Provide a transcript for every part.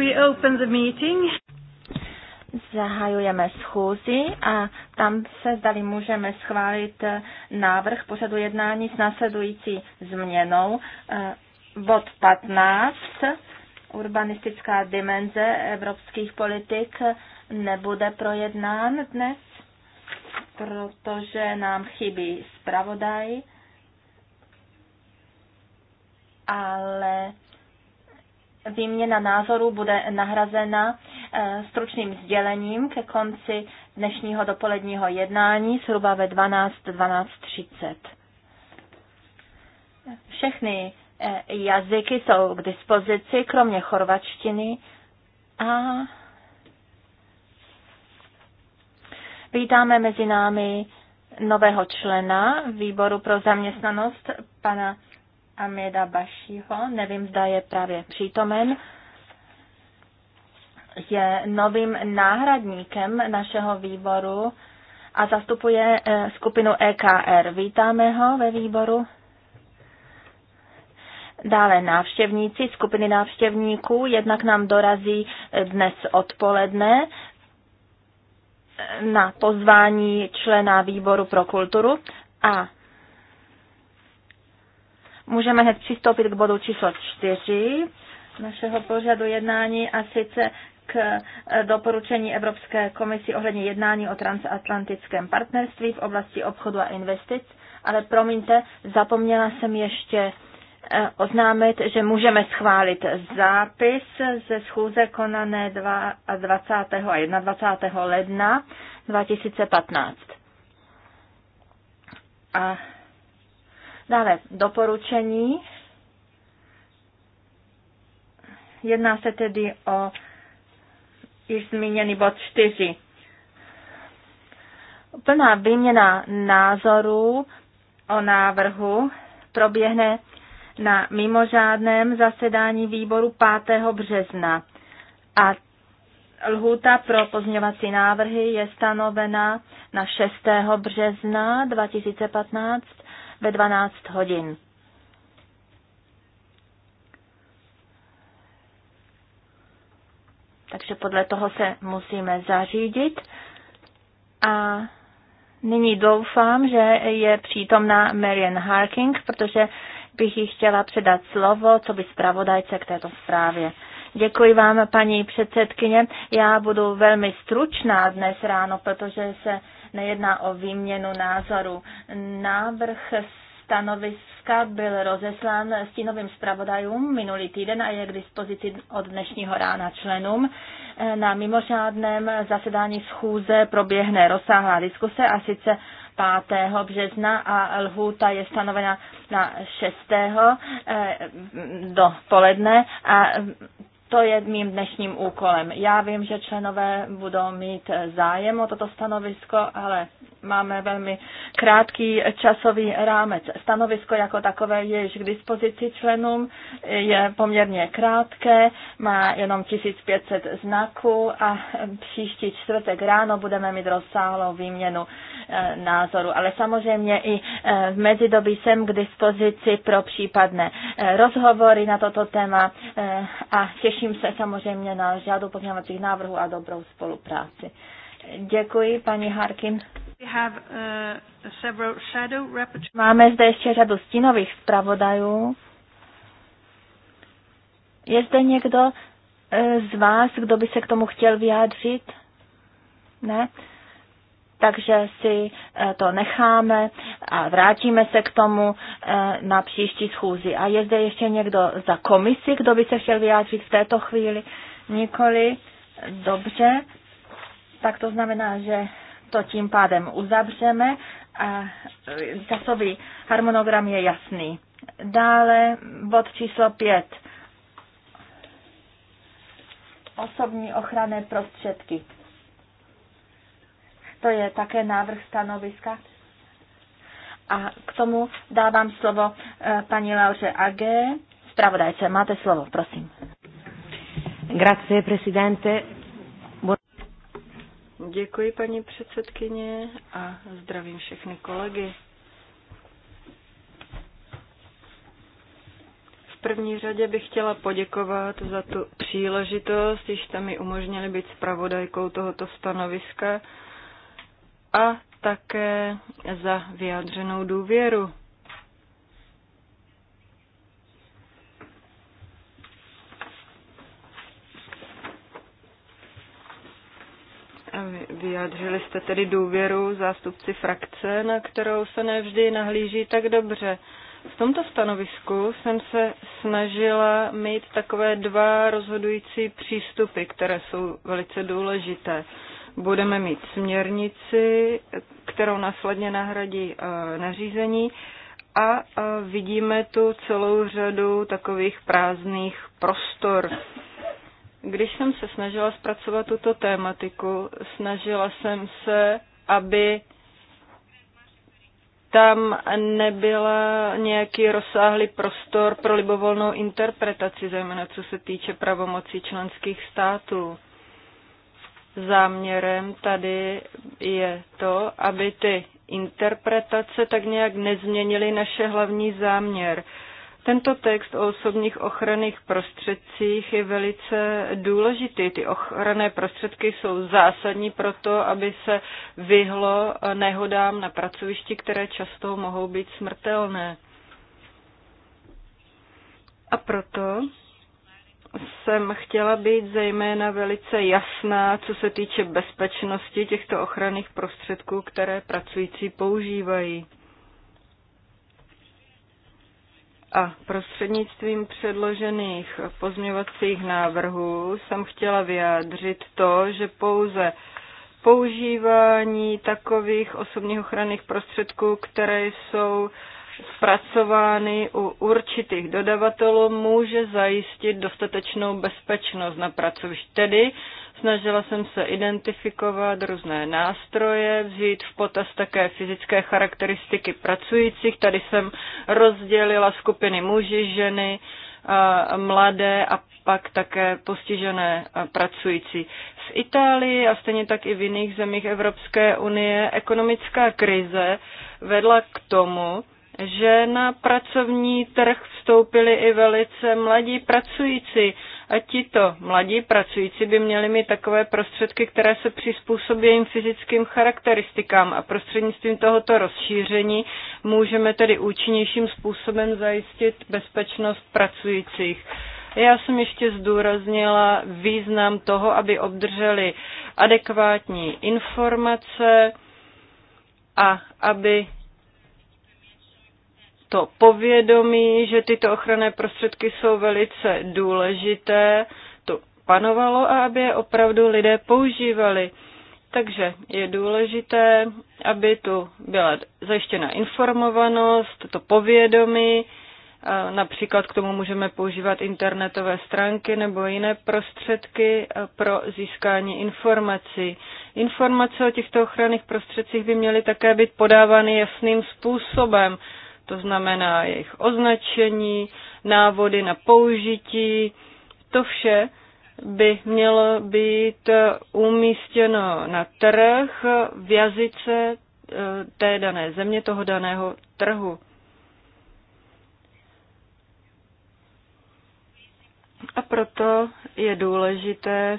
we open the meeting. Zahajujeme schůzi a tam se zdali můžeme schválit eh, návrh pořadu jednání s následující změnou. Eh, bod 15, urbanistická dimenze evropských politik, nebude projednán dnes, protože nám chybí zpravodaj, ale výměna názorů bude nahrazena eh, stručným sdělením ke konci dnešního dopoledního jednání zhruba ve 12.12.30. Všechny eh, jazyky jsou k dispozici, kromě chorvačtiny a vítáme mezi námi nového člena výboru pro zaměstnanost, pana Ameda Bashiho, nevím, zda je právě přítomen, je novým náhradníkem našeho výboru a zastupuje eh, skupinu EKR. Vítáme ho ve výboru. Dále návštěvníci, skupiny návštěvníků, jednak nám dorazí eh, dnes odpoledne eh, na pozvání člena výboru pro kulturu a můžeme hned přistoupit k bodu číslo čtyři našeho pořadu jednání a sice k eh, doporučení Evropské komisi ohledně jednání o transatlantickém partnerství v oblasti obchodu a investic. Ale promiňte, zapomněla jsem ještě eh, oznámit, že můžeme schválit zápis ze schůze konané 20. a 21. ledna 2015. A Dále doporučení. Jedná se tedy o již zmíněný bod 4. Plná výměna názorů o návrhu proběhne na mimořádném zasedání výboru 5. března a lhůta pro pozměňovací návrhy je stanovena na 6. března 2015 ve 12 hodin. Takže podle toho se musíme zařídit. A nyní doufám, že je přítomná Marian Harking, protože bych jí chtěla předat slovo, co by zpravodajce k této zprávě. Děkuji vám, paní předsedkyně. Já budu velmi stručná dnes ráno, protože se nejedná o výměnu názoru. Návrh stanoviska byl rozeslán stínovým zpravodajům minulý týden a je k dispozici od dnešního rána členům. Na mimořádném zasedání schůze proběhne rozsáhlá diskuse a sice 5. března a lhůta je stanovena na 6. Eh, do poledne a to je mým dnešním úkolem. Já vím, že členové budou mít eh, zájem o toto stanovisko, ale máme velmi krátký časový rámec. Stanovisko jako takové je již k dispozici členům, je poměrně krátké, má jenom 1500 znaků a příští čtvrtek ráno budeme mít rozsáhlou výměnu eh, názoru. Ale samozřejmě i eh, v mezidobí jsem k dispozici pro případné rozhovory na toto téma a těším Těším se samozřejmě na žádu pozměňovacích návrhů a dobrou spolupráci. Děkuji, paní Harkin. Uh, Máme zde ještě řadu stínových zpravodajů. Je zde někdo eh, z vás, kdo by se k tomu chtěl vyjádřit? Ne? takže si eh, to necháme a vrátíme se k tomu eh, na příští schůzi. A je zde ještě někdo za komisi, kdo by se chtěl vyjádřit v této chvíli? Nikoli? Dobře. Tak to znamená, že to tím pádem uzavřeme a eh, časový harmonogram je jasný. Dále bod číslo 5. Osobní ochranné prostředky. To je také návrh stanoviska. A k tomu dávám slovo eh, paní Lauře AG. Spravodajce, máte slovo, prosím. Grazie, presidente. Děkuji, paní předsedkyně, a zdravím všechny kolegy. V první řadě bych chtěla poděkovat za tu příležitost, když jste mi umožnili být zpravodajkou tohoto stanoviska a také za vyjádřenou důvěru. Vyjádřili jste tedy důvěru zástupci frakce, na kterou se nevždy nahlíží tak dobře. V tomto stanovisku jsem se snažila mít takové dva rozhodující přístupy, které jsou velice důležité budeme mít směrnici, kterou následně nahradí eh, nařízení a eh, vidíme tu celou řadu takových prázdných prostor. Když jsem se snažila zpracovat tuto tématiku, snažila jsem se, aby tam nebyla nějaký rozsáhlý prostor pro libovolnou interpretaci, zejména co se týče pravomocí členských států záměrem tady je to, aby ty interpretace tak nějak nezměnily naše hlavní záměr. Tento text o osobních ochranných prostředcích je velice důležitý. Ty ochranné prostředky jsou zásadní pro to, aby se vyhlo nehodám na pracovišti, které často mohou být smrtelné. A proto jsem chtěla být zejména velice jasná, co se týče bezpečnosti těchto ochranných prostředků, které pracující používají. A prostřednictvím předložených pozměvacích návrhů jsem chtěla vyjádřit to, že pouze používání takových osobních ochranných prostředků, které jsou uh, zpracovány u určitých dodavatelů, může zajistit dostatečnou bezpečnost na pracovišti. Tedy snažila jsem se identifikovat různé nástroje, vzít v potaz také fyzické charakteristiky pracujících. Tady jsem rozdělila skupiny muži, ženy, mladé a pak také postižené pracující. V Itálii a stejně tak i v jiných zemích Evropské unie ekonomická krize vedla k tomu, že na pracovní trh vstoupili i velice mladí pracující. A tito mladí pracující by měli mít takové prostředky, které se přizpůsobí jim fyzickým charakteristikám a prostřednictvím tohoto rozšíření můžeme tedy účinnějším způsobem zajistit bezpečnost pracujících. Já jsem ještě zdůraznila význam toho, aby obdrželi adekvátní informace a aby to povědomí, že tyto ochranné prostředky jsou velice důležité, to panovalo a aby je opravdu lidé používali. Takže je důležité, aby tu byla zajištěna informovanost, to povědomí, Například k tomu můžeme používat internetové stránky nebo jiné prostředky pro získání informací. Informace o těchto ochranných prostředcích by měly také být podávány jasným způsobem, to znamená jejich označení, návody na použití, to vše by mělo být umístěno na trh v jazyce eh, té dané země, toho daného trhu. A proto je důležité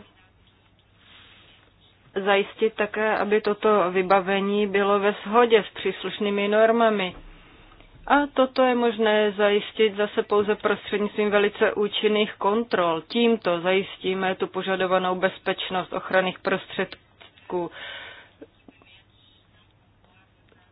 zajistit také, aby toto vybavení bylo ve shodě s příslušnými normami. A toto je možné zajistit zase pouze prostřednictvím velice účinných kontrol. Tímto zajistíme tu požadovanou bezpečnost ochranných prostředků.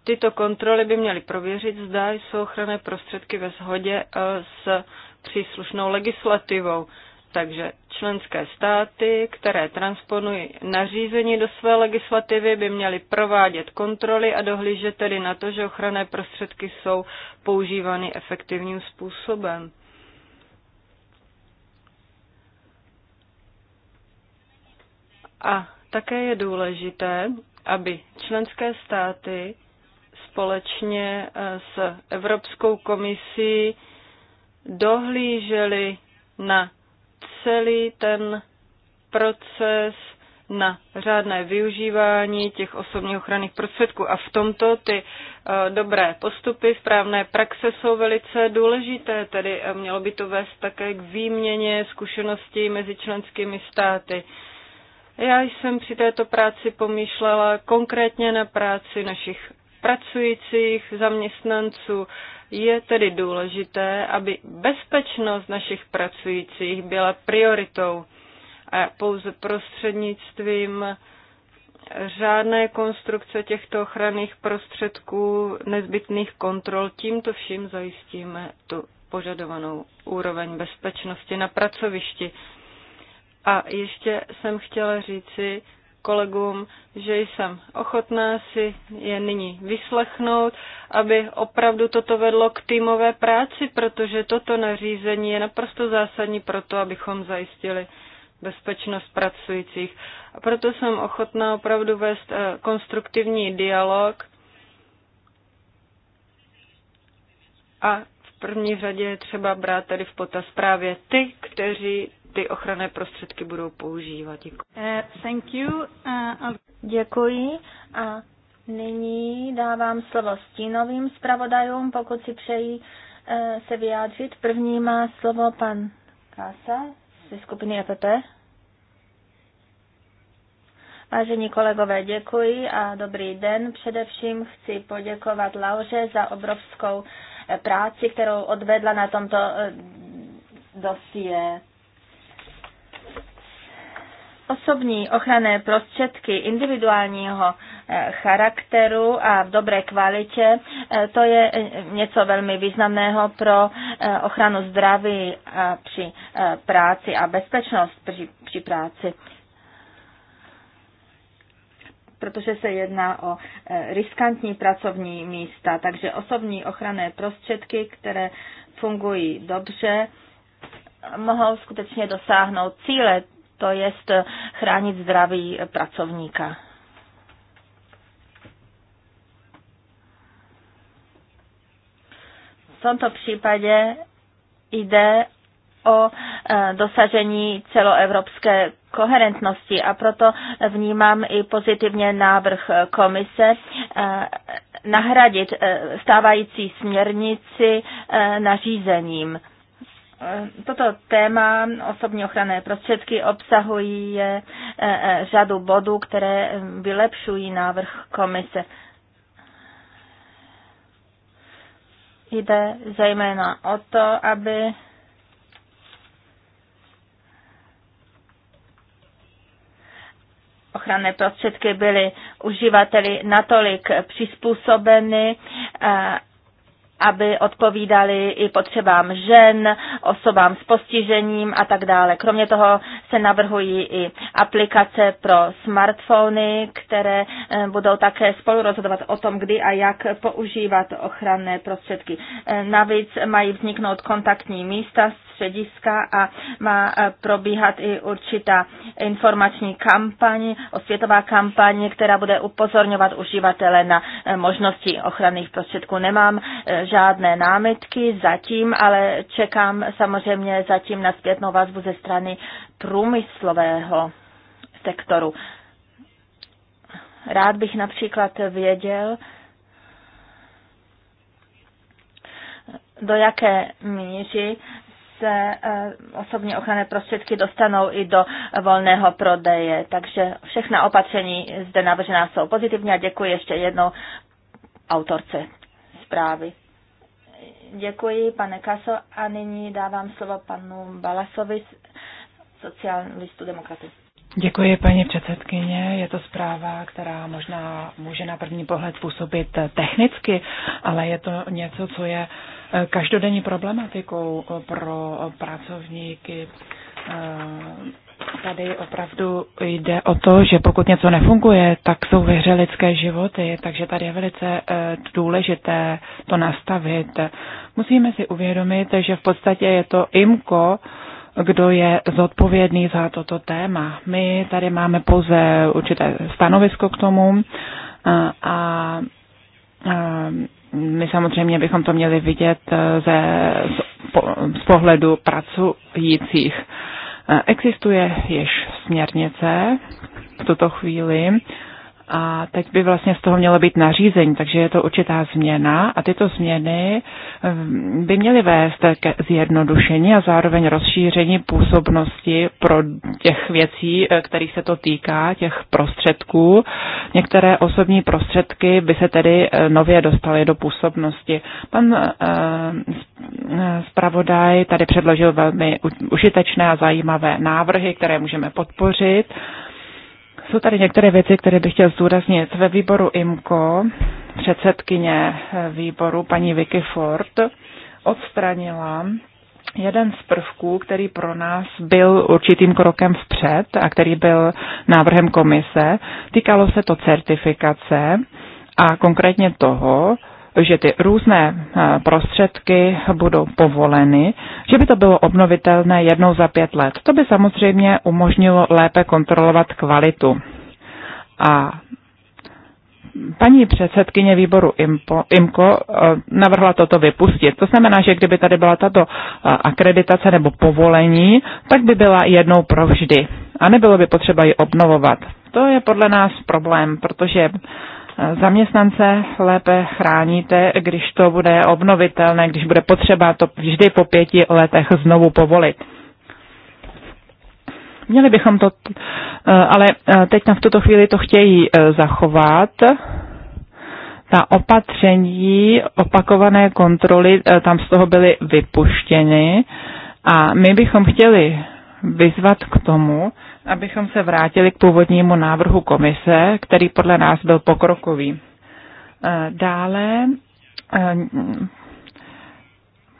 Tyto kontroly by měly prověřit, zda jsou ochranné prostředky ve shodě eh, s příslušnou legislativou. Takže členské státy, které transponují nařízení do své legislativy, by měly provádět kontroly a dohlížet tedy na to, že ochranné prostředky jsou používány efektivním způsobem. A také je důležité, aby členské státy společně eh, s Evropskou komisí dohlížely na celý ten proces na řádné využívání těch osobních ochranných prostředků. A v tomto ty eh, dobré postupy, správné praxe jsou velice důležité, tedy eh, mělo by to vést také k výměně zkušeností mezi členskými státy. Já jsem při této práci pomýšlela konkrétně na práci našich pracujících zaměstnanců. Je tedy důležité, aby bezpečnost našich pracujících byla prioritou a pouze prostřednictvím řádné konstrukce těchto ochranných prostředků, nezbytných kontrol, tímto vším zajistíme tu požadovanou úroveň bezpečnosti na pracovišti. A ještě jsem chtěla říci, kolegům, že jsem ochotná si je nyní vyslechnout, aby opravdu toto vedlo k týmové práci, protože toto nařízení je naprosto zásadní pro to, abychom zajistili bezpečnost pracujících. A proto jsem ochotná opravdu vést eh, konstruktivní dialog a v první řadě je třeba brát tedy v potaz právě ty, kteří ty ochranné prostředky budou používat. Děkuji. Uh, thank you. Uh, Děkuji a nyní dávám slovo stínovým zpravodajům, pokud si přejí uh, se vyjádřit. První má slovo pan Kasa ze skupiny EPP. Vážení kolegové, děkuji a dobrý den. Především chci poděkovat Lauře za obrovskou práci, kterou odvedla na tomto dosie. Osobní ochranné prostředky individuálního eh, charakteru a v dobré kvalitě, eh, to je eh, něco velmi významného pro ochranu zdraví při práci a bezpečnost při, při práci protože se jedná o riskantní pracovní místa, takže osobní ochranné prostředky, které fungují dobře, mohou skutečně dosáhnout cíle to je eh, chránit zdraví eh, pracovníka. V tomto případě jde o eh, dosažení celoevropské koherentnosti a proto vnímám i pozitivně návrh komise nahradit stávající směrnici nařízením. Eh, toto téma osobní ochranné prostředky obsahují eh, eh, řadu bodů, které vylepšují návrh komise. Jde zejména o to, aby ochranné prostředky byly uživateli natolik přizpůsobeny, aby odpovídali i potřebám žen, osobám s postižením a tak dále. Kromě toho se navrhují i aplikace pro smartfony, které eh, budou také spolu rozhodovat o tom, kdy a jak používat ochranné prostředky. Eh, navíc mají vzniknout kontaktní místa střediska a má eh, probíhat i určitá informační kampaň, osvětová kampaň, která bude upozorňovat uživatele na eh, možnosti ochranných prostředků. Nemám eh, žádné námitky zatím, ale čekám samozřejmě zatím na zpětnou vazbu ze strany průmyslového sektoru. Rád bych například věděl, do jaké míry se eh, osobní ochranné prostředky dostanou i do volného prodeje. Takže všechna opatření zde navržená jsou pozitivní a děkuji ještě jednou autorce zprávy. Děkuji, pane Kaso. A nyní dávám slovo panu Balasovi, listu demokraty. Děkuji, paní předsedkyně. Je to zpráva, která možná může na první pohled působit technicky, ale je to něco, co je uh, každodenní problematikou pro pracovníky. Eh, tady opravdu jde o to, že pokud něco nefunguje, tak jsou ve lidské životy, takže tady je velice eh, důležité to nastavit. Musíme si uvědomit, že v podstatě je to IMKO, kdo je zodpovědný za toto téma. My tady máme pouze určité stanovisko k tomu eh, a, a my samozřejmě bychom to měli vidět eh, ze, z pohledu pracujících. Eh, existuje již směrnice v tuto chvíli, a teď by vlastně z toho mělo být nařízení, takže je to určitá změna a tyto změny ehm, by měly vést k zjednodušení a zároveň rozšíření působnosti pro těch věcí, e, kterých se to týká, těch prostředků. Některé osobní prostředky by se tedy e, nově dostaly do působnosti. Pan e, zpravodaj tady předložil velmi užitečné a zajímavé návrhy, které můžeme podpořit. Jsou tady některé věci, které bych chtěl zdůraznit. Ve výboru IMCO předsedkyně výboru paní Vicky Ford odstranila jeden z prvků, který pro nás byl určitým krokem vpřed a který byl návrhem komise. Týkalo se to certifikace a konkrétně toho, že ty různé eh, prostředky budou povoleny, že by to bylo obnovitelné jednou za pět let. To by samozřejmě umožnilo lépe kontrolovat kvalitu. A paní předsedkyně výboru IMPO, IMCO eh, navrhla toto vypustit. To znamená, že kdyby tady byla tato eh, akreditace nebo povolení, tak by byla jednou provždy a nebylo by potřeba ji obnovovat. To je podle nás problém, protože zaměstnance lépe chráníte, když to bude obnovitelné, když bude potřeba to vždy po pěti letech znovu povolit. Měli bychom to, eh, ale eh, teď na v tuto chvíli to chtějí eh, zachovat. Ta opatření, opakované kontroly, tam z toho byly vypuštěny a my bychom chtěli vyzvat k tomu, abychom se vrátili k původnímu návrhu komise, který podle nás byl pokrokový. Eh, dále eh,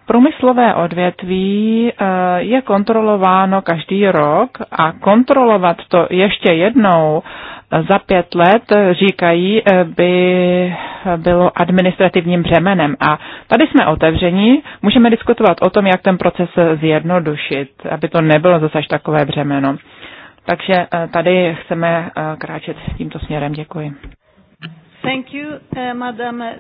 Průmyslové odvětví eh, je kontrolováno každý rok a kontrolovat to ještě jednou za pět let, říkají, by bylo administrativním břemenem. A tady jsme otevření, můžeme diskutovat o tom, jak ten proces zjednodušit, aby to nebylo zase až takové břemeno. Takže eh, tady chceme eh, kráčet tímto směrem. Děkuji. Thank you, eh, Madame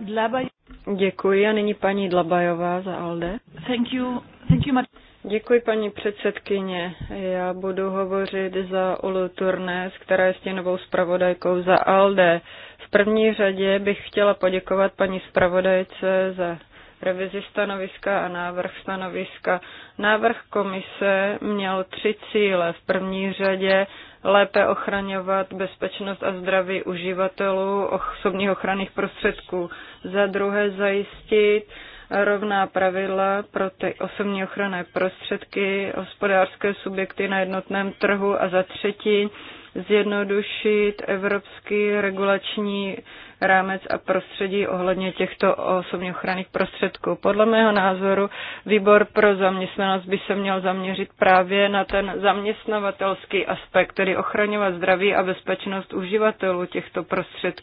Děkuji a nyní paní Dlabajová za ALDE. Thank you, thank you, Děkuji, paní předsedkyně. Já budu hovořit za Olu Turnes, která je stěnovou zpravodajkou za ALDE. V první řadě bych chtěla poděkovat paní zpravodajce za revizi stanoviska a návrh stanoviska. Návrh komise měl tři cíle. V první řadě lépe ochraňovat bezpečnost a zdraví uživatelů osobních ochranných prostředků. Za druhé zajistit rovná pravidla pro ty osobní ochranné prostředky, hospodářské subjekty na jednotném trhu a za třetí zjednodušit evropský regulační rámec a prostředí ohledně těchto osobně ochranných prostředků. Podle mého názoru výbor pro zaměstnanost by se měl zaměřit právě na ten zaměstnavatelský aspekt, tedy ochraňovat zdraví a bezpečnost uživatelů těchto prostředků.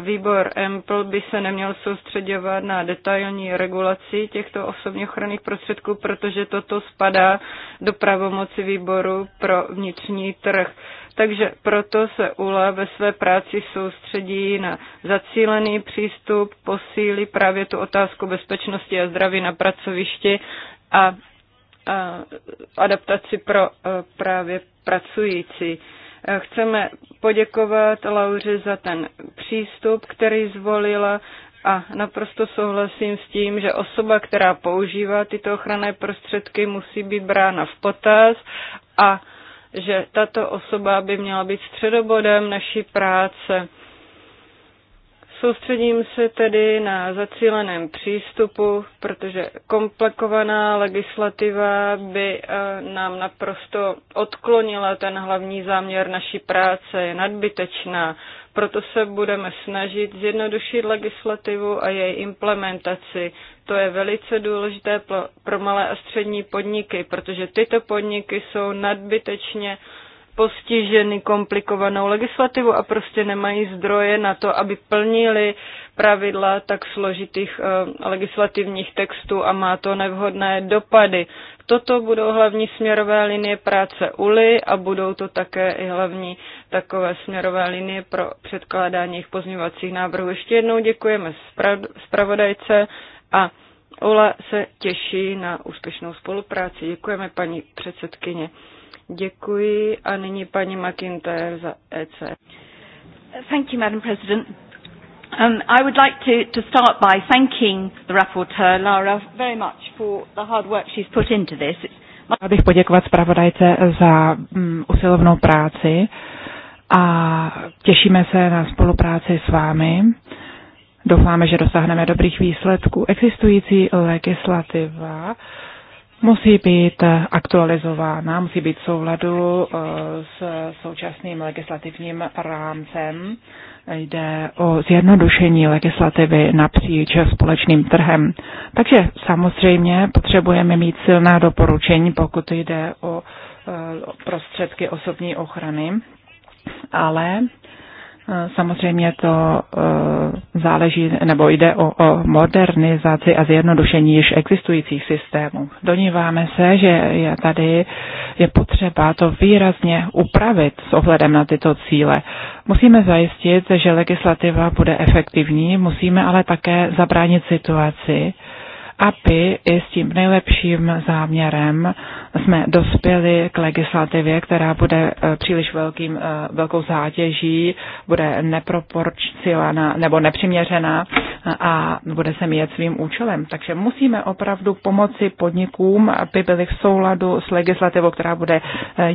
Výbor EMPL by se neměl soustředěvat na detailní regulaci těchto osobně ochranných prostředků, protože toto spadá do pravomoci výboru pro vnitřní trh. Takže proto se ULA ve své práci soustředí na zacílený přístup posílí právě tu otázku bezpečnosti a zdraví na pracovišti a, a adaptaci pro e, právě pracující. E, chceme poděkovat Lauře za ten přístup, který zvolila a naprosto souhlasím s tím, že osoba, která používá tyto ochranné prostředky, musí být brána v potaz a že tato osoba by měla být středobodem naší práce. Soustředím se tedy na zacíleném přístupu, protože komplikovaná legislativa by eh, nám naprosto odklonila ten hlavní záměr naší práce, je nadbytečná. Proto se budeme snažit zjednodušit legislativu a její implementaci. To je velice důležité pro malé a střední podniky, protože tyto podniky jsou nadbytečně postiženy komplikovanou legislativu a prostě nemají zdroje na to, aby plnili pravidla tak složitých eh, legislativních textů a má to nevhodné dopady. Toto budou hlavní směrové linie práce ULI a budou to také i hlavní takové směrové linie pro předkládání jejich pozměvacích návrhů. Ještě jednou děkujeme zpravodajce a Ula se těší na úspěšnou spolupráci. Děkujeme paní předsedkyně. Děkuji a nyní paní McIntyre za EC. Thank you, Madam President. Um, I would like to, to start by thanking the rapporteur, Lara, very much for the hard work she's put into this. It's Chtěla bych poděkovat zpravodajce za mm, usilovnou práci a těšíme se na spolupráci s vámi. Doufáme, že dosáhneme dobrých výsledků. Existující legislativa musí být eh, aktualizována, musí být souladu eh, s současným legislativním rámcem. Jde o zjednodušení legislativy napříč společným trhem. Takže samozřejmě potřebujeme mít silná doporučení, pokud jde o eh, prostředky osobní ochrany, ale Samozřejmě to eh, záleží, nebo jde o, o modernizaci a zjednodušení již existujících systémů. Doníváme se, že je tady je potřeba to výrazně upravit s ohledem na tyto cíle. Musíme zajistit, že legislativa bude efektivní, musíme ale také zabránit situaci, aby i s tím nejlepším záměrem jsme dospěli k legislativě, která bude eh, příliš velkým, eh, velkou zátěží, bude neproporcionálna nebo nepřiměřená eh, a bude se mít svým účelem. Takže musíme opravdu pomoci podnikům, aby byly v souladu s legislativou, která bude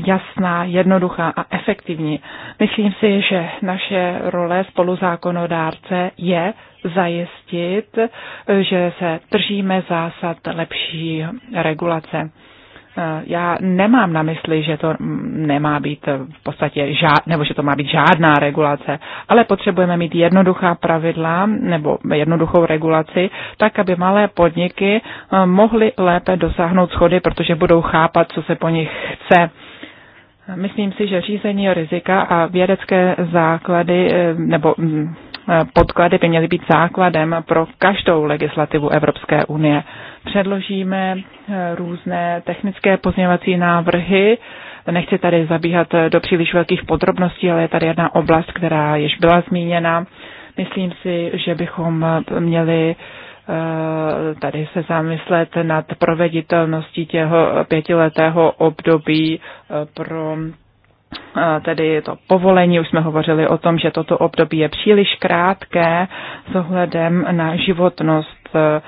jasná, jednoduchá a efektivní. Myslím si, že naše role spoluzákonodárce je zajistit, že se držíme zásad lepší regulace. Eh, já nemám na mysli, že to nemá být v podstatě žád, nebo že to má být žádná regulace, ale potřebujeme mít jednoduchá pravidla nebo jednoduchou regulaci, tak aby malé podniky eh, mohly lépe dosáhnout schody, protože budou chápat, co se po nich chce. Myslím si, že řízení rizika a vědecké základy eh, nebo mm, podklady by měly být základem pro každou legislativu Evropské unie. Předložíme eh, různé technické pozměvací návrhy. Nechci tady zabíhat eh, do příliš velkých podrobností, ale je tady jedna oblast, která již byla zmíněna. Myslím si, že bychom eh, měli tady se zamyslet nad proveditelností těho pětiletého období pro tedy to povolení, už jsme hovořili o tom, že toto období je příliš krátké s ohledem na životnost e, e,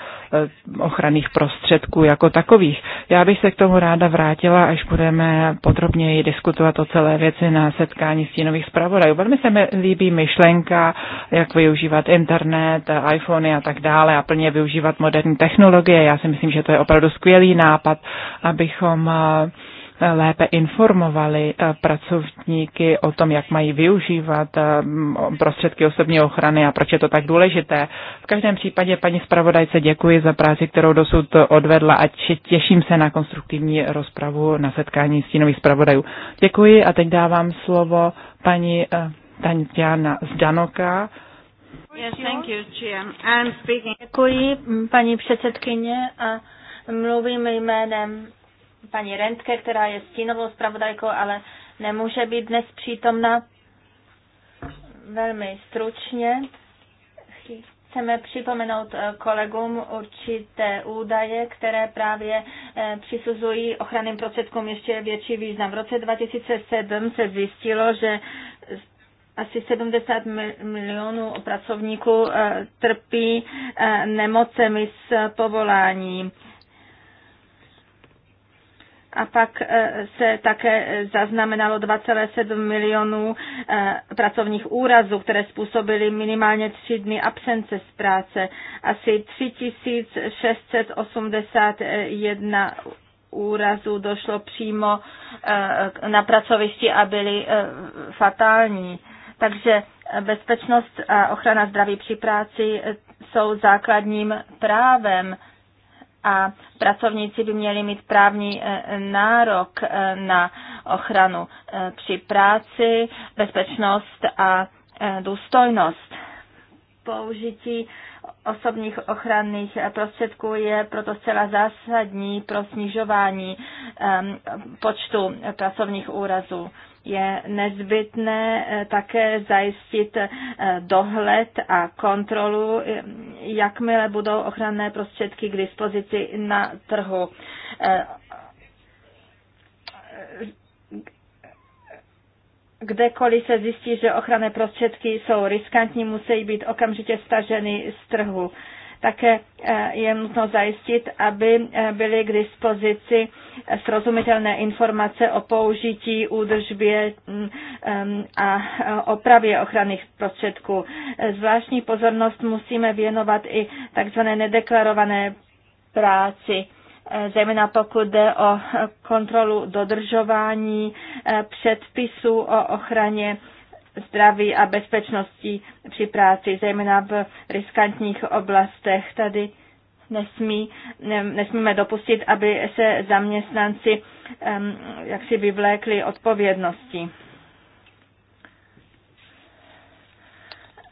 ochranných prostředků jako takových. Já bych se k tomu ráda vrátila, až budeme podrobněji diskutovat o celé věci na setkání stínových zpravodajů. Velmi se mi líbí myšlenka, jak využívat internet, iPhony a tak dále a plně využívat moderní technologie. Já si myslím, že to je opravdu skvělý nápad, abychom e, lépe informovali eh, pracovníky o tom, jak mají využívat eh, prostředky osobní ochrany a proč je to tak důležité. V každém případě, paní zpravodajce, děkuji za práci, kterou dosud odvedla a těším se na konstruktivní rozpravu na setkání stínových zpravodajů. Děkuji a teď dávám slovo paní eh, Tatiana Zdanoka. Yes, thank you, I'm speaking. Děkuji, paní předsedkyně, a mluvím jménem paní Rentke, která je stínovou zpravodajkou, ale nemůže být dnes přítomna. Velmi stručně chceme připomenout eh, kolegům určité údaje, které právě eh, přisuzují ochranným prostředkům ještě větší význam. V roce 2007 se zjistilo, že asi 70 milionů pracovníků eh, trpí nemocemi s povoláním. A pak e, se také zaznamenalo 2,7 milionů e, pracovních úrazů, které způsobily minimálně tři dny absence z práce. Asi 3681 úrazů došlo přímo e, na pracovišti a byly fatální. Takže bezpečnost a ochrana zdraví při práci jsou základním právem a pracovníci by měli mít právní eh, nárok eh, na ochranu eh, při práci, bezpečnost a důstojnost. Použití osobních ochranných prostředků je proto zcela zásadní pro snižování ehm, počtu pracovních úrazů je nezbytné eh, také zajistit eh, dohled a kontrolu, eh, jakmile budou ochranné prostředky k dispozici na trhu kdekoliv se zjistí, že ochranné prostředky jsou riskantní, musí být okamžitě staženy z trhu. Také eh, je nutno zajistit, aby eh, byly k dispozici srozumitelné informace o použití, údržbě mm, a eh, opravě ochranných prostředků. Zvláštní pozornost musíme věnovat i tzv. nedeklarované práci zejména pokud jde o kontrolu dodržování předpisů o ochraně zdraví a bezpečnosti při práci, zejména v riskantních oblastech. Tady nesmí, ne, nesmíme dopustit, aby se zaměstnanci um, jaksi vyvlékli odpovědnosti.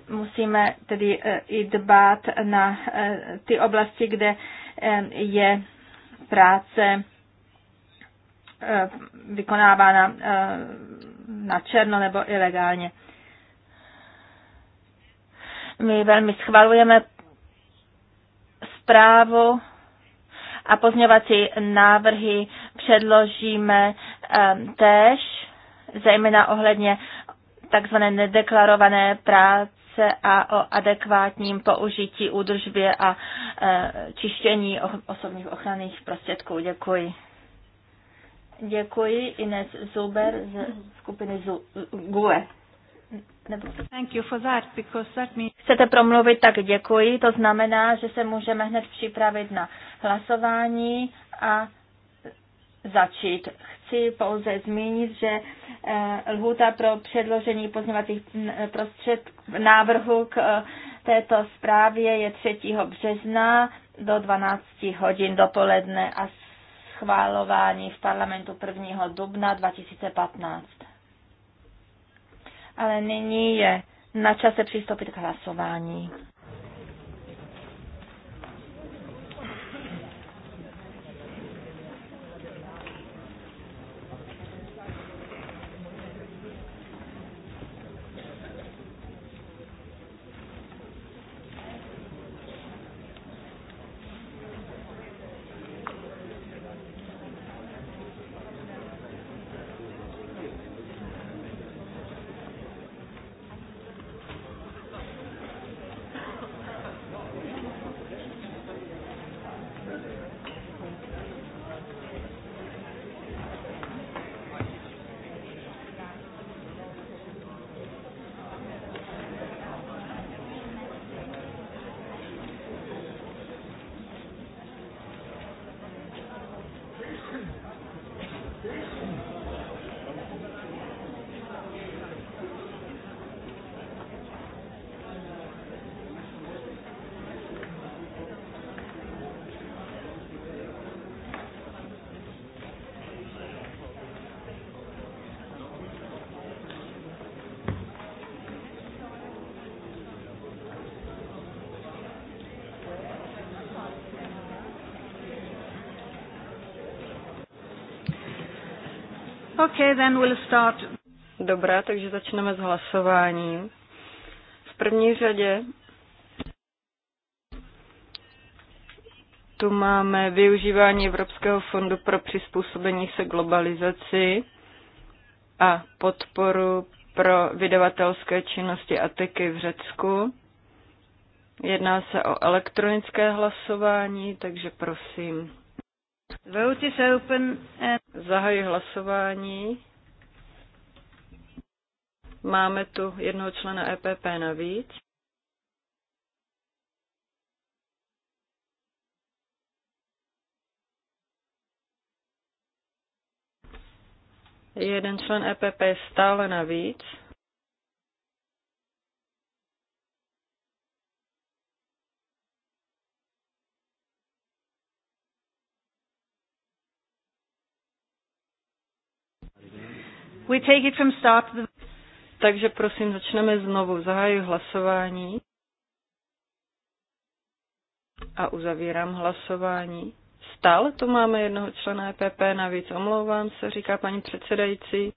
Musíme tedy e, i dbát na e, ty oblasti, kde e, je práce vykonávána na černo nebo ilegálně. My velmi schvalujeme zprávu a pozměňovací návrhy předložíme ehm, též, zejména ohledně takzvané nedeklarované práce a o adekvátním použití, údržbě a ehm, čištění osobních ochranných prostředků. Děkuji. Děkuji Ines Zuber z skupiny GUE. Thank you for that, because that means... Chcete promluvit, tak děkuji. To znamená, že se můžeme hned připravit na hlasování a začít. Chci pouze zmínit, že eh, lhůta pro předložení pozměvacích mm, návrhu k eh, této zprávě je 3. března do 12 hodin dopoledne a s schválování v parlamentu 1. dubna 2015. Ale nyní je na čase přistoupit k hlasování. Okay, then we'll start. Dobrá, takže začneme s hlasováním. V první řadě tu máme využívání Evropského fondu pro přizpůsobení se globalizaci a podporu pro vydavatelské činnosti a teky v Řecku. Jedná se o elektronické hlasování, takže prosím. Vote is open and... Zahajuji hlasování. Máme tu jednoho člena EPP navíc. Jeden člen EPP je stále navíc. We take it from start. Takže prosím, začneme znovu. Zahajuji hlasování a uzavírám hlasování. Stále tu máme jednoho člena EPP navíc, omlouvám se, říká paní předsedající.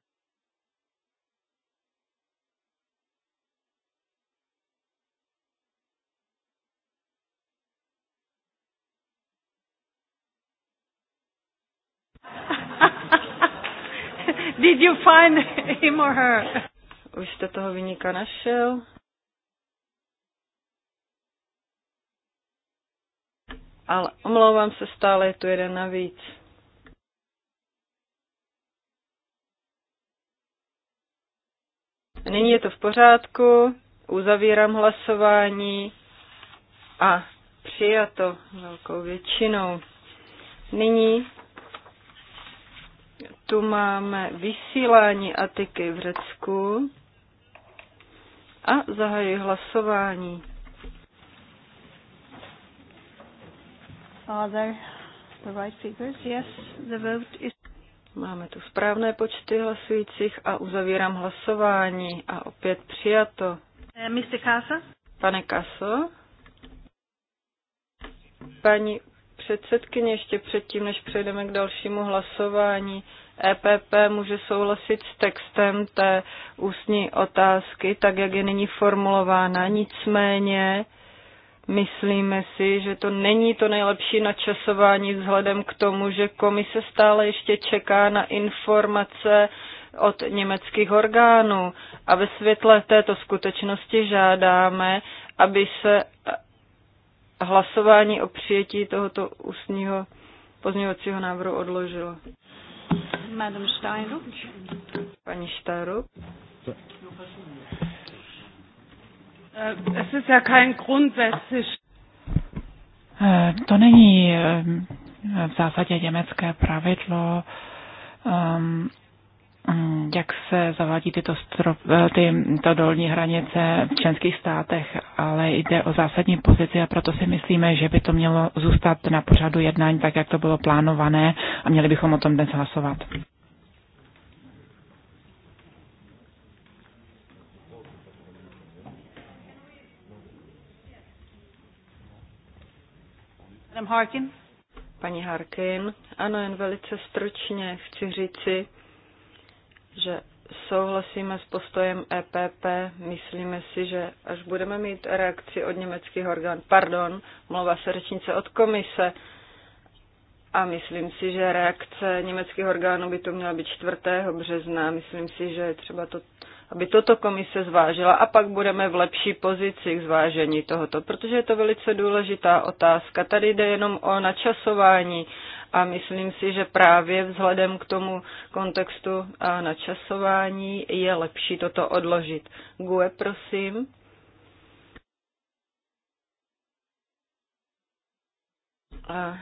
you find him or her? Už jste toho vyníka našel? Ale omlouvám se, stále je tu jeden navíc. Nyní je to v pořádku, uzavírám hlasování a přijato velkou většinou. Nyní tu máme vysílání Atiky v Řecku a zahajuji hlasování. Are there the right figures? Yes, the vote is... Máme tu správné počty hlasujících a uzavírám hlasování a opět přijato. Eh, Mr. Kasa? Pane Kaso? Paní předsedkyně, ještě předtím, než přejdeme k dalšímu hlasování, EPP může souhlasit s textem té ústní otázky, tak jak je nyní formulována. Nicméně myslíme si, že to není to nejlepší načasování vzhledem k tomu, že komise stále ještě čeká na informace od německých orgánů a ve světle této skutečnosti žádáme, aby se hlasování o přijetí tohoto ústního pozměňovacího návrhu odložilo. Madam Steinruck. Paní Steinruck. Eh, to není eh, v zásadě německé pravidlo. Ehm, jak se zavádí tyto strop, eh, ty, to dolní hranice v členských státech, ale jde o zásadní pozici a proto si myslíme, že by to mělo zůstat na pořadu jednání tak, jak to bylo plánované a měli bychom o tom dnes hlasovat. Harkin? Paní Harkin, ano, jen velice stručně chci říci, že souhlasíme s postojem EPP, myslíme si, že až budeme mít reakci od německých orgánů, pardon, mluvá se řečnice od komise, a myslím si, že reakce německých orgánů by to měla být 4. března. Myslím si, že třeba to, aby toto komise zvážila a pak budeme v lepší pozici k zvážení tohoto, protože je to velice důležitá otázka. Tady jde jenom o načasování a myslím si, že právě vzhledem k tomu kontextu a načasování je lepší toto odložit. Gue, prosím.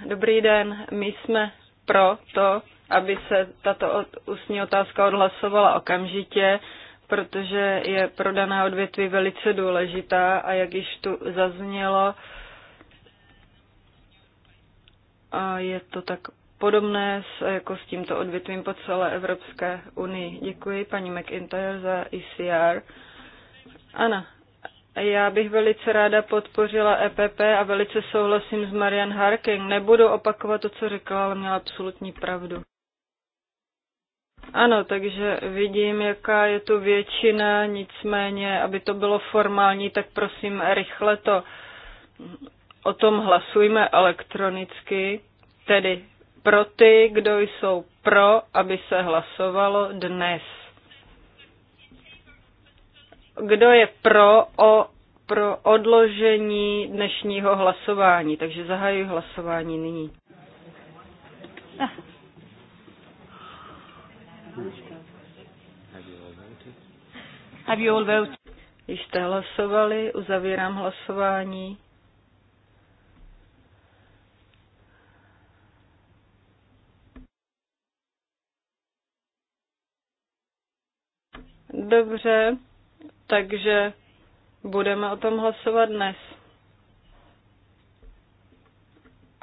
Dobrý den, my jsme pro to, aby se tato ústní otázka odhlasovala okamžitě, protože je pro dané odvětví velice důležitá a jak již tu zaznělo, a je to tak podobné s, jako s tímto odvětvím po celé Evropské unii. Děkuji paní McIntyre za ECR. Ana, já bych velice ráda podpořila EPP a velice souhlasím s Marian Harking. Nebudu opakovat to, co řekla, ale měla absolutní pravdu. Ano, takže vidím, jaká je tu většina, nicméně, aby to bylo formální, tak prosím, rychle to O tom hlasujme elektronicky, tedy pro ty, kdo jsou pro, aby se hlasovalo dnes. Kdo je pro o pro odložení dnešního hlasování, takže zahajuji hlasování nyní. Ah. Have you all voted? Již jste hlasovali, uzavírám hlasování. Dobře, takže budeme o tom hlasovat dnes.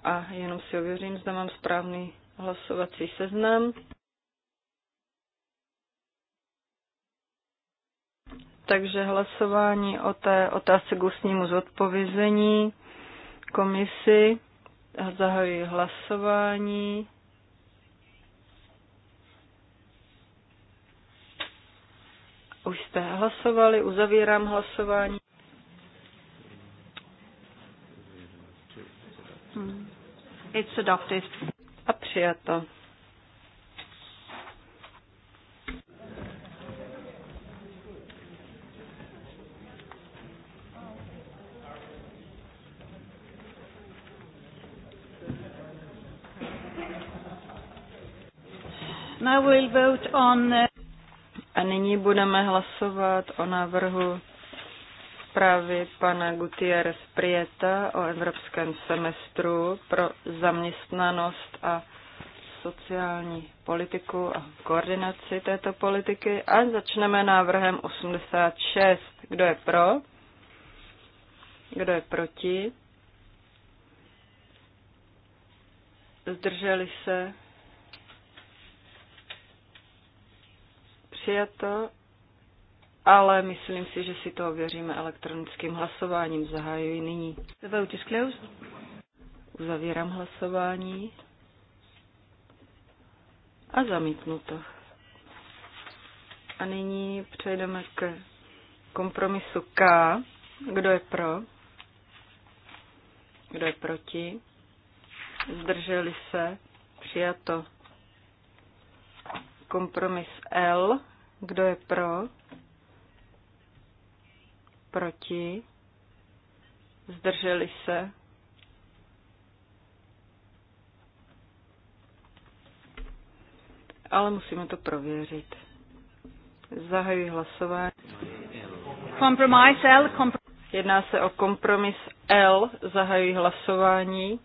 A jenom si ověřím, zda mám správný hlasovací seznam. Takže hlasování o té otázce k ústnímu zodpovězení komisi. Zahajuji hlasování. Už jste hlasovali, uzavírám hlasování. Hmm. It's adopted. A přijato. Now we'll vote on a nyní budeme hlasovat o návrhu zprávy pana Gutierrez Prieta o evropském semestru pro zaměstnanost a sociální politiku a koordinaci této politiky a začneme návrhem 86. Kdo je pro? Kdo je proti? Zdrželi se? přijato, ale myslím si, že si to ověříme elektronickým hlasováním. Zahajuji nyní. Uzavírám hlasování. A zamítnu to. A nyní přejdeme k kompromisu K. Kdo je pro? Kdo je proti? Zdrželi se? Přijato. Kompromis L. Kdo je pro? Proti? Zdrželi se? Ale musíme to prověřit. Zahajuji hlasování. Kompromis L. Jedná se o kompromis L. Zahajuji hlasování.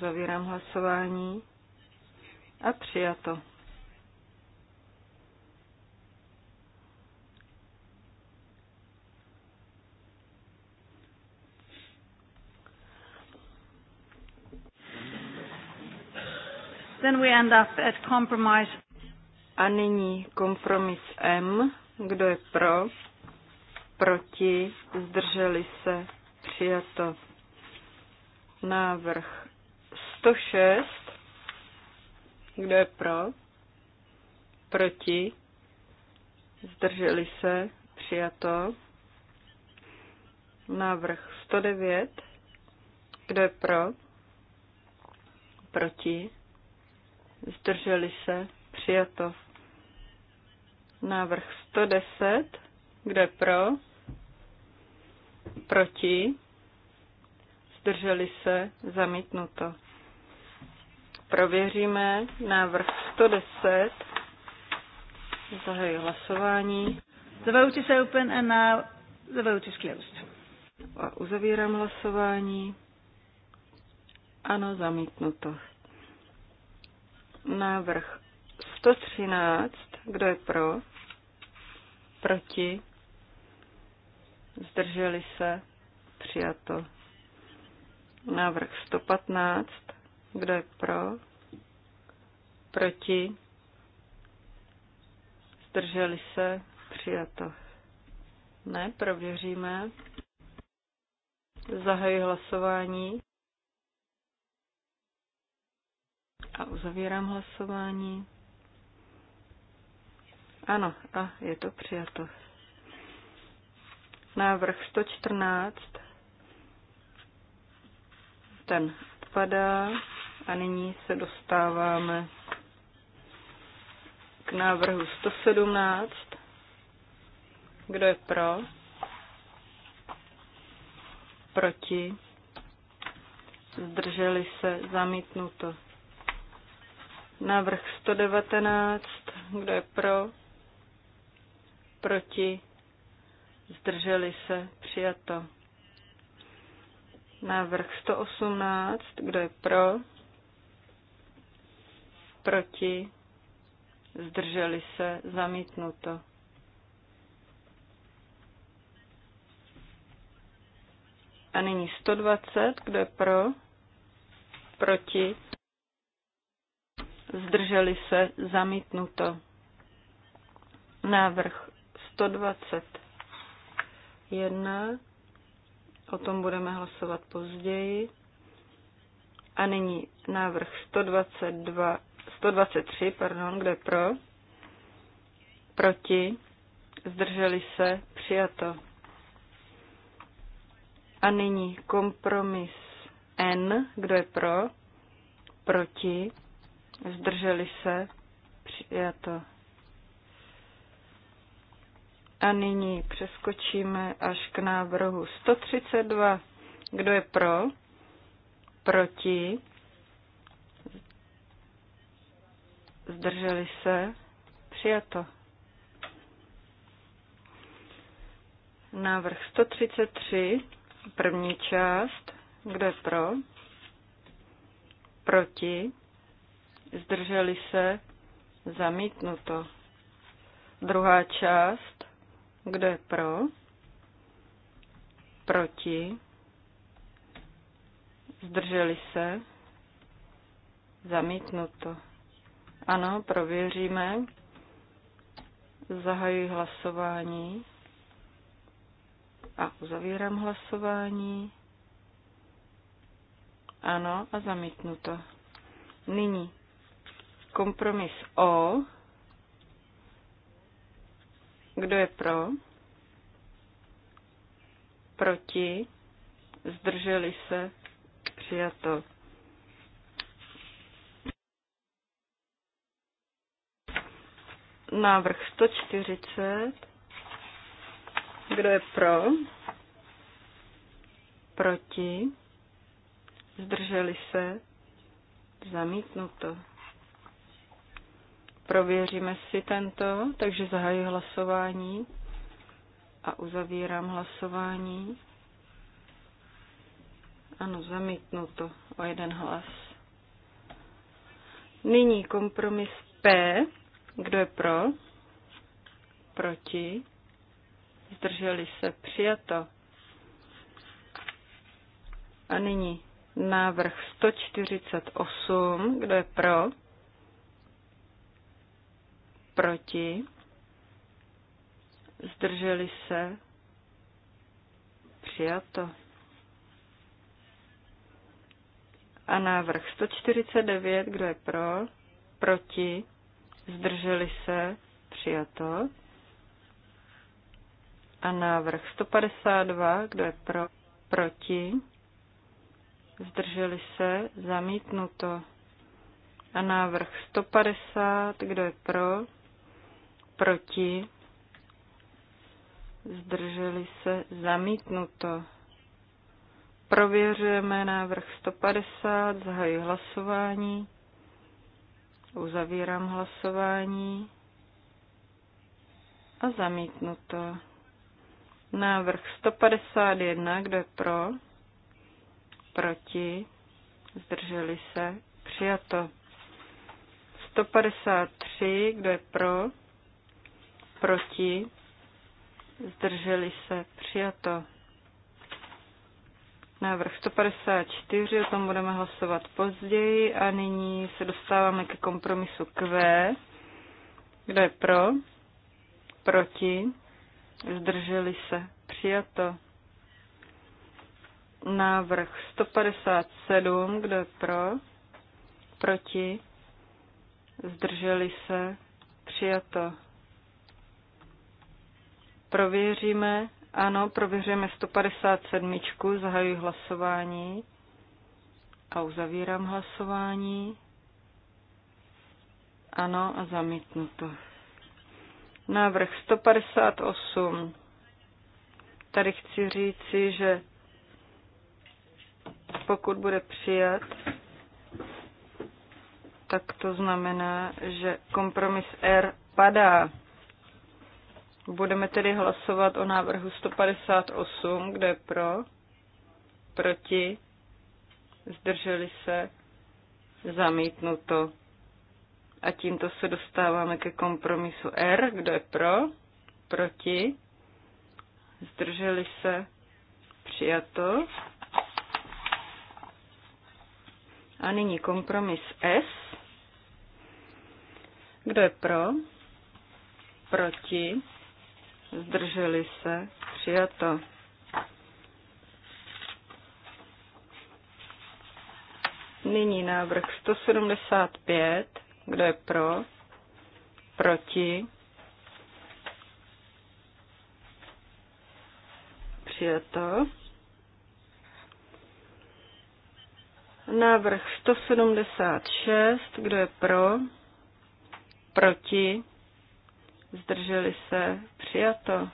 Zavírám hlasování. A přijato. Then we end up at compromise. A nyní kompromis M. Kdo je pro? Proti? Zdrželi se? Přijato. Návrh 106. Kdo je pro? Proti? Zdrželi se? Přijato. Návrh 109. Kdo je pro? Proti? zdrželi se, přijato. Návrh 110, kde pro, proti, zdrželi se, zamítnuto. Prověříme návrh 110, zahají hlasování. The vote is open and now the vote is closed. A uzavírám hlasování. Ano, zamítnuto. Návrh 113. Kdo je pro? Proti? Zdrželi se? Přijato. Návrh 115. Kdo je pro? Proti? Zdrželi se? Přijato. Ne, prověříme. Zahajuji hlasování. A uzavírám hlasování. Ano, a je to přijato. Návrh 114. Ten odpadá a nyní se dostáváme k návrhu 117. Kdo je pro? Proti? Zdrželi se? Zamítnuto. Návrh 119. Kdo je pro? Proti? Zdrželi se? Přijato. Návrh 118. Kdo je pro? Proti? Zdrželi se? Zamítnuto. A nyní 120. Kdo je pro? Proti? zdrželi se, zamítnuto. Návrh 121, o tom budeme hlasovat později. A nyní návrh 122, 123, pardon, kde pro, proti, zdrželi se, přijato. A nyní kompromis N, kdo je pro, proti, zdrželi se, přijato. A nyní přeskočíme až k návrhu 132. Kdo je pro? Proti? Zdrželi se? Přijato. Návrh 133, první část. Kdo je pro? Proti? zdrželi se, zamítnuto. Druhá část, kdo je pro, proti, zdrželi se, zamítnuto. Ano, prověříme. Zahajuji hlasování a uzavírám hlasování. Ano a zamítnuto. Nyní Kompromis O. Kdo je pro? Proti? Zdrželi se? Přijato. Návrh 140. Kdo je pro? Proti? Zdrželi se? Zamítnuto. Prověříme si tento, takže zahajuji hlasování a uzavírám hlasování. Ano, zamítnuto o jeden hlas. Nyní kompromis P. Kdo je pro? Proti? Zdrželi se? Přijato. A nyní návrh 148. Kdo je pro? proti, zdrželi se, přijato. A návrh 149, kdo je pro, proti, zdrželi se, přijato. A návrh 152, kdo je pro, proti, zdrželi se, zamítnuto. A návrh 150, kdo je pro, proti, zdrželi se, zamítnuto. Prověřujeme návrh 150, zahají hlasování, uzavírám hlasování a zamítnuto. Návrh 151, kdo je pro, proti, zdrželi se, přijato. 153, kdo je pro, proti, zdrželi se, přijato. Návrh 154, o tom budeme hlasovat později a nyní se dostáváme ke kompromisu Q. Kdo je pro? Proti? Zdrželi se? Přijato. Návrh 157, kdo je pro? Proti? Zdrželi se? Přijato. Prověříme, ano, prověříme 157. Zahajuji hlasování a uzavírám hlasování. Ano a zamítnu to. Návrh 158. Tady chci říci, že pokud bude přijat, tak to znamená, že kompromis R padá. Budeme tedy hlasovat o návrhu 158, kde je pro, proti, zdrželi se, zamítnuto. A tímto se dostáváme ke kompromisu R, kdo je pro, proti, zdrželi se, přijato. A nyní kompromis S. Kdo je pro? Proti? zdrželi se, přijato. Nyní návrh 175, kdo je pro, proti, přijato. Návrh 176, kdo je pro, proti, zdrželi se, přijato.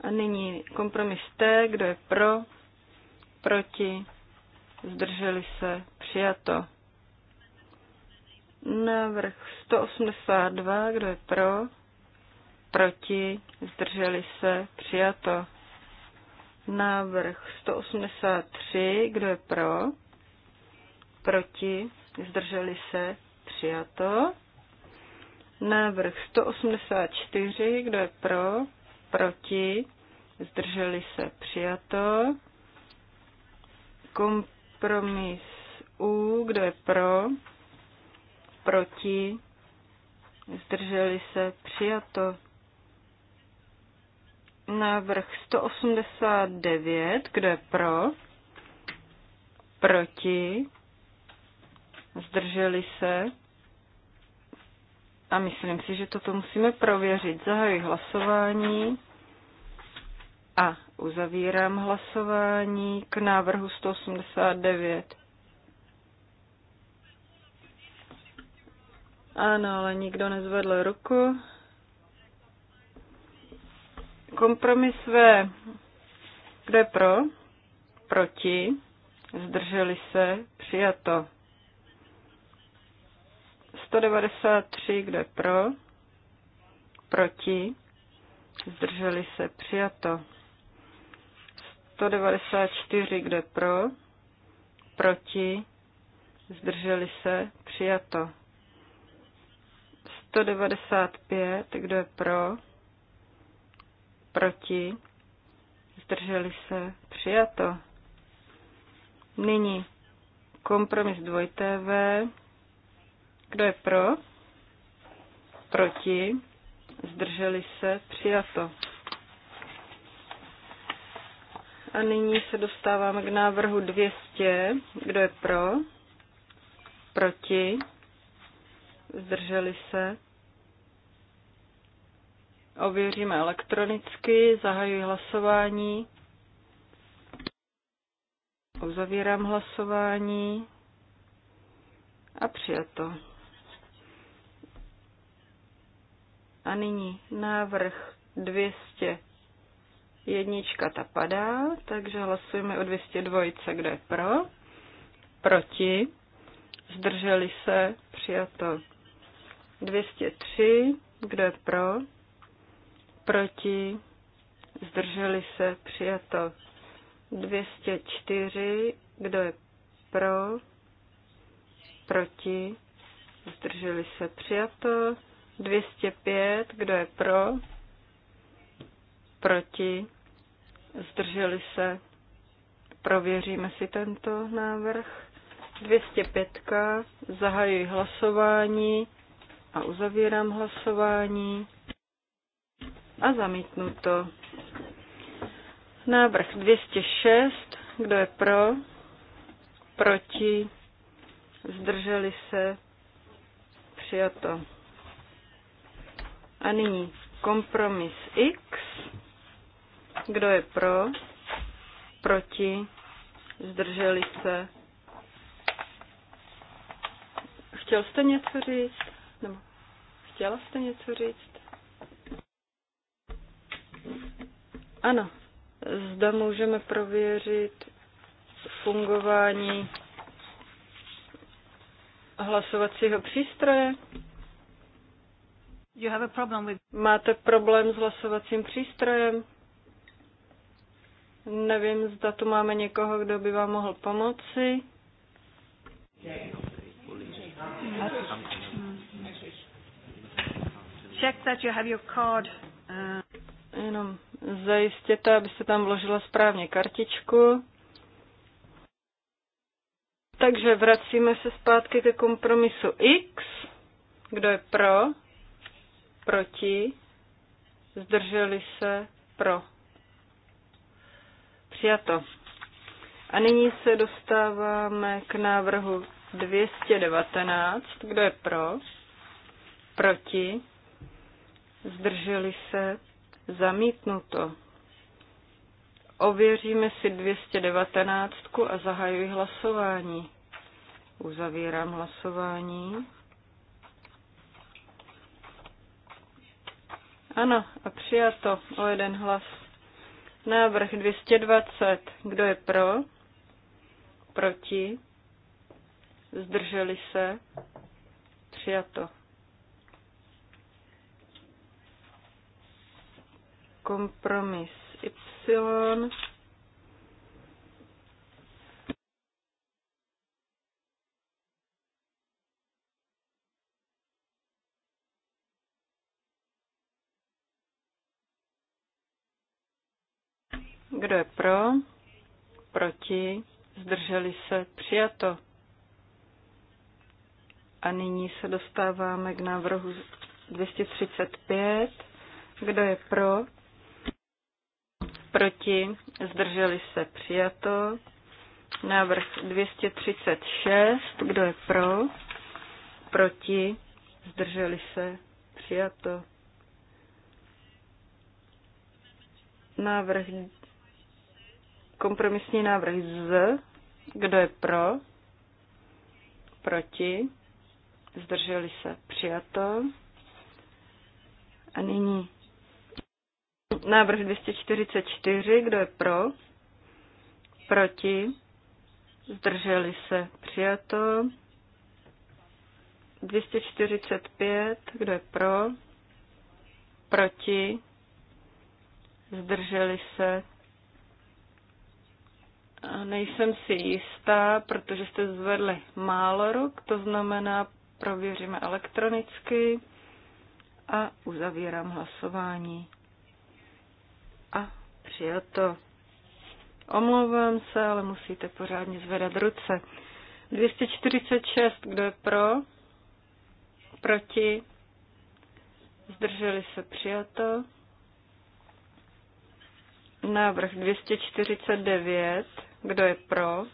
A nyní kompromis T, kdo je pro, proti, zdrželi se, přijato. Návrh 182, kdo je pro, proti, zdrželi se, přijato. Návrh 183, kdo je pro, proti, zdrželi se, přijato. Návrh 184, kdo je pro, proti, zdrželi se, přijato. Kompromis U, kdo je pro, proti, zdrželi se, přijato. Návrh 189, kdo je pro, proti, zdrželi se, a myslím si, že toto musíme prověřit. Zahajuji hlasování a uzavírám hlasování k návrhu 189. Ano, ale nikdo nezvedl ruku. Kompromis V. Kdo je pro? Proti? Zdrželi se? Přijato. 193, kde pro, proti, zdrželi se, přijato. 194, kde pro, proti, zdrželi se, přijato. 195, kdo je pro, proti, zdrželi se, přijato. Nyní kompromis 2TV, kdo je pro? Proti? Zdrželi se? Přijato. A nyní se dostáváme k návrhu 200. Kdo je pro? Proti? Zdrželi se? Ověříme elektronicky, zahajuji hlasování. Uzavírám hlasování a přijato. A nyní návrh 200. Jednička ta padá, takže hlasujeme o 202, kdo je pro, proti, zdrželi se, přijato. 203, kdo je pro, proti, zdrželi se, přijato. 204, kdo je pro, proti, zdrželi se, přijato. 205, kdo je pro, proti, zdrželi se, prověříme si tento návrh. 205, zahajuji hlasování a uzavírám hlasování a zamítnu to. Návrh 206, kdo je pro, proti, zdrželi se, přijato. A nyní kompromis X. Kdo je pro? Proti? Zdrželi se? Chtěl jste něco říct? Nebo chtěla jste něco říct? Ano. Zda můžeme prověřit fungování hlasovacího přístroje. You have a problem with... Máte problém s hlasovacím přístrojem? Nevím, zda tu máme někoho, kdo by vám mohl pomoci. Check that you have your card. Uh, Jenom zajistěte, abyste tam vložila správně kartičku. Takže vracíme se zpátky ke kompromisu X. Kdo je pro? proti, zdrželi se, pro. Přijato. A nyní se dostáváme k návrhu 219. Kdo je pro? Proti? Zdrželi se? Zamítnuto. Ověříme si 219 a zahajuji hlasování. Uzavírám hlasování. Ano, a přijato o jeden hlas. Návrh 220. Kdo je pro? Proti? Zdrželi se? Přijato. Kompromis Y Kdo je pro? Proti? Zdrželi se? Přijato. A nyní se dostáváme k návrhu 235. Kdo je pro? Proti? Zdrželi se? Přijato. Návrh 236. Kdo je pro? Proti? Zdrželi se? Přijato. Návrh Kompromisní návrh Z. Kdo je pro? Proti? Zdrželi se? Přijato. A nyní návrh 244. Kdo je pro? Proti? Zdrželi se? Přijato. 245. Kdo je pro? Proti? Zdrželi se? Nejsem si jistá, protože jste zvedli málo ruk, to znamená, prověříme elektronicky a uzavírám hlasování. A přijato. Omlouvám se, ale musíte pořádně zvedat ruce. 246, kdo je pro? Proti? Zdrželi se přijato. Návrh 249. Kdo je pro?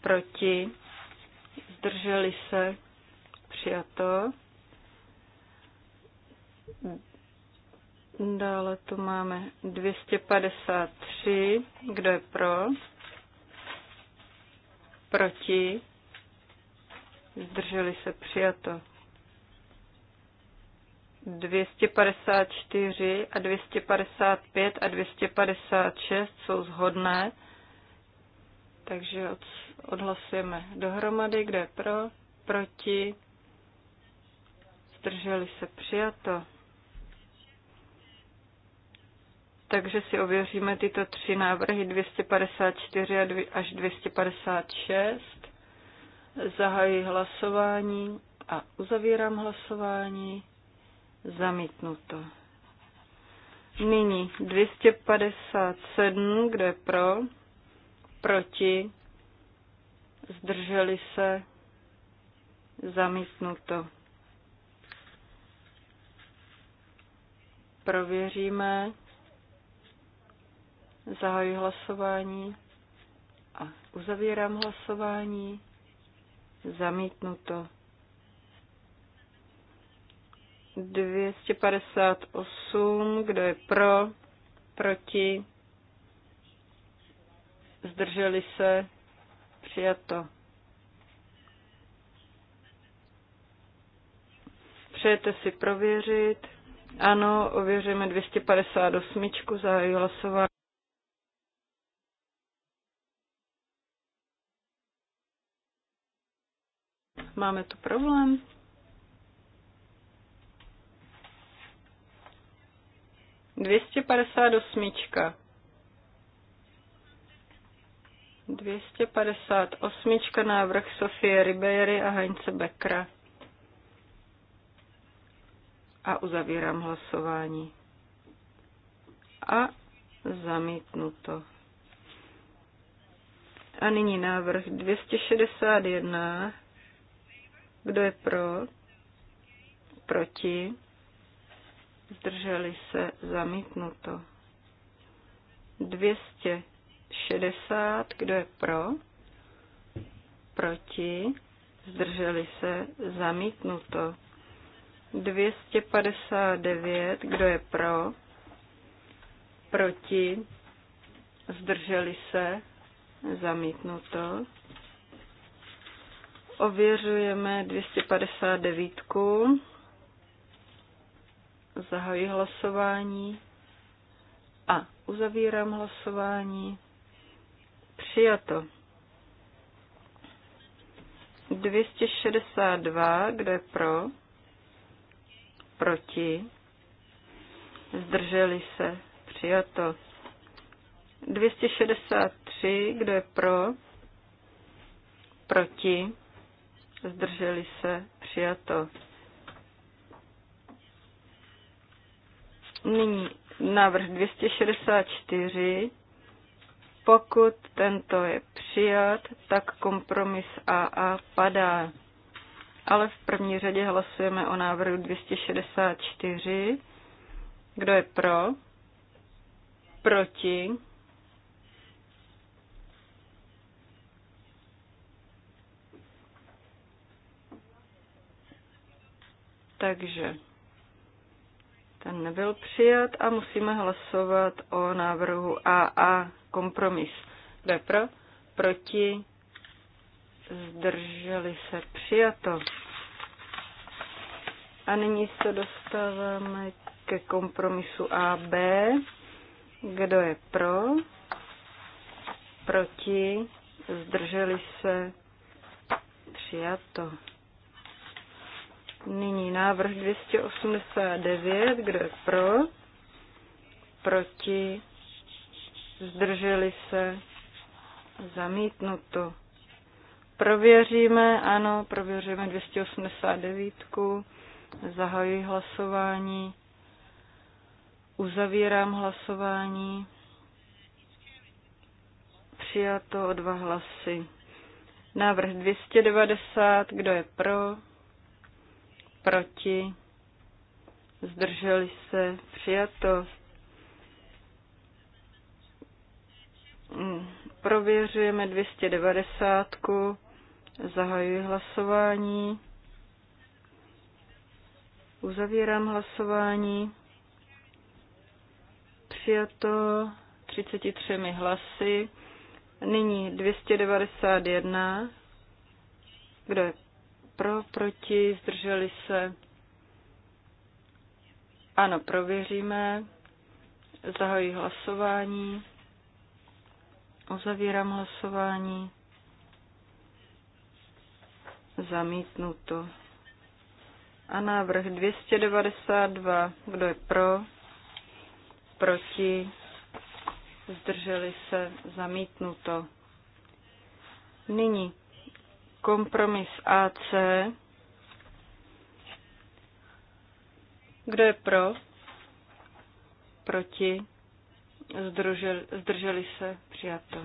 Proti? Zdrželi se? Přijato. Dále tu máme 253. Kdo je pro? Proti? Zdrželi se přijato. 254 a 255 a 256 jsou zhodné. Takže odhlasujeme dohromady, kde je pro, proti, zdrželi se přijato. Takže si ověříme tyto tři návrhy 254 až 256. Zahajuji hlasování a uzavírám hlasování. Zamítnuto. Nyní 257, kde pro, proti, zdrželi se, zamítnuto. Prověříme, zahajuji hlasování a uzavírám hlasování, zamítnuto. 258, kdo je pro, proti, zdrželi se, přijato. Přejete si prověřit? Ano, ověříme 258. Zahajuji hlasování. Máme tu problém. Dvěstě padesát osmička. 258. návrh Sofie Ribéry a Heinze Beckera. A uzavírám hlasování. A zamítnuto. A nyní návrh 261. Kdo je pro? Proti? Zdrželi se zamítnuto. 200 60, kdo je pro? Proti? Zdrželi se? Zamítnuto. 259, kdo je pro? Proti? Zdrželi se? Zamítnuto. Ověřujeme 259. Zahajuji hlasování a uzavírám hlasování. Přijato. 262, kde pro? Proti? Zdrželi se. Přijato. 263, kde pro? Proti? Zdrželi se. Přijato. Nyní návrh 264 pokud tento je přijat, tak kompromis AA padá. Ale v první řadě hlasujeme o návrhu 264. Kdo je pro? Proti? Takže ten nebyl přijat a musíme hlasovat o návrhu AA kompromis. Kdo je pro? Proti? Zdrželi se přijato. A nyní se dostáváme ke kompromisu AB. Kdo je pro? Proti? Zdrželi se přijato. Nyní návrh 289, kdo je pro, proti, zdrželi se, zamítnuto. Prověříme, ano, prověříme 289. Zahajuji hlasování. Uzavírám hlasování. Přijato o dva hlasy. Návrh 290, kdo je pro? proti, zdrželi se, přijato. Mm, prověřujeme 290, zahajuji hlasování, uzavírám hlasování, přijato 33 hlasy, nyní 291, kdo je pro, proti, zdrželi se. Ano, prověříme. Zahajuji hlasování. Uzavírám hlasování. Zamítnuto. A návrh 292. Kdo je pro? Proti? Zdrželi se? Zamítnuto. Nyní Kompromis AC. Kdo je pro? Proti? Zdrželi, zdrželi se? Přijato.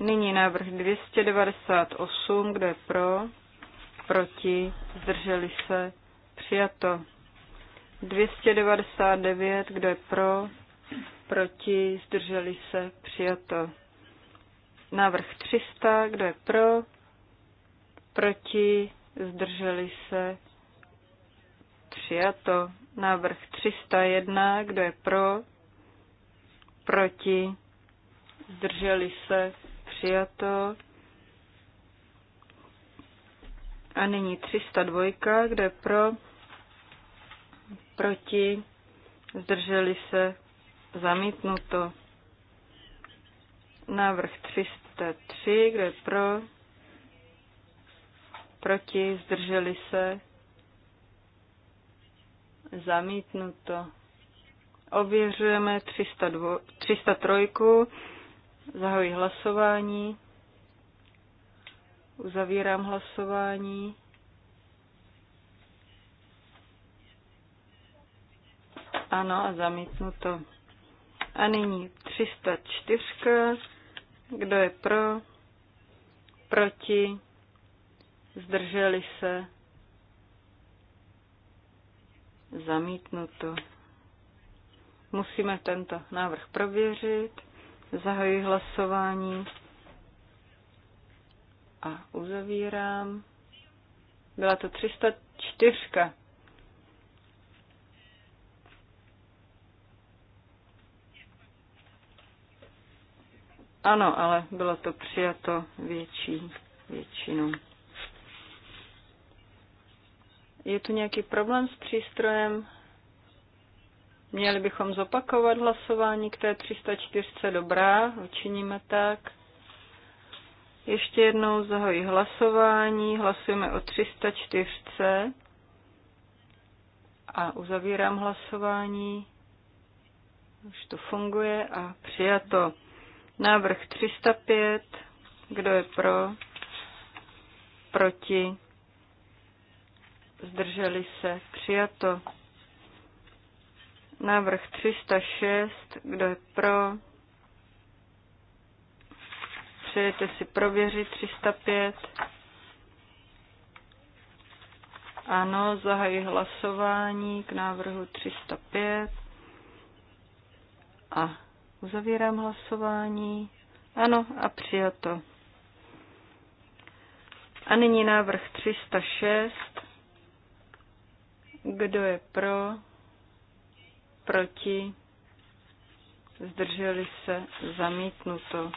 Nyní návrh 298. Kdo je pro? Proti? Zdrželi se? Přijato. 299. Kdo je pro? Proti? Zdrželi se? Přijato. Návrh 300, kdo je pro? Proti? Zdrželi se? Přijato. Návrh 301, kdo je pro? Proti? Zdrželi se? Přijato. A nyní 302, kdo je pro? Proti? Zdrželi se? Zamítnuto. Návrh 300 Tři, kdo je pro, proti, zdrželi se, zamítnuto. Ověřujeme 302, 303, zahoji hlasování, uzavírám hlasování. Ano, a zamítnuto. A nyní 304 kdo je pro? Proti? Zdrželi se? Zamítnuto. Musíme tento návrh prověřit. Zahajuji hlasování a uzavírám. Byla to 304. Ano, ale bylo to přijato větší většinou. Je tu nějaký problém s přístrojem? Měli bychom zopakovat hlasování k té 304. Dobrá, učiníme tak. Ještě jednou zahojí hlasování. Hlasujeme o 304. A uzavírám hlasování. Už to funguje a přijato. Návrh 305. Kdo je pro? Proti? Zdrželi se? Přijato. Návrh 306. Kdo je pro? Přejete si prověřit 305. Ano, zahají hlasování k návrhu 305. A Uzavírám hlasování. Ano a přijato. A nyní návrh 306. Kdo je pro? Proti? Zdrželi se? Zamítnuto.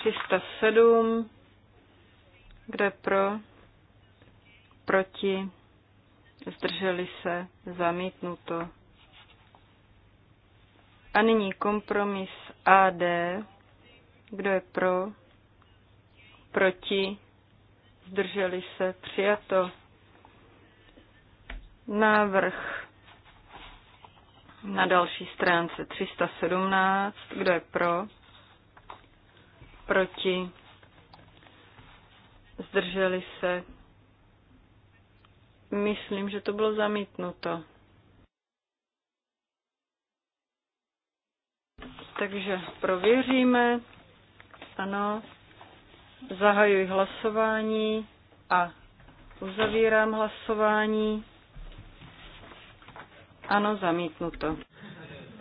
307. Kdo je pro? Proti? Zdrželi se? Zamítnuto. A nyní kompromis AD. Kdo je pro? Proti? Zdrželi se? Přijato. Návrh na další stránce 317. Kdo je pro? Proti? Zdrželi se? Myslím, že to bylo zamítnuto. Takže prověříme. Ano. Zahajuji hlasování a uzavírám hlasování. Ano, zamítnuto.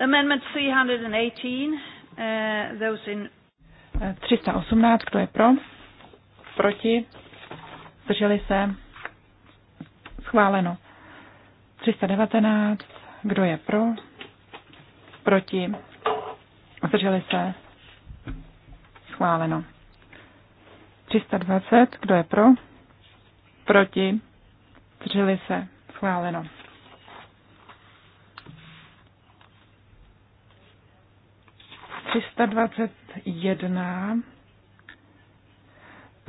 Amendment 318, uh, those in... 318, kdo je pro? Proti? Zdrželi se? Schváleno. 319, kdo je pro? Proti? Zdrželi se? Schváleno. 320. Kdo je pro? Proti? Zdrželi se? Schváleno. Třista dvacet jedna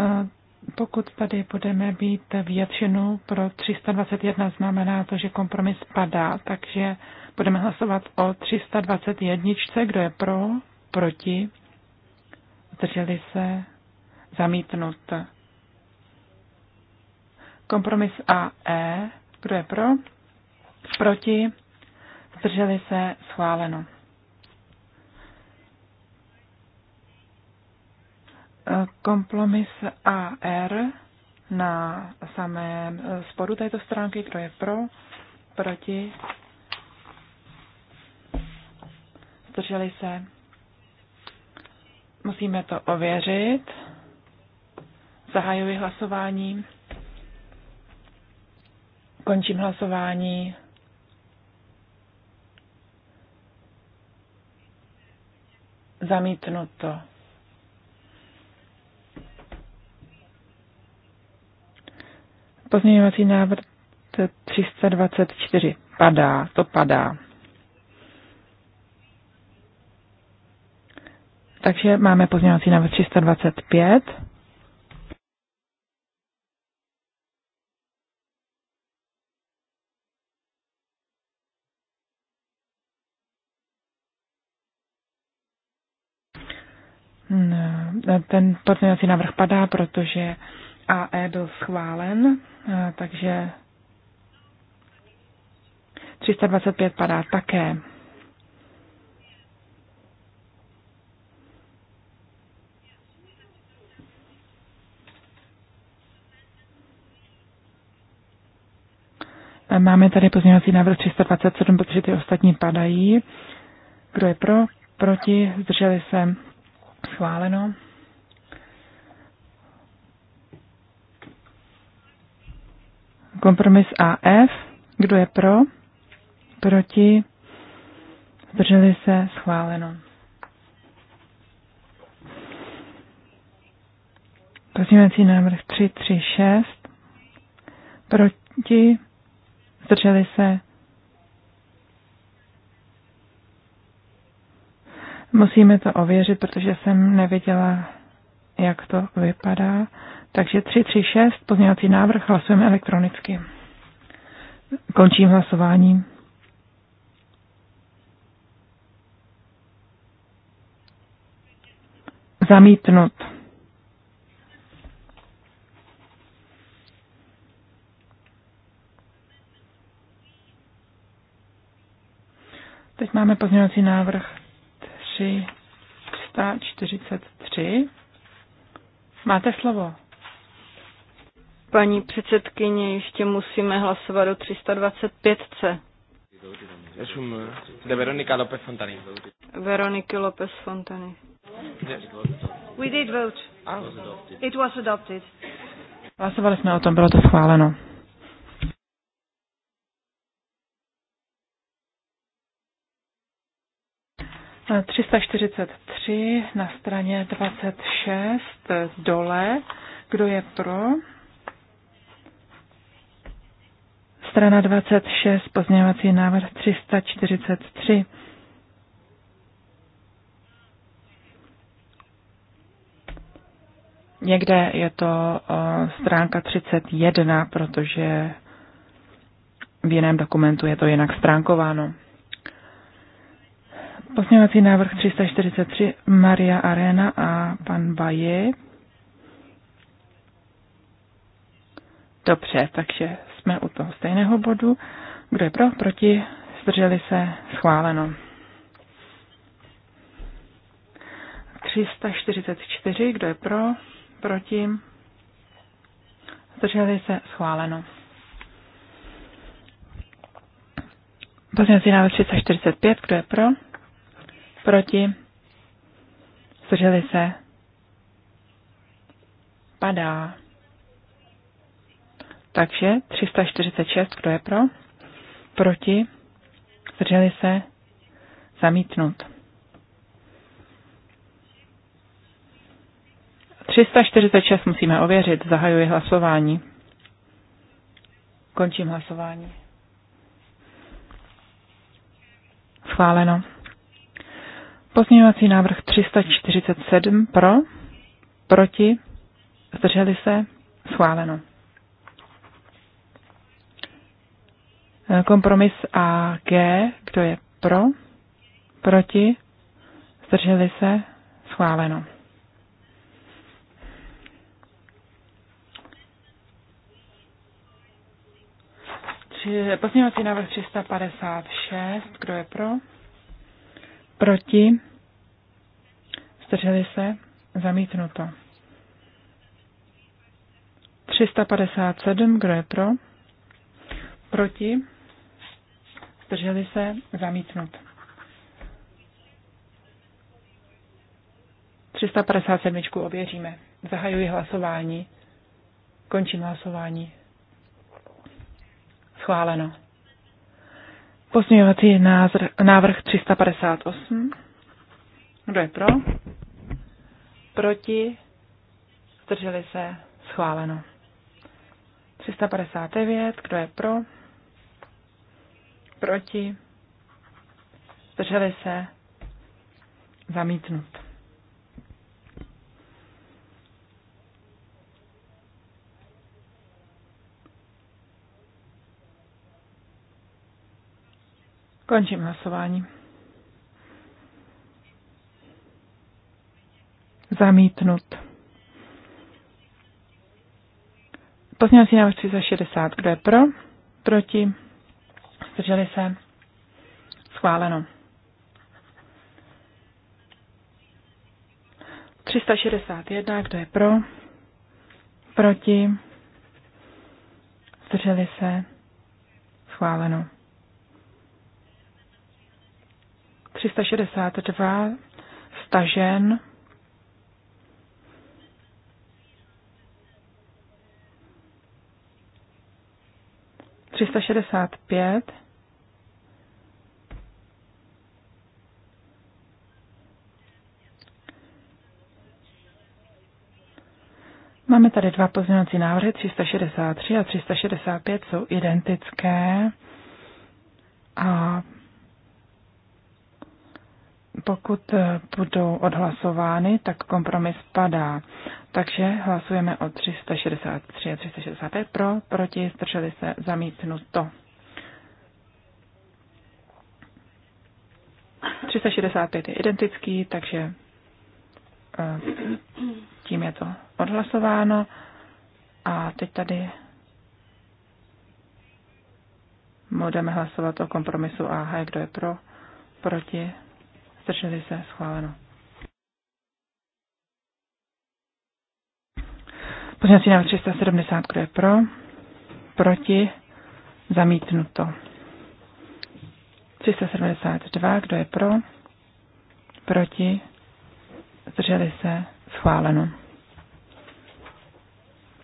eh, pokud tady budeme být většinou pro 321, znamená to, že kompromis padá, takže budeme hlasovat o 321. Kdo je pro, proti, zdrželi se, zamítnut. Kompromis AE. Kdo je pro, proti, zdrželi se, schváleno. Kompromis AR na samém eh, spodu této stránky, kdo je pro, proti, zdrželi se. Musíme to ověřit. Zahajuji hlasování. Končím hlasování. Zamítnuto. Pozměňovací návrh 324 padá, to padá. Takže máme pozměňovací návrh 325. Ten pozměňovací návrh padá, protože AE byl schválen, eh, takže 325 padá také. Eh, máme tady pozměňovací návrh 327, protože ty ostatní padají. Kdo je pro? Proti? Zdrželi se? Schváleno. Kompromis AF. Kdo je pro? Proti? Zdrželi se? Schváleno. Pozměňovací návrh 336. Proti? Zdrželi se? Musíme to ověřit, protože jsem nevěděla, jak to vypadá. Takže 336, pozměňovací návrh, hlasujeme elektronicky. Končím hlasování. Zamítnut. Teď máme pozměňovací návrh 343. Máte slovo. Paní předsedkyně, ještě musíme hlasovat o 325C. de Veronika López Fontany. Veroniky López Fontany. We did vote. It was adopted. Hlasovali jsme o tom, bylo to schváleno. Na 343 na straně 26 dole. Kdo je pro? Strana 26, pozměňovací návrh 343. Někde je to eh, stránka 31, protože v jiném dokumentu je to jinak stránkováno. Pozměňovací návrh 343 Maria Arena a pan Baje. Dobře, takže jsme u toho stejného bodu. Kdo je pro, proti, zdrželi se, schváleno. 344, kdo je pro, proti, zdrželi se, schváleno. Pozměňovací návrh 345, kdo je pro, proti, zdrželi se, padá. Takže 346, kdo je pro? Proti? Zdrželi se? Zamítnut. 346 musíme ověřit. Zahajuji hlasování. Končím hlasování. Schváleno. Pozměňovací návrh 347 pro, proti, zdrželi se, schváleno. Kompromis A G, kdo je pro, proti, zdrželi se, schváleno. Pozměňovací návrh 356, kdo je pro? Proti? Zdrželi se? Zamítnuto. 357, kdo je pro? Proti? zdrželi se, zamítnut. 357 ověříme. Zahajuji hlasování. Končím hlasování. Schváleno. Pozměňovací návrh 358. Kdo je pro? Proti? Zdrželi se? Schváleno. 359. Kdo je pro? proti, zdrželi se, zamítnut. Končím hlasování. Zamítnut. Pozměňovací návrh 360. Kdo je pro? Proti? Zdrželi se? Schváleno. 361, kdo je pro? Proti? Zdrželi se? Schváleno. 362, stažen. 365. Máme tady dva pozměňovací návrhy, 363 a 365 jsou identické a pokud eh, budou odhlasovány, tak kompromis padá. Takže hlasujeme o 363 a 365 pro, proti, zdrželi se, zamítnuto. 365 je identický, takže eh, tím je to odhlasováno. A teď tady budeme hlasovat o kompromisu AH, kdo je pro, proti, zdrželi se, schváleno. Pozměňovací návrh 370, kdo je pro? Proti? Zamítnuto. 372, kdo je pro? Proti? Zdrželi se? Schváleno.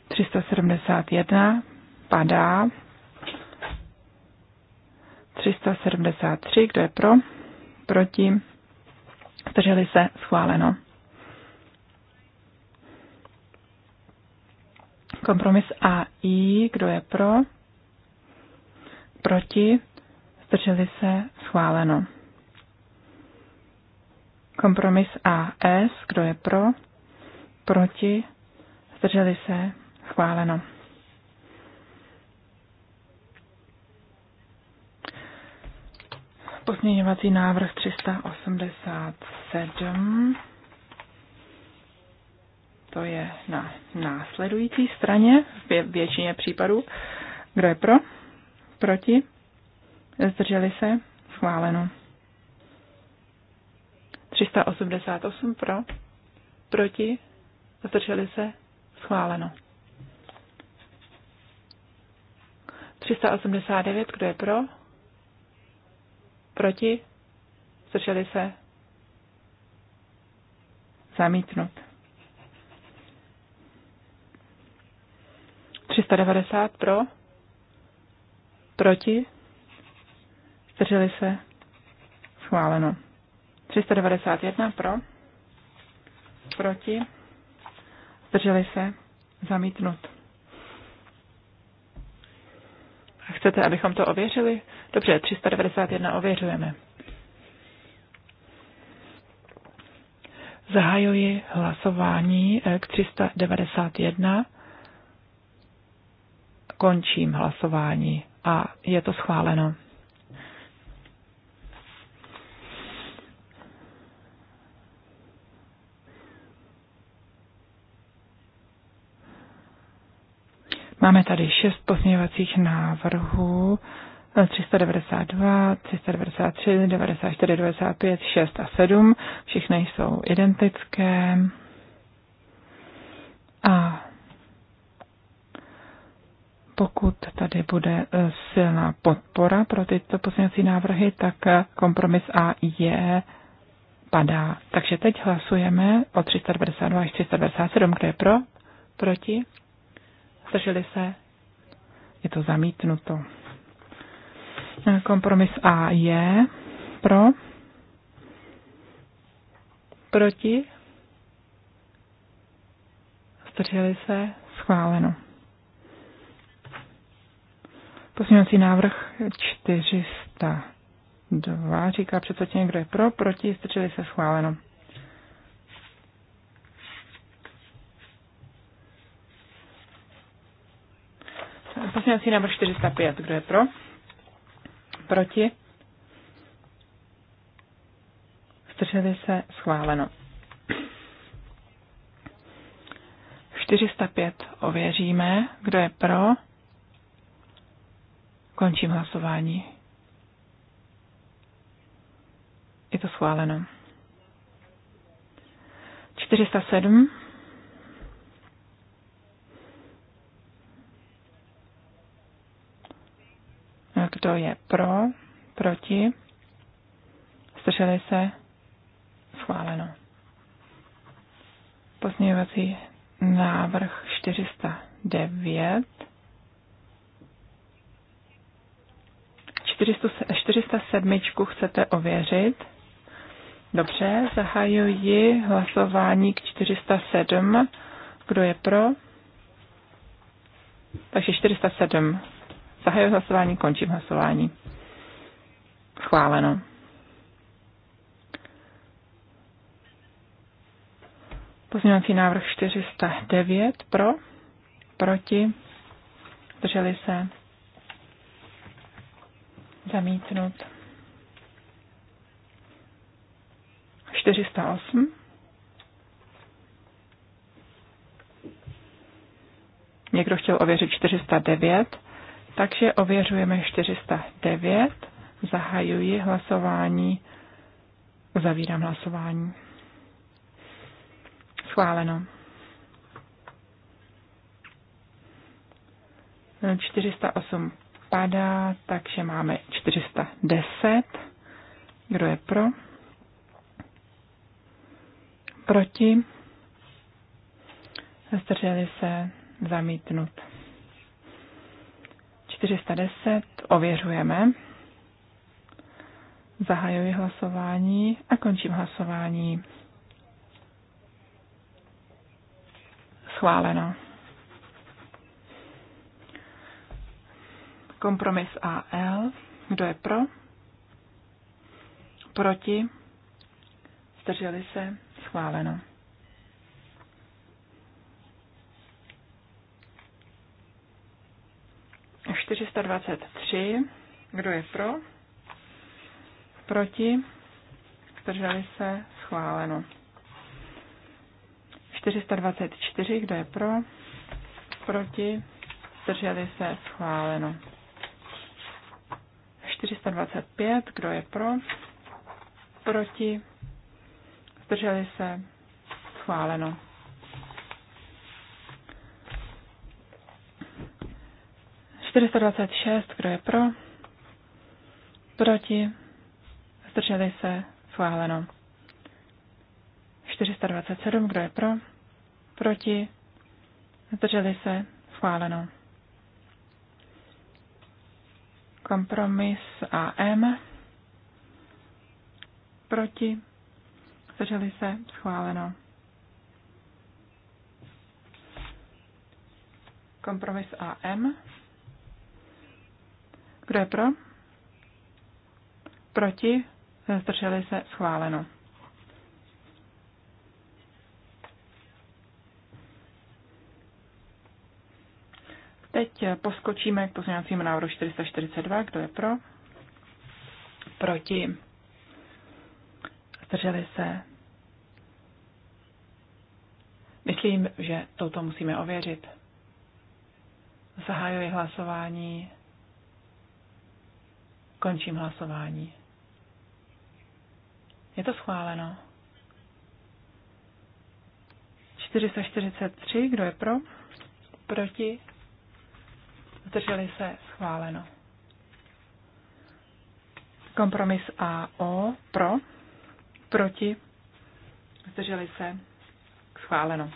371 padá. 373, kdo je pro? Proti? Zdrželi se? Schváleno. Kompromis AI, kdo je pro? Proti? Zdrželi se? Schváleno. Kompromis AS, kdo je pro? Proti? Zdrželi se? Schváleno. Pozměňovací návrh 387. To je na následující straně v většině případů. Kdo je pro? Proti? Zdrželi se? Schváleno. 388 pro? Proti? Zdrželi se? Schváleno. 389, kdo je pro? Proti? Zdrželi se? Zamítnut. 390 pro, proti, zdrželi se, schváleno. 391 pro, proti, zdrželi se, zamítnut. A chcete, abychom to ověřili? Dobře, 391 ověřujeme. Zahajuji hlasování k 391. Končím hlasování a je to schváleno. Máme tady šest pozměňovacích návrhů. 392, 393, 94, 95, 6 a 7. Všechny jsou identické. A pokud tady bude e, silná podpora pro tyto pozměňovací návrhy, tak e, kompromis A je padá. Takže teď hlasujeme o 392 až 397, kdo je pro, proti, zdrželi se, je to zamítnuto. E, kompromis A je pro, proti, zdrželi se, schváleno. Pozměňovací návrh 402 říká předsedně, kdo je pro, proti, strčili se schváleno. Pozměňovací návrh 405, kdo je pro, proti, strčili se schváleno. 405 ověříme, kdo je pro, Končím hlasování. Je to schváleno. 407. Kdo je pro, proti, zdrželi se, schváleno. Pozměňovací návrh 409. 407 chcete ověřit? Dobře, zahajuji hlasování k 407. Kdo je pro? Takže 407. Zahajuji hlasování, končím hlasování. Schváleno. Pozměňovací návrh 409 pro, proti, drželi se, Zamítnut. 408. Někdo chtěl ověřit 409, takže ověřujeme 409. Zahajuji hlasování. Zavírám hlasování. Schváleno. 408 padá, takže máme 410. Kdo je pro? Proti? Zdrželi se zamítnut. 410 ověřujeme. Zahajuji hlasování a končím hlasování. Schváleno. Kompromis AL. Kdo je pro? Proti? Zdrželi se? Schváleno. A 423. Kdo je pro? Proti? Zdrželi se? Schváleno. 424. Kdo je pro? Proti? Zdrželi se? Schváleno. 425, kdo je pro, proti, zdrželi se, schváleno. Čtyřista šest, kdo je pro, proti, zdrželi se, schváleno. 427, kdo je pro, proti, zdrželi se, schváleno. Kompromis AM. Proti. Zdrželi se. Schváleno. Kompromis AM. Kdo je pro? Proti. Zdrželi se. Schváleno. Teď poskočíme k pozměňovacímu návrhu 442. Kdo je pro? Proti? Zdrželi se? Myslím, že toto musíme ověřit. Zahajuji hlasování. Končím hlasování. Je to schváleno. 443, kdo je pro? Proti? zdrželi se, schváleno. Kompromis AO pro, proti, zdrželi se, schváleno.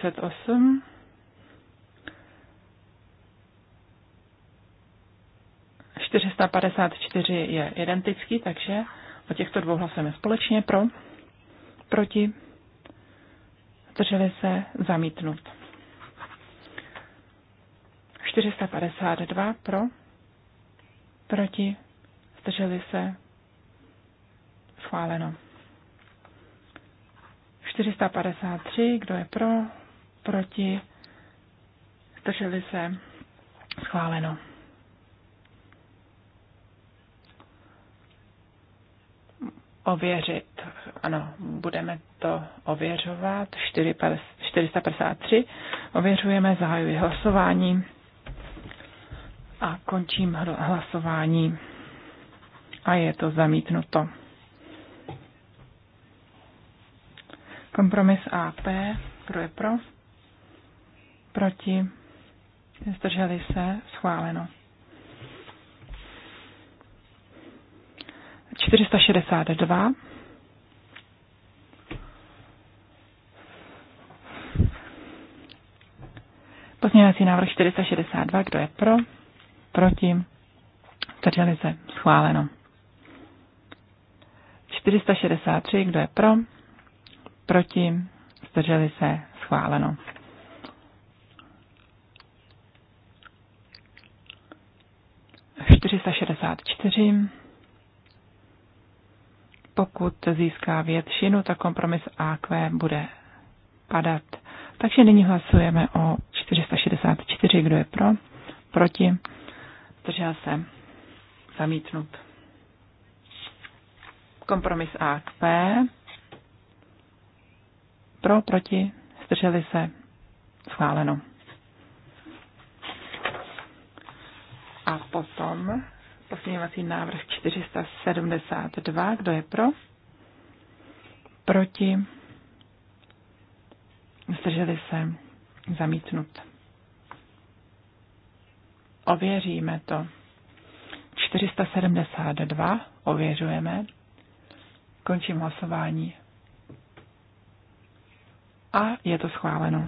48. 454 je identický, takže o těchto dvou hlasujeme společně pro, proti, drželi se zamítnut. 452 pro, proti, drželi se, schváleno. 453, kdo je pro, proti, zdrželi se, schváleno. Ověřit, ano, budeme to ověřovat, 453, ověřujeme, zahajuji hlasování a končím hlasování a je to zamítnuto. Kompromis AP, kdo je pro? proti, zdrželi se, schváleno. 462. Pozměňovací návrh 462, kdo je pro, proti, zdrželi se, schváleno. 463, kdo je pro, proti, zdrželi se, schváleno. 464. Pokud získá většinu, tak kompromis AQ bude padat. Takže nyní hlasujeme o 464. Kdo je pro? Proti? Zdržel se. Zamítnut. Kompromis AQ. Pro, proti? Zdrželi se. Schváleno. A potom pozměňovací návrh 472. Kdo je pro? Proti? Zdrželi se? Zamítnut. Ověříme to. 472 ověřujeme. Končím hlasování. A je to schváleno.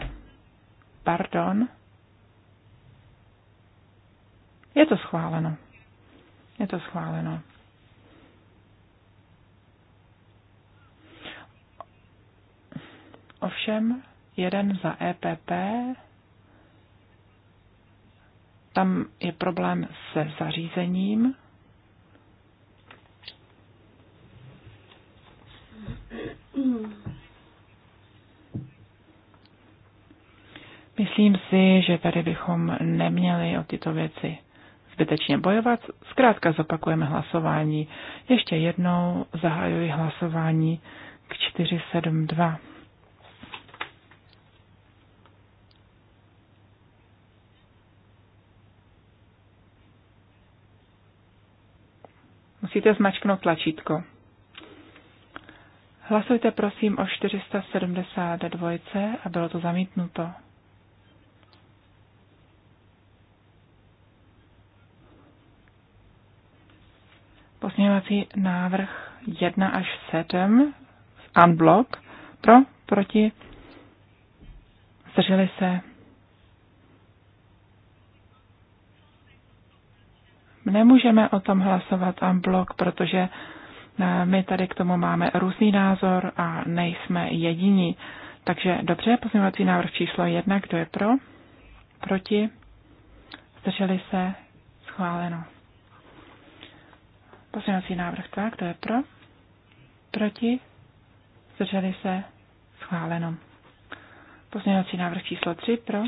Pardon. Je to schváleno. Je to schváleno. Ovšem, jeden za EPP, tam je problém se zařízením. Myslím si, že tady bychom neměli o tyto věci zbytečně bojovat. Zkrátka zopakujeme hlasování. Ještě jednou zahajuji hlasování k 472. Musíte zmačknout tlačítko. Hlasujte prosím o 472 a bylo to zamítnuto. Pozměňovací návrh 1 až 7 unblock pro, proti, zdrželi se. Nemůžeme o tom hlasovat unblock, protože eh, my tady k tomu máme různý názor a nejsme jediní. Takže dobře, pozměňovací návrh číslo 1, kdo je pro, proti, zdrželi se, schváleno. Pozměňovací návrh 2, kdo je pro? Proti? Zdrželi se? Schváleno. Pozměňovací návrh číslo 3, pro?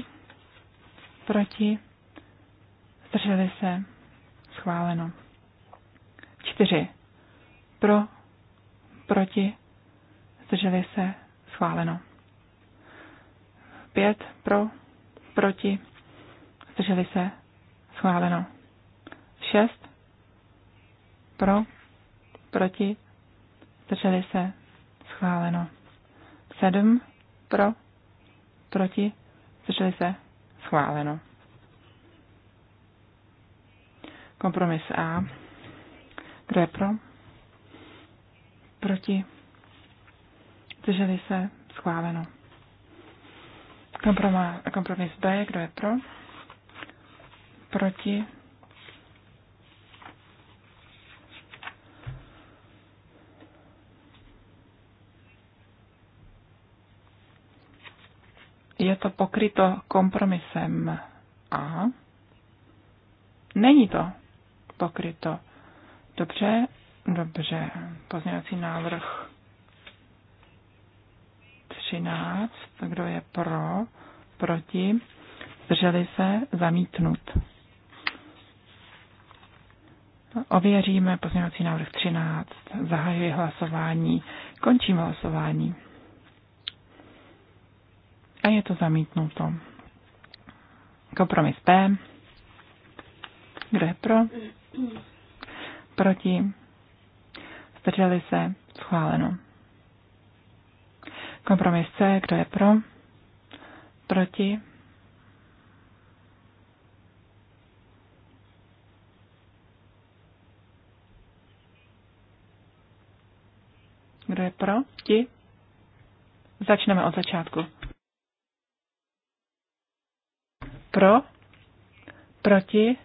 Proti? Zdrželi se? Schváleno. 4. Pro? Proti? Zdrželi se? Schváleno. 5. Pro? Proti? Zdrželi se? Schváleno. 6 pro, proti, zdrželi se, schváleno. 7 pro, proti, zdrželi se, schváleno. Kompromis A. Kdo je pro? Proti. Zdrželi se, schváleno. Kompromis B. Kdo je pro? Proti. je to pokryto kompromisem A. Není to pokryto. Dobře, dobře. Pozměňovací návrh 13. Kdo je pro, proti, zdrželi se, zamítnut. Ověříme pozměňovací návrh 13. Zahajuji hlasování. Končím hlasování a je to zamítnuto. Kompromis B. Kdo je pro? Proti? Zdrželi se? Schváleno. Kompromis C. Kdo je pro? Proti? Kdo je pro? Ti? Začneme od začátku. Pro? Proti?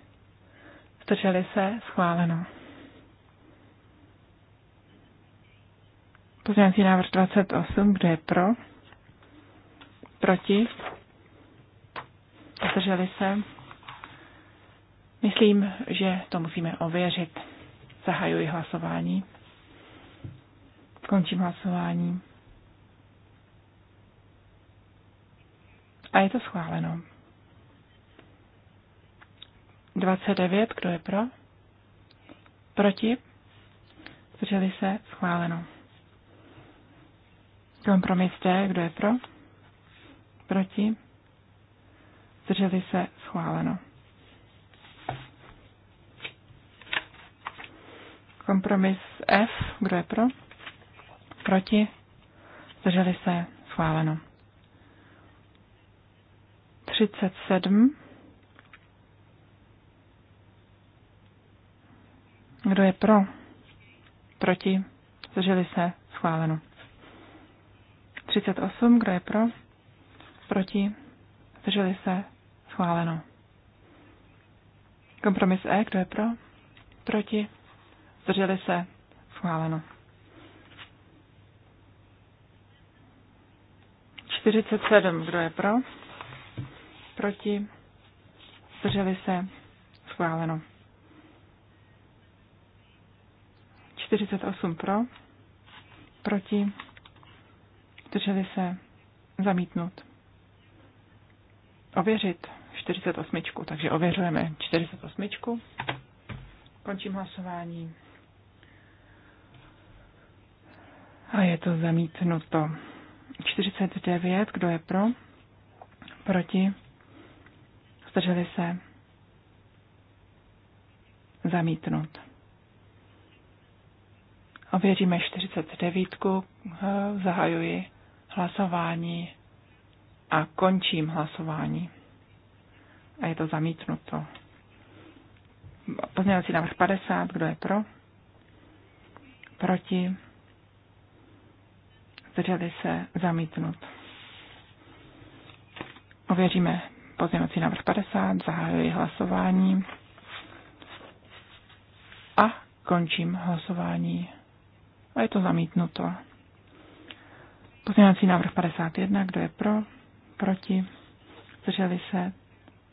Zdrželi se? Schváleno. Pozměňovací návrh 28, kdo je pro? Proti? Zdrželi se? Myslím, že to musíme ověřit. Zahajuji hlasování. Končím hlasování. A je to schváleno. 29, kdo je pro? Proti? Zdrželi se? Schváleno. Kompromis D, kdo je pro? Proti? Zdrželi se? Schváleno. Kompromis F, kdo je pro? Proti? Zdrželi se? Schváleno. 37 Kdo je pro? Proti? Zdrželi se? Schváleno. 38. Kdo je pro? Proti? Zdrželi se? Schváleno. Kompromis E. Kdo je pro? Proti? Zdrželi se? Schváleno. 47. Kdo je pro? Proti? Zdrželi se? Schváleno. 48 pro, proti, drželi se, zamítnut. Ověřit 48, takže ověřujeme 48. Končím hlasování. A je to zamítnuto. 49, kdo je pro? Proti? Zdrželi se? Zamítnut. Ověříme 49. Zahajuji hlasování a končím hlasování. A je to zamítnuto. Pozměňovací návrh 50. Kdo je pro? Proti? Zdrželi se zamítnut. Ověříme pozměňovací návrh 50. Zahajuji hlasování a končím hlasování a je to zamítnuto. Pozměňovací návrh 51, kdo je pro, proti, zdrželi se,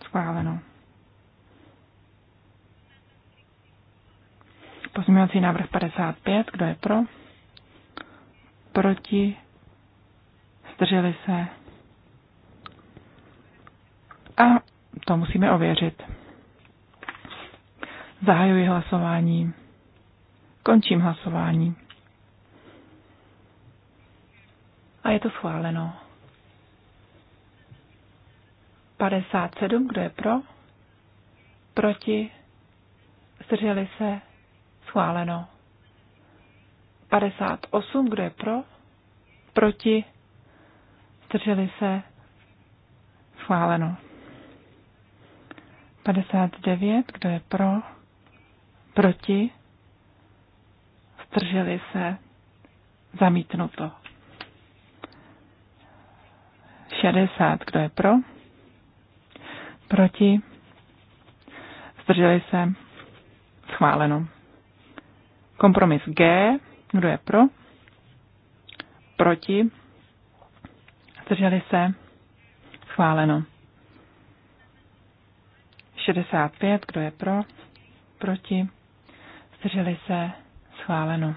schváleno. Pozměňovací návrh 55, kdo je pro, proti, zdrželi se. A to musíme ověřit. Zahajuji hlasování. Končím hlasování. a je to schváleno. 57, kdo je pro? Proti? Zdrželi se? Schváleno. 58, kdo je pro? Proti? Zdrželi se? Schváleno. 59, kdo je pro? Proti? Zdrželi se? Zamítnuto. 60. Kdo je pro? Proti? Zdrželi se? Schváleno. Kompromis G. Kdo je pro? Proti? Zdrželi se? Schváleno. 65. Kdo je pro? Proti? Zdrželi se? Schváleno.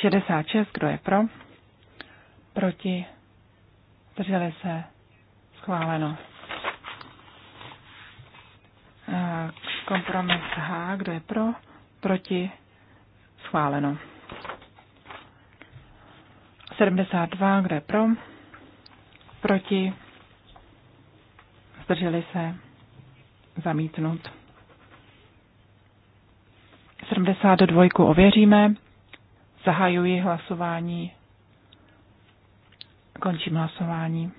66. Kdo je pro? proti, zdrželi se, schváleno. Kompromis H, kdo je pro, proti, schváleno. 72, kdo je pro, proti, zdrželi se, zamítnut. 72 ověříme. Zahajuji hlasování Končím hlasování.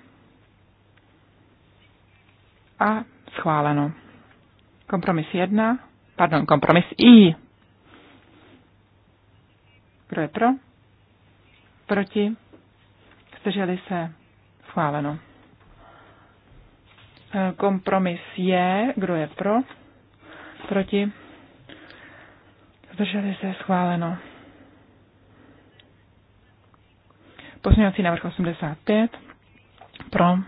A schváleno. Kompromis 1, pardon, kompromis I. Kdo je pro? Proti? Zdrželi se? Schváleno. E, kompromis je, kdo je pro? Proti? Zdrželi se? Schváleno. Pozměňovací návrh 85. Pro.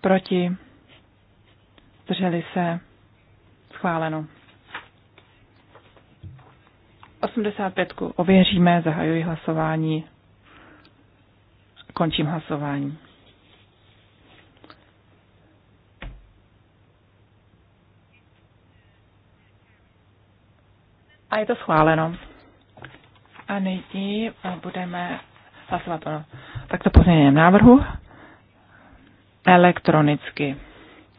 Proti. Zdrželi se. Schváleno. 85. Ověříme, zahajuji hlasování. Končím hlasování. A je to schváleno. A nyní eh, budeme hlasovat o takto pozměněném návrhu elektronicky.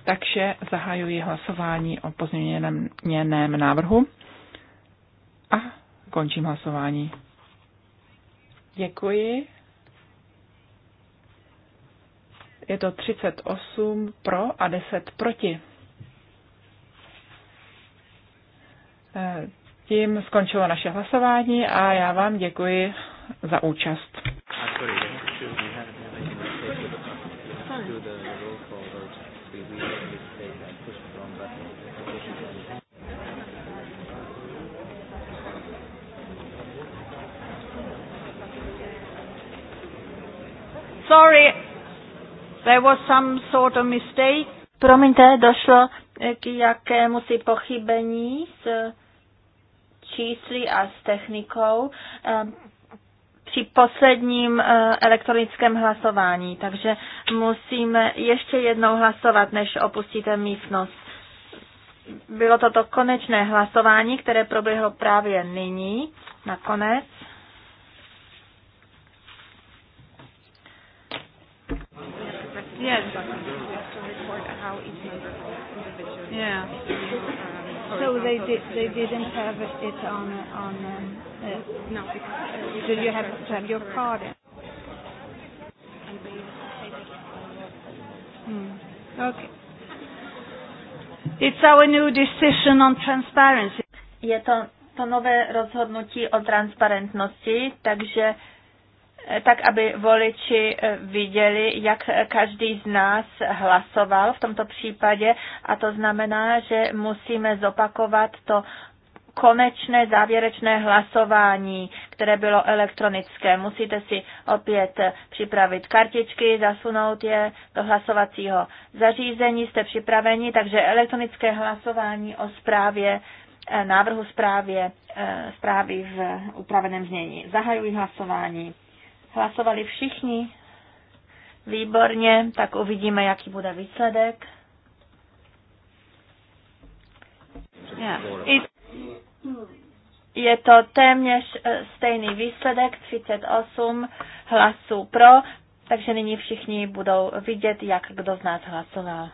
Takže zahajuji hlasování o pozměněném návrhu a končím hlasování. Děkuji. Je to 38 pro a 10 proti. Eh, tím skončilo naše hlasování a já vám děkuji za účast. Sorry, there was some sort of mistake. Promiňte, došlo k jakému si pochybení s čísly a s technikou při posledním eh, elektronickém hlasování. Takže musíme ještě jednou hlasovat, než opustíte místnost. Bylo to to konečné hlasování, které proběhlo právě nyní, nakonec. Yes. Yeah. So they did. They didn't have it on on. Uh, no. Uh, did you have to have your card. In. Hmm. Okay. It's our new decision on transparency. Je to to nové rozhodnutí o transparentnosti, takže Eh, tak aby voliči eh, viděli, jak každý z nás hlasoval v tomto případě. A to znamená, že musíme zopakovat to konečné závěrečné hlasování, které bylo elektronické. Musíte si opět připravit kartičky, zasunout je do hlasovacího zařízení, jste připraveni, takže elektronické hlasování o zprávě, eh, návrhu zprávě, zprávy v upraveném znění. Zahajuji hlasování. Hlasovali všichni? Výborně, tak uvidíme, jaký bude výsledek. Je to téměř eh, stejný výsledek, 38 hlasů pro, takže nyní všichni budou vidět, jak kdo z nás hlasoval.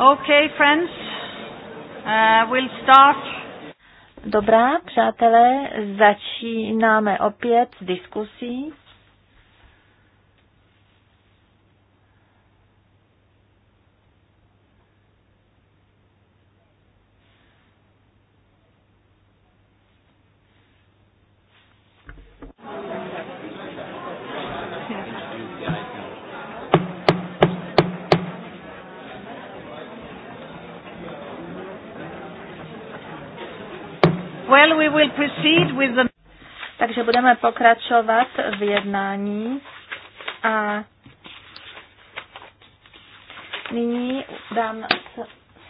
Okay, friends, uh, we'll start. Dobrá, přátelé, začínáme opět s diskusí. Thank you. Well, we will proceed with the... Takže budeme pokračovat v jednání a nyní dám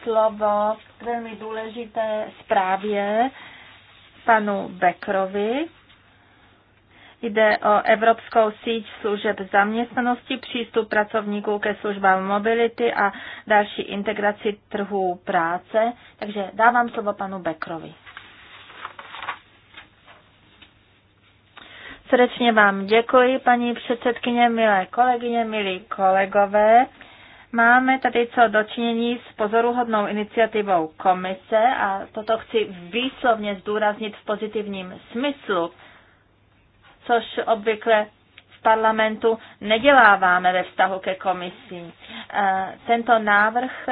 slovo velmi důležité zprávě panu Beckrovi. Jde o Evropskou síť služeb zaměstnanosti, přístup pracovníků ke službám mobility a další integraci trhů práce. Takže dávám slovo panu Beckrovi. Srdečně vám děkuji, paní předsedkyně, milé kolegyně, milí kolegové. Máme tady co dočinění s pozoruhodnou iniciativou komise a toto chci výslovně zdůraznit v pozitivním smyslu, což obvykle v parlamentu neděláváme ve vztahu ke komisi. E, tento návrh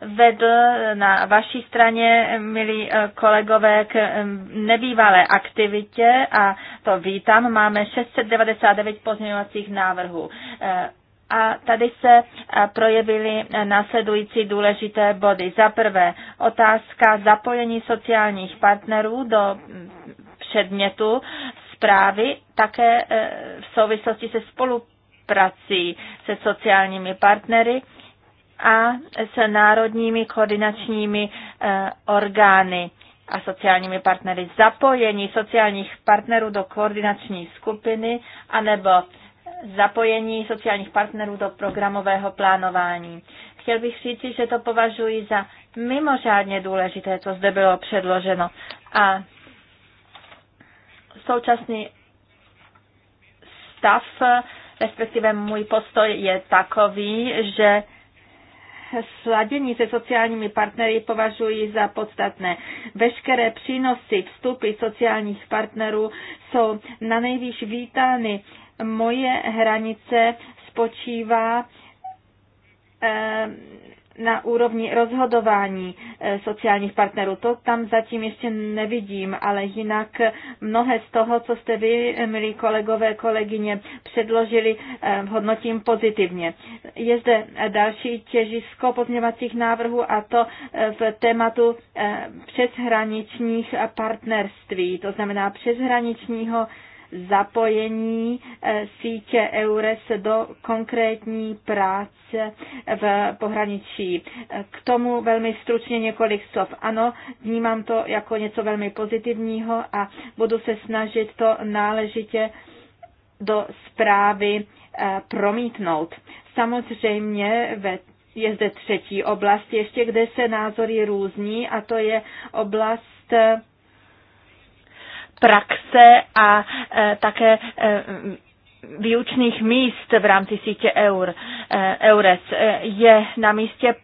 vedl na vaší straně, milí eh, kolegové, k eh, nebývalé aktivitě a to vítám. Máme 699 pozměňovacích návrhů. Eh, a tady se projevily následující důležité body. Za prvé, otázka zapojení sociálních partnerů do mm, předmětu zprávy také v souvislosti se spoluprací se sociálními partnery a s národními koordinačními eh, orgány a sociálními partnery. Zapojení sociálních partnerů do koordinační skupiny anebo zapojení sociálních partnerů do programového plánování. Chtěl bych říci, že to považuji za mimořádně důležité, co zde bylo předloženo. A současný stav, respektive můj postoj je takový, že sladění se sociálními partnery považuji za podstatné. Veškeré přínosy, vstupy sociálních partnerů jsou na nejvýš vítány. Moje hranice spočívá eh, na úrovni rozhodování eh, sociálních partnerů. To tam zatím ještě nevidím, ale jinak mnohé z toho, co jste vy, milí kolegové, kolegyně, předložili, eh, hodnotím pozitivně. Je zde další těžisko pozměvacích návrhů a to eh, v tématu přeshraničních partnerství, to znamená přeshraničního zapojení eh, sítě EURES do konkrétní práce v pohraničí. Eh, k tomu velmi stručně několik slov. Ano, vnímám to jako něco velmi pozitivního a budu se snažit to náležitě do zprávy eh, promítnout. Samozřejmě ve je zde třetí oblast ještě, kde se názory různí a to je oblast praxe a e, také e, výučných míst v rámci sítě EUR, e, EURES. Je na místě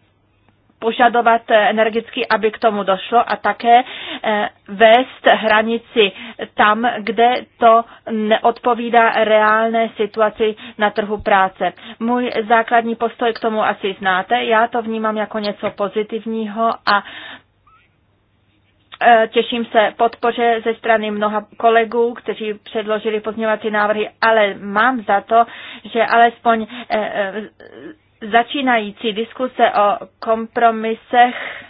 požadovat energicky, aby k tomu došlo a také vést hranici tam, kde to neodpovídá reálné situaci na trhu práce. Můj základní postoj k tomu asi znáte, já to vnímám jako něco pozitivního a Eh, těším se podpoře ze strany mnoha kolegů, kteří předložili pozměňovací návrhy, ale mám za to, že alespoň eh, eh, začínající diskuse o kompromisech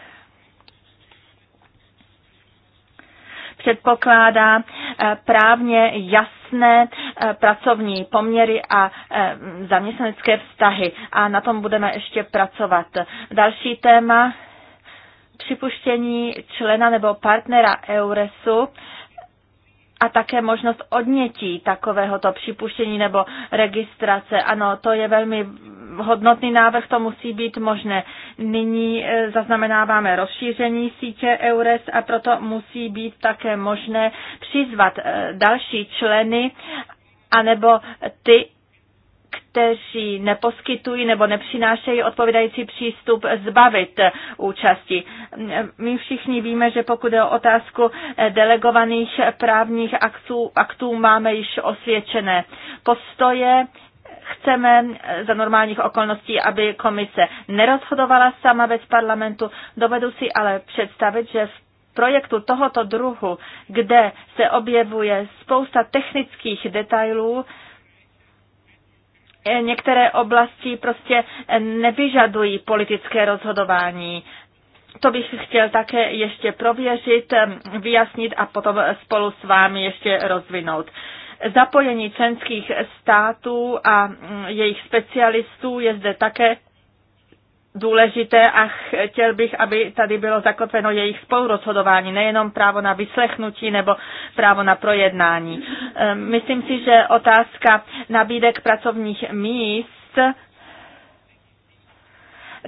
předpokládá právně jasné pracovní poměry a zaměstnanecké vztahy. A na tom budeme ještě pracovat. Další téma připuštění člena nebo partnera Euresu a také možnost odnětí takovéhoto připuštění nebo registrace. Ano, to je velmi hodnotný návrh, to musí být možné. Nyní e, zaznamenáváme rozšíření sítě EURES a proto musí být také možné přizvat e, další členy anebo ty kteří neposkytují nebo nepřinášejí odpovídající přístup zbavit účasti. My všichni víme, že pokud je o otázku delegovaných právních aktů, aktů máme již osvědčené postoje, chceme za normálních okolností, aby komise nerozhodovala sama bez parlamentu. Dovedu si ale představit, že v projektu tohoto druhu, kde se objevuje spousta technických detailů, E, některé oblasti prostě nevyžadují politické rozhodování. To bych chtěl také ještě prověřit, e, vyjasnit a potom spolu s vámi ještě rozvinout. Zapojení členských států a mm, jejich specialistů je zde také důležité a chtěl bych, aby tady bylo zakotveno jejich spolurozhodování, nejenom právo na vyslechnutí nebo právo na projednání. Ehm, myslím si, že otázka nabídek pracovních míst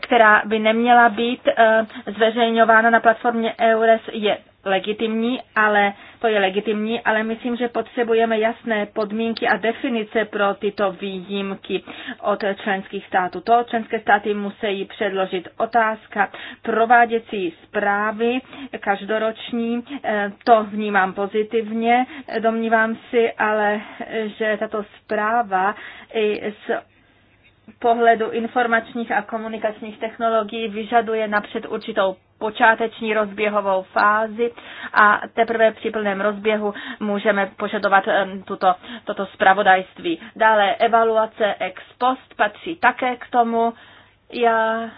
která by neměla být ehm, zveřejňována na platformě EURES, je legitimní, ale to je legitimní, ale myslím, že potřebujeme jasné podmínky a definice pro tyto výjimky od členských států. To členské státy musí předložit otázka prováděcí zprávy každoroční. E, to vnímám pozitivně, domnívám si, ale že tato zpráva i s pohledu informačních a komunikačních technologií vyžaduje napřed určitou počáteční rozběhovou fázi a teprve při plném rozběhu můžeme požadovat tuto, toto spravodajství. Dále evaluace ex post patří také k tomu. Já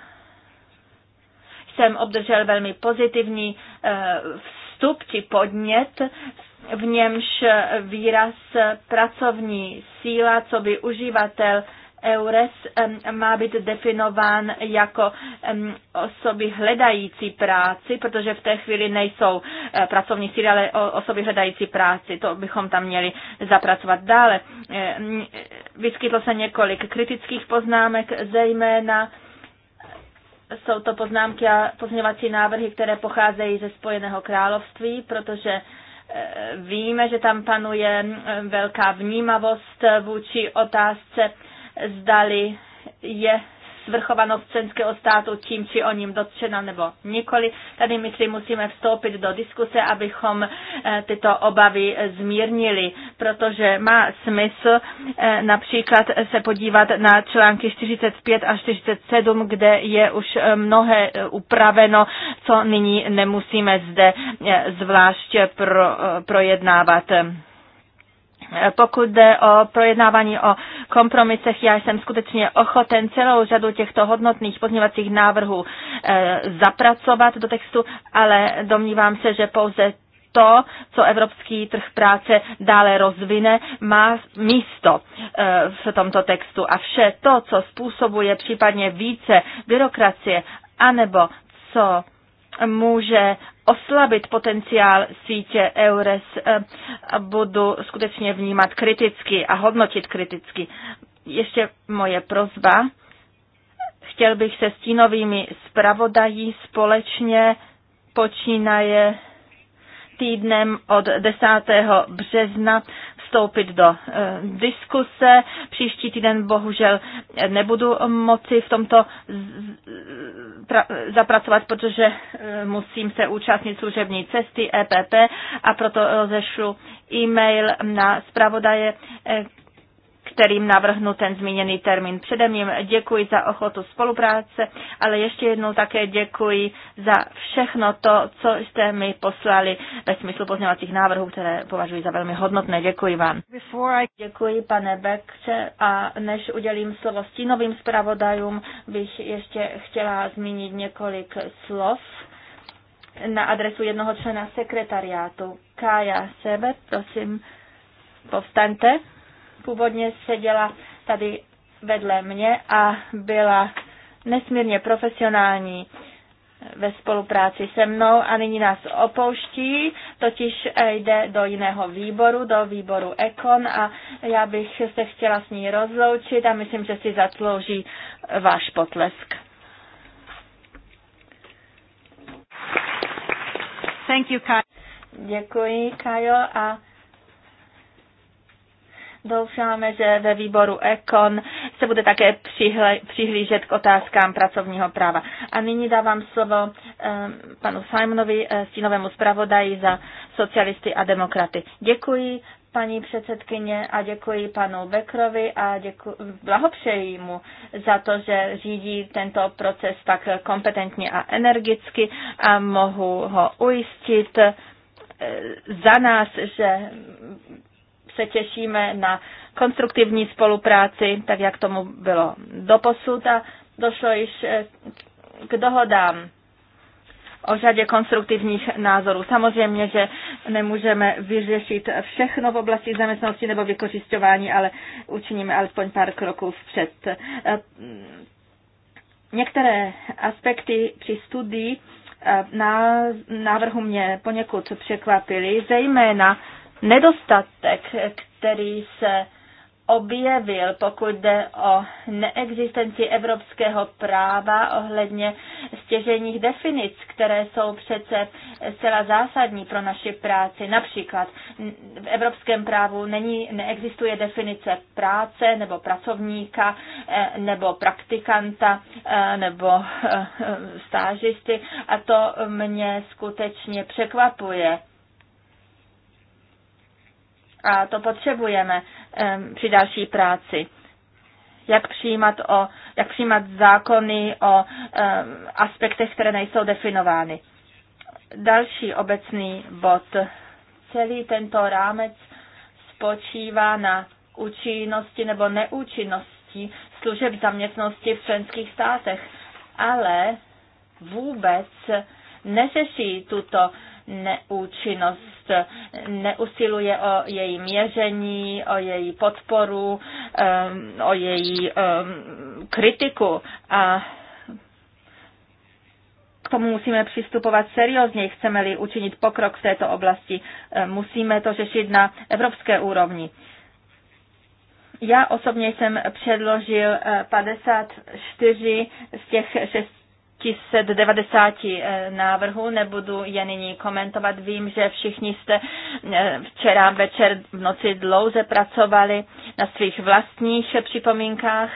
jsem obdržel velmi pozitivní eh, vstup či podnět v němž eh, výraz pracovní síla, co by uživatel EURES má být definován jako osoby hledající práci, protože v té chvíli nejsou e, pracovní síly, ale osoby hledající práci. To bychom tam měli zapracovat dále. E, vyskytlo se několik kritických poznámek, zejména jsou to poznámky a pozměňovací návrhy, které pocházejí ze Spojeného království, protože e, víme, že tam panuje velká vnímavost vůči otázce zdali je svrchovanost členského státu tím či o ním dotčena nebo nikoli. Tady, myslím, musíme vstoupit do diskuse, abychom eh, tyto obavy zmírnili, protože má smysl eh, například se podívat na články 45 a 47, kde je už eh, mnohé upraveno, co nyní nemusíme zde zvlášť pro, projednávat. Pokud jde o projednávání o kompromisech, já jsem skutečně ochoten celou řadu těchto hodnotných pozměňovacích návrhů eh, zapracovat do textu, ale domnívám se, že pouze to, co evropský trh práce dále rozvine, má místo eh, v tomto textu. A vše to, co způsobuje případně více byrokracie, anebo co může oslabit potenciál sítě EURES, e, budu skutečně vnímat kriticky a hodnotit kriticky. Ještě moje prozba. Chtěl bych se stínovými zpravodají společně počínaje týdnem od 10. března vstoupit do eh, diskuse. Příští týden bohužel nebudu moci v tomto zapracovat, protože eh, musím se účastnit služební cesty EPP a proto rozešlu e-mail na zpravodaje eh, kterým navrhnu ten zmíněný termín. Předem jim děkuji za ochotu spolupráce, ale ještě jednou také děkuji za všechno to, co jste mi poslali ve smyslu pozněvacích návrhů, které považuji za velmi hodnotné. Děkuji vám. I... Děkuji, pane Bekče, a než udělím slovo stínovým zpravodajům, bych ještě chtěla zmínit několik slov na adresu jednoho člena sekretariátu. Kája Sebe, prosím, povstaňte. Původně seděla tady vedle mě a byla nesmírně profesionální ve spolupráci se mnou a nyní nás opouští, totiž jde do jiného výboru, do výboru Ekon a já bych se chtěla s ní rozloučit a myslím, že si zaslouží váš potlesk. Thank you, Kajo. Děkuji, Kajo, a Doufáme, že ve výboru EKON se bude také přihlížet k otázkám pracovního práva. A nyní dávám slovo eh, panu Simonovi, eh, stínovému zpravodaji za socialisty a demokraty. Děkuji paní předsedkyně a děkuji panu Bekrovi a děku, blahopřeji mu za to, že řídí tento proces tak kompetentně a energicky a mohu ho ujistit eh, za nás, že se těšíme na konstruktivní spolupráci, tak jak tomu bylo doposud a došlo již eh, k dohodám o řadě konstruktivních názorů. Samozřejmě, že nemůžeme vyřešit všechno v oblasti zaměstnanosti nebo vykořišťování, ale učiníme alespoň pár kroků vpřed. Eh, některé aspekty při studii eh, návrhu mě poněkud překvapily, zejména nedostatek, který se objevil, pokud jde o neexistenci evropského práva ohledně stěžejních definic, které jsou přece zcela zásadní pro naši práci. Například v evropském právu není, neexistuje definice práce nebo pracovníka eh, nebo praktikanta eh, nebo eh, stážisty a to mě skutečně překvapuje. A to potřebujeme při další práci jak přijímat, o, jak přijímat zákony o um, aspektech, které nejsou definovány. Další obecný bod. Celý tento rámec spočívá na účinnosti nebo neúčinnosti služeb zaměstnosti v členských státech, ale vůbec neřeší tuto neúčinnost veřejnost neusiluje o její měření, o její podporu, um, o její um, kritiku a k tomu musíme přistupovat seriózně, chceme-li učinit pokrok v této oblasti, um, musíme to řešit na evropské úrovni. Já osobně jsem předložil 54 uh, z těch 6. 1090 eh, návrhů, nebudu je nyní komentovat. Vím, že všichni jste eh, včera večer v noci dlouze pracovali na svých vlastních připomínkách.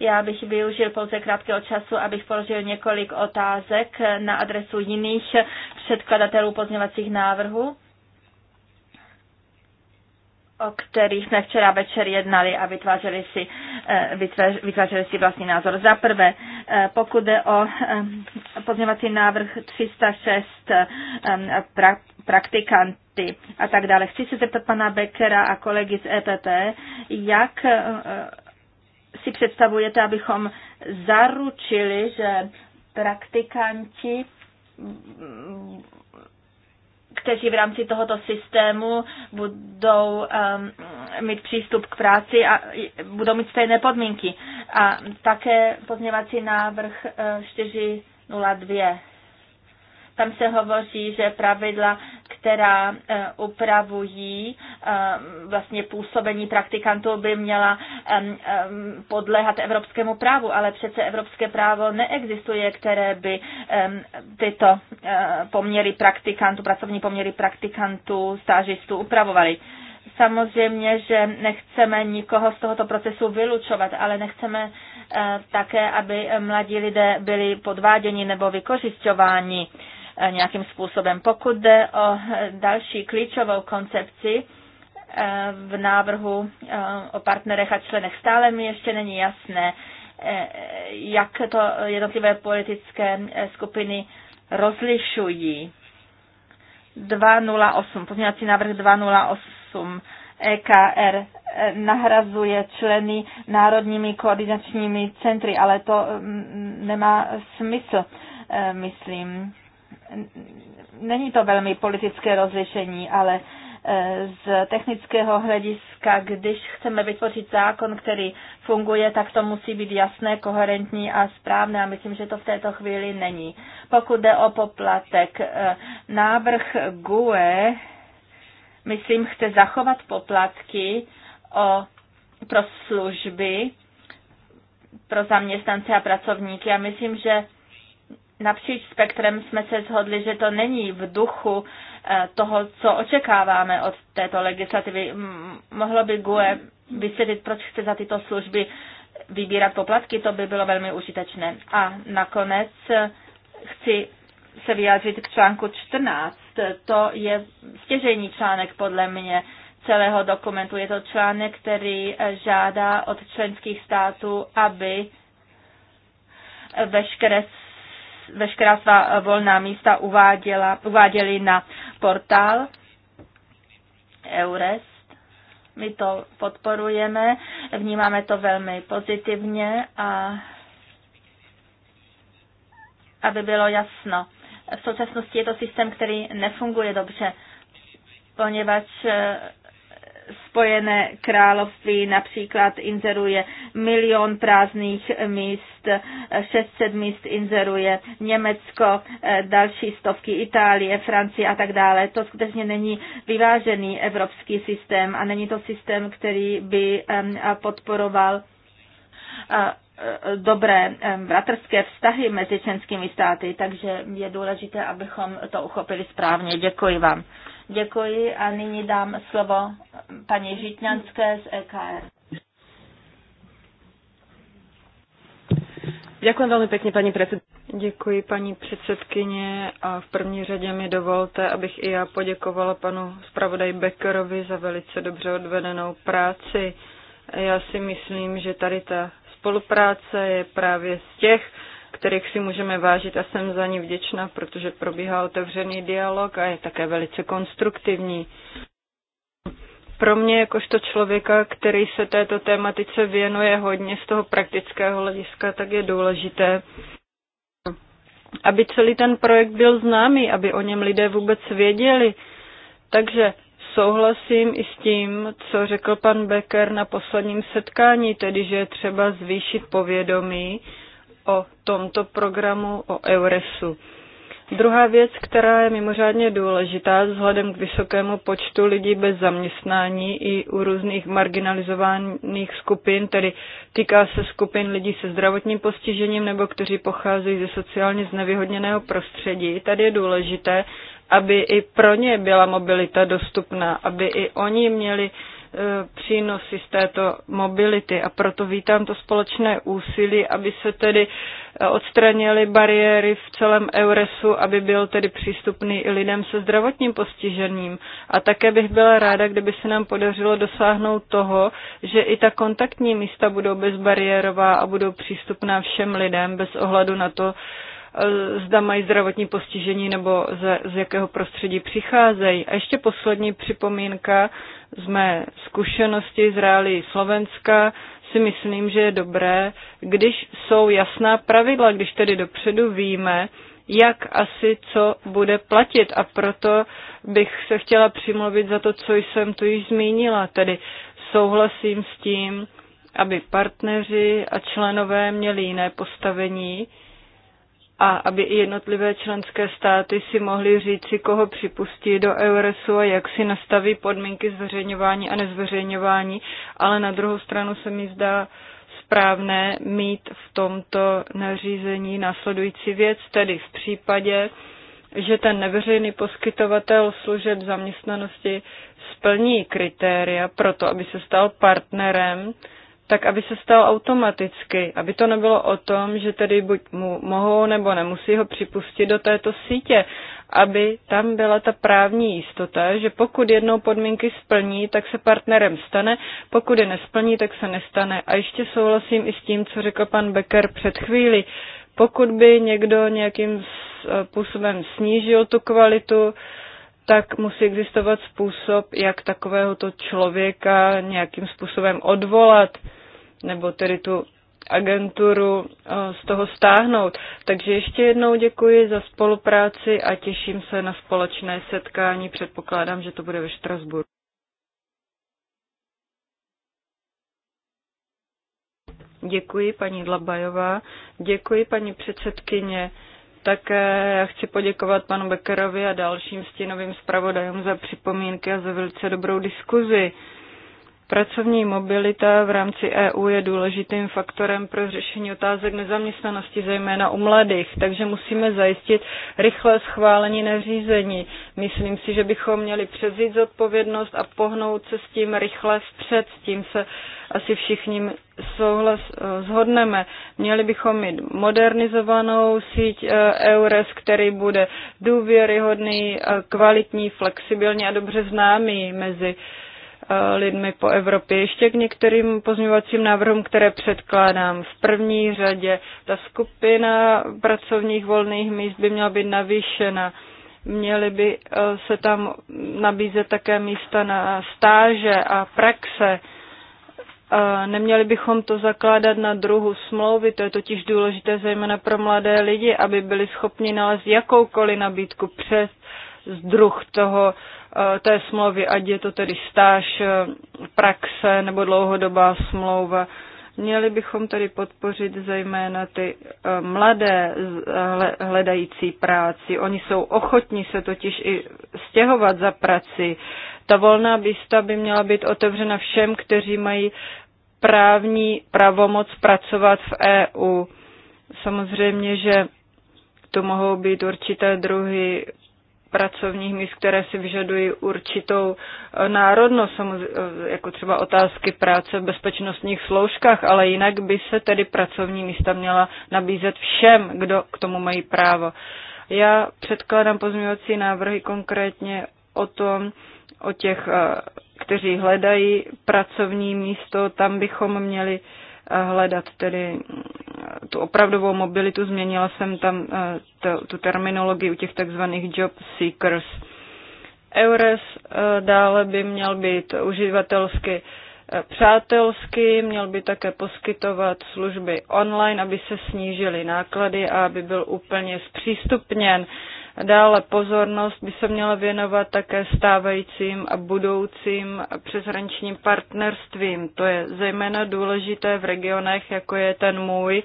Já bych využil pouze krátkého času, abych položil několik otázek eh, na adresu jiných předkladatelů pozměvacích návrhů o kterých jsme včera večer jednali a vytvářeli si, vytvářeli si vlastní názor. Za prvé, Eh, pokud jde o eh, pozměvací návrh 306 eh, pra, praktikanty a tak dále, chci se zeptat pana Beckera a kolegy z EPP, jak si představujete, abychom zaručili, že praktikanti kteří v rámci tohoto systému budou um, mít přístup k práci a budou mít stejné podmínky. A také pozměvací návrh 402 eh, tam se hovoří, že pravidla, která eh, upravují eh, vlastně působení praktikantů, by měla podléhat evropskému právu, ale přece evropské právo neexistuje, které by tyto eh, poměry praktikantů, pracovní poměry praktikantů, stážistů upravovaly. Samozřejmě, že nechceme nikoho z tohoto procesu vylučovat, ale nechceme také, aby mladí lidé byli podváděni nebo vykořišťováni Eh, nějakým způsobem. Pokud jde o eh, další klíčovou koncepci eh, v návrhu o partnerech a členech, stále mi ještě není jasné, jak to jednotlivé politické skupiny rozlišují. 208, pozměňovací návrh 208 EKR nahrazuje členy národními koordinačními centry, ale to mm, nemá smysl, myslím. Není to velmi politické rozlišení, ale e, z technického hlediska, když chceme vytvořit zákon, který funguje, tak to musí být jasné, koherentní a správné a myslím, že to v této chvíli není. Pokud jde o poplatek, e, návrh GUE, myslím, chce zachovat poplatky o, pro služby, pro zaměstnance a pracovníky a myslím, že napříč spektrem jsme se shodli, že to není v duchu eh, toho, co očekáváme od této legislativy. Mohlo by GUE vysvětlit, proč chce za tyto služby vybírat poplatky, to by bylo velmi užitečné. A nakonec eh, chci se vyjádřit k článku 14. To je stěžejní článek podle mě celého dokumentu. Je to článek, který eh, žádá od členských států, aby veškeré veškerá svá eh, volná místa uváděla, uváděli na portál EURES. My to podporujeme, vnímáme to velmi pozitivně a aby bylo jasno. V současnosti je to systém, který nefunguje dobře, poněvadž eh, Spojené království například inzeruje milion prázdných míst, 600 míst inzeruje Německo, eh, další stovky Itálie, Francie a tak dále. To skutečně není vyvážený evropský systém a není to systém, který by podporoval eh, dobré bratrské vztahy mezi členskými státy, takže je důležité, abychom to uchopili správně. Děkuji vám. Děkuji a nyní dám slovo paní Žitňanské z EKR. Děkuji velmi pěkně, paní předsedkyně. Děkuji, paní předsedkyně, a v první řadě mi dovolte, abych i já poděkovala panu zpravodaj Beckerovi za velice dobře odvedenou práci. Já si myslím, že tady ta spolupráce je právě z těch kterých si můžeme vážit a jsem za ní vděčná, protože probíhá otevřený dialog a je také velice konstruktivní. Pro mě jakožto člověka, který se této tématice věnuje hodně z toho praktického hlediska, tak je důležité, aby celý ten projekt byl známý, aby o něm lidé vůbec věděli. Takže souhlasím i s tím, co řekl pan Becker na posledním setkání, tedy že je třeba zvýšit povědomí o tomto programu, o Euresu. Druhá věc, která je mimořádně důležitá vzhledem k vysokému počtu lidí bez zaměstnání i u různých marginalizovaných skupin, tedy týká se skupin lidí se zdravotním postižením nebo kteří pocházejí ze sociálně znevýhodněného prostředí. Tady je důležité, aby i pro ně byla mobilita dostupná, aby i oni měli přínosy z této mobility a proto vítám to společné úsilí, aby se tedy eh, odstranily bariéry v celém Euresu, aby byl tedy přístupný i lidem se zdravotním postižením. A také bych byla ráda, kdyby se nám podařilo dosáhnout toho, že i ta kontaktní místa budou bezbariérová a budou přístupná všem lidem bez ohledu na to, eh, zda mají zdravotní postižení nebo ze, z jakého prostředí přicházejí. A ještě poslední připomínka z mé zkušenosti z reálii Slovenska si myslím, že je dobré, když jsou jasná pravidla, když tedy dopředu víme, jak asi co bude platit. A proto bych se chtěla přimluvit za to, co jsem tu již zmínila. Tedy souhlasím s tím, aby partneři a členové měli jiné postavení, a aby i jednotlivé členské státy si mohly říci, koho připustí do Euresu a jak si nastaví podmínky zveřejňování a nezveřejňování, ale na druhou stranu se mi zdá správné mít v tomto nařízení následující věc, tedy v případě, že ten neveřejný poskytovatel služeb zaměstnanosti splní kritéria pro to, aby se stal partnerem tak aby se stalo automaticky, aby to nebylo o tom, že tedy buď mu mohou nebo nemusí ho připustit do této sítě, aby tam byla ta právní jistota, že pokud jednou podmínky splní, tak se partnerem stane, pokud je nesplní, tak se nestane. A ještě souhlasím i s tím, co řekl pan Becker před chvíli. Pokud by někdo nějakým eh, způsobem snížil tu kvalitu, tak musí existovat způsob, jak takovéhoto člověka nějakým způsobem odvolat, nebo tedy tu agenturu eh, z toho stáhnout. Takže ještě jednou děkuji za spolupráci a těším se na společné setkání. Předpokládám, že to bude ve Štrasburku. Děkuji, paní Dlabajová. Děkuji, paní předsedkyně také já chci poděkovat panu Beckerovi a dalším stínovým zpravodajům za připomínky a za velice dobrou diskuzi. Pracovní mobilita v rámci EU je důležitým faktorem pro řešení otázek nezaměstnanosti, zejména u mladých, takže musíme zajistit rychlé schválení nařízení. Myslím si, že bychom měli přezít zodpovědnost a pohnout se s tím rychle vpřed, s tím se asi všichni souhlas zhodneme. Eh, měli bychom mít modernizovanou síť eh, EURES, který bude důvěryhodný, eh, kvalitní, flexibilní a dobře známý mezi Eh, lidmi po Evropě. Ještě k některým pozměňovacím návrhům, které předkládám. V první řadě ta skupina pracovních volných míst by měla být navýšena. Měly by eh, se tam nabízet také místa na stáže a praxe. Eh, neměli bychom to zakládat na druhu smlouvy, to je totiž důležité zejména pro mladé lidi, aby byli schopni nalézt jakoukoliv nabídku přes druh toho uh, Eh, té smlouvy, ať je to tedy stáž, eh, praxe nebo dlouhodobá smlouva. Měli bychom tedy podpořit zejména ty eh, mladé hledající práci. Oni jsou ochotní se totiž i stěhovat za praci. Ta volná výsta by měla být otevřena všem, kteří mají právní pravomoc pracovat v EU. Samozřejmě, že to mohou být určité druhy pracovních míst, které si vyžadují určitou eh, národnost, eh, jako třeba otázky práce v bezpečnostních složkách, ale jinak by se tedy pracovní místa měla nabízet všem, kdo k tomu mají právo. Já předkládám pozměňovací návrhy konkrétně o tom, o těch, eh, kteří hledají pracovní místo, tam bychom měli hledat tedy tu opravdovou mobilitu, změnila jsem tam eh, tu, tu terminologii u těch takzvaných job seekers. EURES eh, dále by měl být uživatelsky eh, přátelský, měl by také poskytovat služby online, aby se snížily náklady a aby byl úplně zpřístupněn. Dále pozornost by se měla věnovat také stávajícím a budoucím přeshraničním partnerstvím. To je zejména důležité v regionech, jako je ten můj,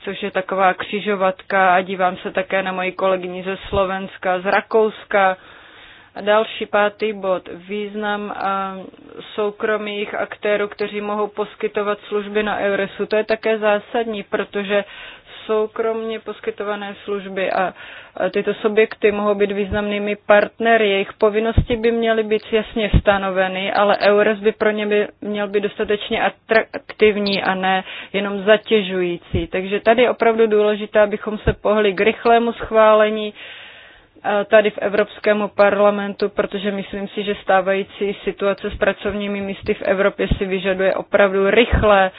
což je taková křižovatka a dívám se také na moji kolegyni ze Slovenska, z Rakouska. A další pátý bod, význam soukromých aktérů, kteří mohou poskytovat služby na Euresu. To je také zásadní, protože soukromně poskytované služby a tyto subjekty mohou být významnými partnery. Jejich povinnosti by měly být jasně stanoveny, ale EURES by pro ně by měl být dostatečně atraktivní a ne jenom zatěžující. Takže tady je opravdu důležité, abychom se pohli k rychlému schválení e, tady v Evropskému parlamentu, protože myslím si, že stávající situace s pracovními místy v Evropě si vyžaduje opravdu rychlé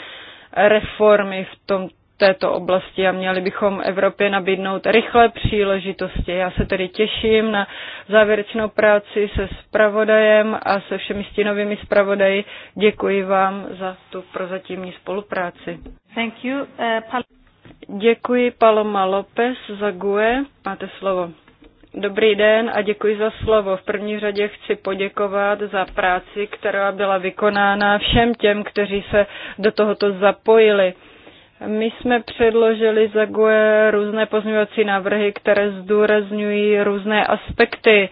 reformy v tom, této oblasti a měli bychom Evropě nabídnout rychlé příležitosti. Já se tedy těším na závěrečnou práci se spravodajem a se všemi stínovými spravodaji. Děkuji vám za tu prozatímní spolupráci. Thank you, uh, Pal- Děkuji Paloma López za GUE. Máte slovo. Dobrý den a děkuji za slovo. V první řadě chci poděkovat za práci, která byla vykonána všem těm, kteří se do tohoto zapojili. My jsme předložili za GUE různé pozměňovací návrhy, které zdůrazňují různé aspekty.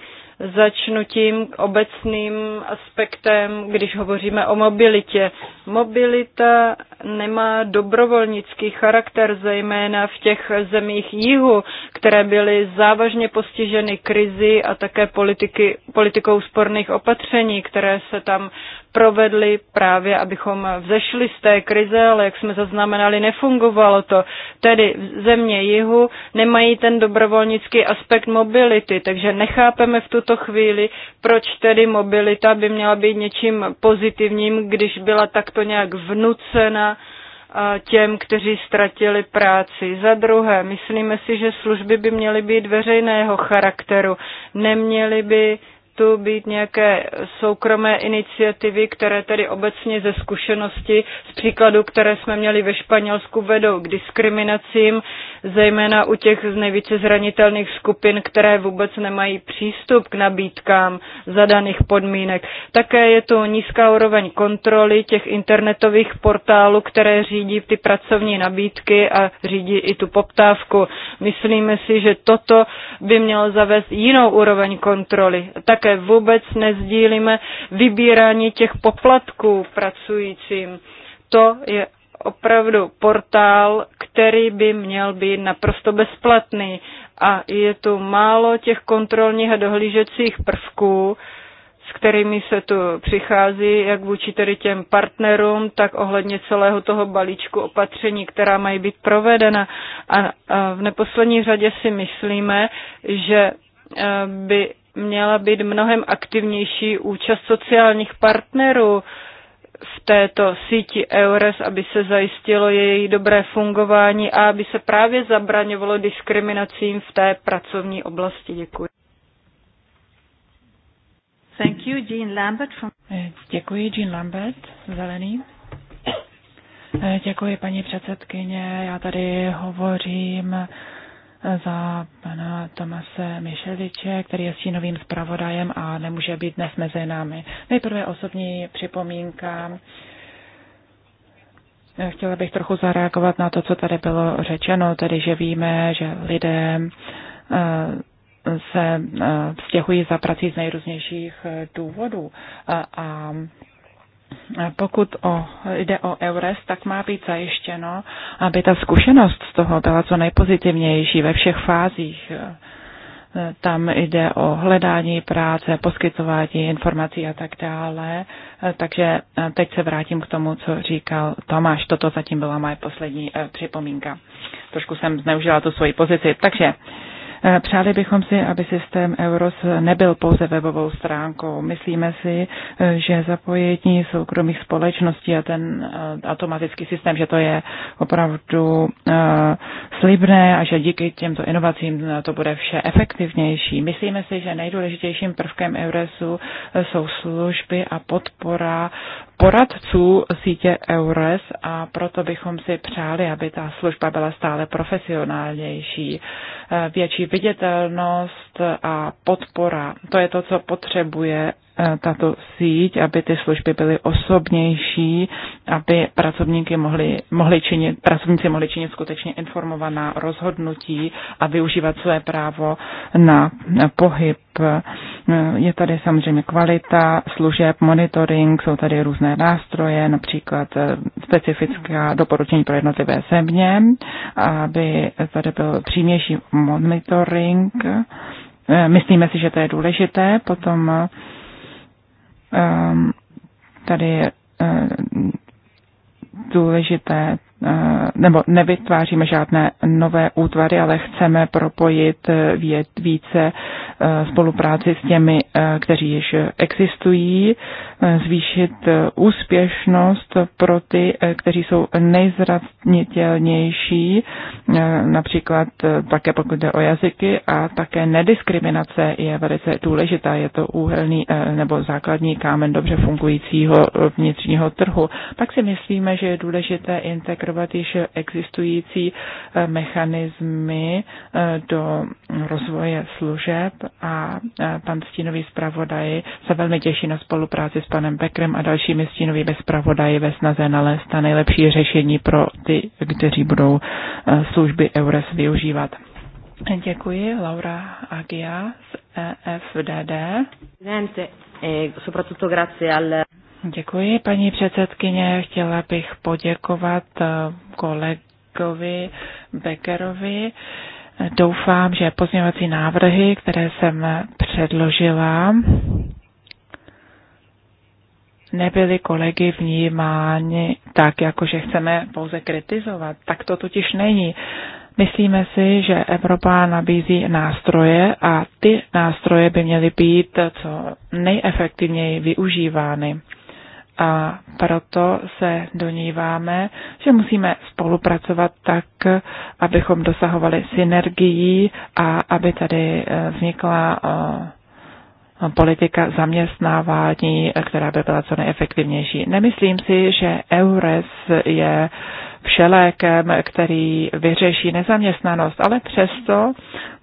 Začnu tím obecným aspektem, když hovoříme o mobilitě. Mobilita nemá dobrovolnický charakter, zejména v těch zemích jihu, které byly závažně postiženy krizi a také politiky, politikou sporných opatření, které se tam provedli právě, abychom vzešli z té krize, ale jak jsme zaznamenali, nefungovalo to. Tedy země jihu nemají ten dobrovolnický aspekt mobility, takže nechápeme v tuto chvíli, proč tedy mobilita by měla být něčím pozitivním, když byla takto nějak vnucena těm, kteří ztratili práci. Za druhé, myslíme si, že služby by měly být veřejného charakteru, neměly by tu být nějaké soukromé iniciativy, které tedy obecně ze zkušenosti z příkladu, které jsme měli ve Španělsku, vedou k diskriminacím, zejména u těch z nejvíce zranitelných skupin, které vůbec nemají přístup k nabídkám zadaných podmínek. Také je to nízká úroveň kontroly těch internetových portálů, které řídí ty pracovní nabídky a řídí i tu poptávku. Myslíme si, že toto by mělo zavést jinou úroveň kontroly. Také také vůbec nezdílíme vybírání těch poplatků pracujícím. To je opravdu portál, který by měl být naprosto bezplatný a je tu málo těch kontrolních a dohlížecích prvků, s kterými se tu přichází, jak vůči tedy těm partnerům, tak ohledně celého toho balíčku opatření, která mají být provedena. A v neposlední řadě si myslíme, že eh, by měla být mnohem aktivnější účast sociálních partnerů v této síti EURES, aby se zajistilo její dobré fungování a aby se právě zabraňovalo diskriminacím v té pracovní oblasti. Děkuji. Thank you, Jean Lambert from... Eh, děkuji, Jean Lambert, zelený. Eh, děkuji, paní předsedkyně. Já tady hovořím za pana Tomase Mišeliče, který je stínovým zpravodajem a nemůže být dnes mezi námi. Nejprve osobní připomínka. Chtěla bych trochu zareagovat na to, co tady bylo řečeno, tedy že víme, že lidé eh, se eh, stěhují za prací z nejrůznějších eh, důvodů a pokud o, jde o EURES, tak má být zajištěno, aby ta zkušenost z toho byla co nejpozitivnější ve všech fázích. E, tam jde o hledání práce, poskytování informací a tak dále. E, takže e, teď se vrátím k tomu, co říkal Tomáš. Toto zatím byla moje poslední připomínka. Trošku jsem zneužila tu svoji pozici. Takže Eh, přáli bychom si, aby systém EUROS nebyl pouze webovou stránkou. Myslíme si, eh, že zapojení soukromých společností a ten eh, automatický systém, že to je opravdu slibné a že díky těmto inovacím to bude vše efektivnější. Myslíme si, že nejdůležitějším prvkem EuroSu jsou služby a podpora poradců sítě EURES a proto bychom si přáli, aby ta služba byla stále profesionálnější. Eh, větší viditelnost a podpora, to je to, co potřebuje eh, tato síť, aby ty služby byly osobnější, aby pracovníky mohli, mohli činit, pracovníci mohli činit skutečně informovaná rozhodnutí a využívat své právo na pohyb. Eh, je tady samozřejmě kvalita služeb, monitoring, jsou tady různé nástroje, například eh, specifická doporučení pro jednotlivé země, aby tady byl přímější monitoring. Eh, myslíme si, že to je důležité. Potom tady důležité Eh, nebo nevytváříme žádné nové útvary, ale chceme propojit eh, více eh, spolupráci s těmi, kteří již existují zvýšit eh, úspěšnost pro ty, eh, kteří jsou nejzranitelnější, eh, například také pokud jde o jazyky a také nediskriminace je velice důležitá. Je to úhelný nebo základní kámen dobře fungujícího vnitřního trhu. Pak si myslíme, že je důležité integrovat již existující mechanismy do rozvoje služeb a pan stínový zpravodaj se velmi těší na spolupráci s panem Bekrem a dalšími stínovými zpravodaji ve snaze nalézt ta nejlepší řešení pro ty, kteří budou eh, služby EURES využívat. Děkuji, Laura Agia z EFDD. E Děkuji, paní předsedkyně. Chtěla bych poděkovat eh, kolegovi Beckerovi. Doufám, že pozměňovací návrhy, které jsem předložila, nebyli kolegy vnímáni tak, jako že chceme pouze kritizovat. Tak to totiž není. Myslíme si, že Evropa nabízí nástroje a ty nástroje by měly být co nejefektivněji využívány. A proto se doníváme, že musíme spolupracovat tak, abychom dosahovali synergií a aby tady eh, vznikla eh, politika zaměstnávání, která by byla co nejefektivnější. Nemyslím si, že EURES je všelékem, který vyřeší nezaměstnanost, ale přesto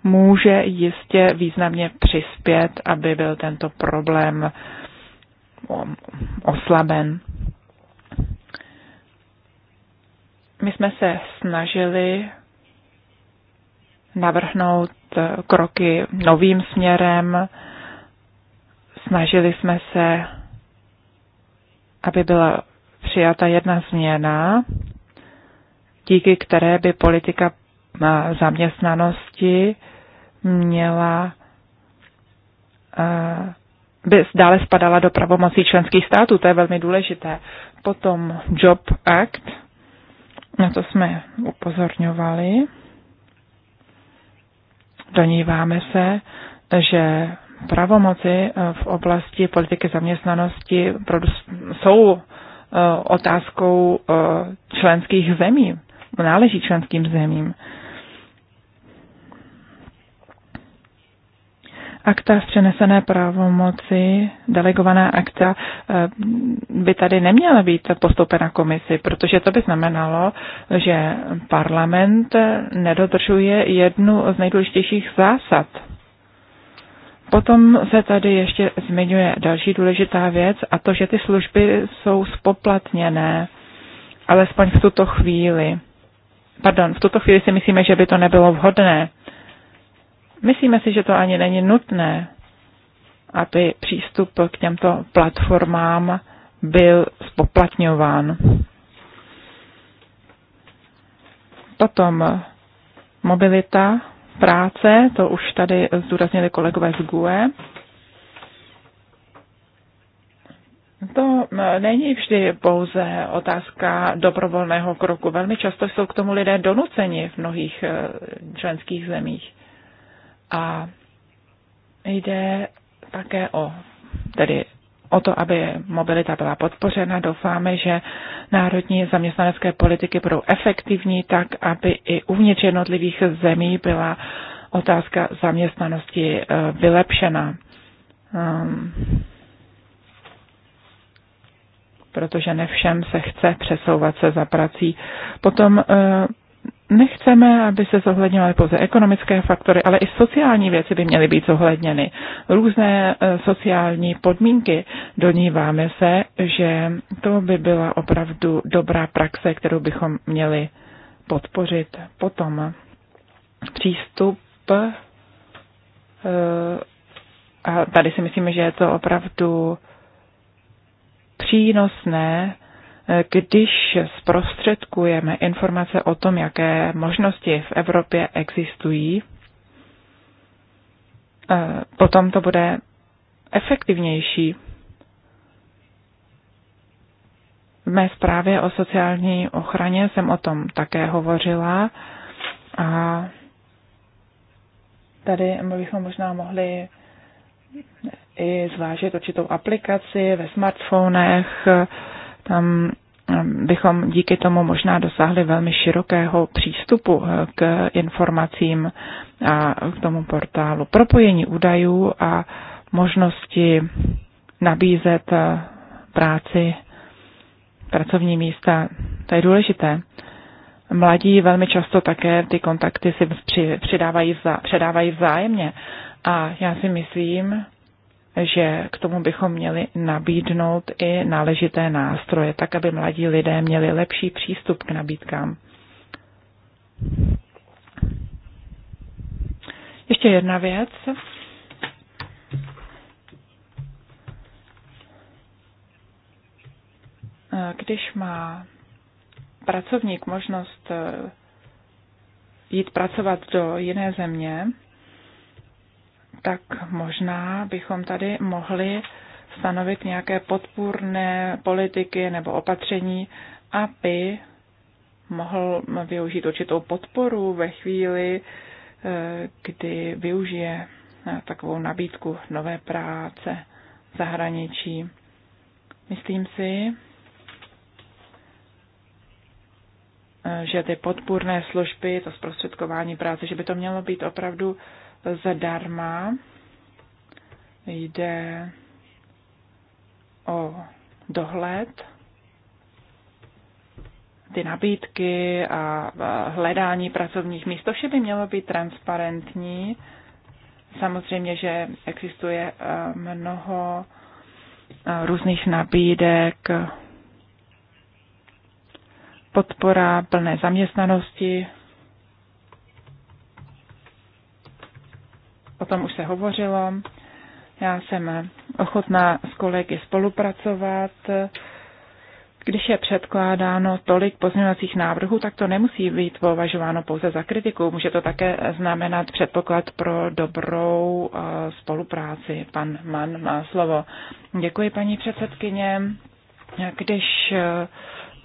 může jistě významně přispět, aby byl tento problém um, oslaben. My jsme se snažili navrhnout kroky novým směrem, Snažili jsme se, aby byla přijata jedna změna, díky které by politika zaměstnanosti měla by dále spadala do pravomocí členských států, to je velmi důležité. Potom Job Act, na to jsme upozorňovali. Doníváme se, že pravomoci eh, v oblasti politiky zaměstnanosti jsou eh, otázkou eh, členských zemí, náleží členským zemím. akta z přenesené právomoci, delegovaná akta, by tady neměla být postoupena komisi, protože to by znamenalo, že parlament nedodržuje jednu z nejdůležitějších zásad Potom se tady ještě zmiňuje další důležitá věc a to, že ty služby jsou spoplatněné, alespoň v tuto chvíli. Pardon, v tuto chvíli si myslíme, že by to nebylo vhodné. Myslíme si, že to ani není nutné, aby přístup k těmto platformám byl spoplatňován. Potom mobilita práce, to už tady zdůraznili kolegové z GUE. To není vždy pouze otázka dobrovolného kroku. Velmi často jsou k tomu lidé donuceni v mnohých eh, členských zemích. A jde také o tedy o to, aby mobilita byla podpořena. Doufáme, že národní zaměstnanecké politiky budou efektivní tak, aby i uvnitř jednotlivých zemí byla otázka zaměstnanosti eh, vylepšena. Ehm, protože ne všem se chce přesouvat se za prací. Potom eh, nechceme, aby se zohledňovaly pouze ekonomické faktory, ale i sociální věci by měly být zohledněny. Různé eh, sociální podmínky. Doníváme se, že to by byla opravdu dobrá praxe, kterou bychom měli podpořit. Potom přístup eh, a tady si myslíme, že je to opravdu přínosné když zprostředkujeme informace o tom, jaké možnosti v Evropě existují, eh, potom to bude efektivnější. V mé zprávě o sociální ochraně jsem o tom také hovořila a tady bychom možná mohli i zvážit určitou aplikaci ve smartfonech, tam eh, bychom díky tomu možná dosáhli velmi širokého přístupu eh, k informacím a k tomu portálu. Propojení údajů a možnosti nabízet eh, práci, pracovní místa, to je důležité. Mladí velmi často také ty kontakty si přidávají, předávají vzájemně. A já si myslím, že k tomu bychom měli nabídnout i náležité nástroje, tak aby mladí lidé měli lepší přístup k nabídkám. Ještě jedna věc. Když má pracovník možnost jít pracovat do jiné země, tak možná bychom tady mohli stanovit nějaké podpůrné politiky nebo opatření, aby mohl využít určitou podporu ve chvíli, eh, kdy využije eh, takovou nabídku nové práce v zahraničí. Myslím si, eh, že ty podpůrné služby, to zprostředkování práce, že by to mělo být opravdu zadarma. Jde o dohled, ty nabídky a hledání pracovních míst, to vše by mělo být transparentní. Samozřejmě, že existuje eh, mnoho eh, různých nabídek, podpora plné zaměstnanosti, tom už se hovořilo. Já jsem ochotná s kolegy spolupracovat. Když je předkládáno tolik pozměňovacích návrhů, tak to nemusí být považováno pouze za kritiku. Může to také znamenat předpoklad pro dobrou eh, spolupráci. Pan Mann má slovo. Děkuji, paní předsedkyně. Když eh,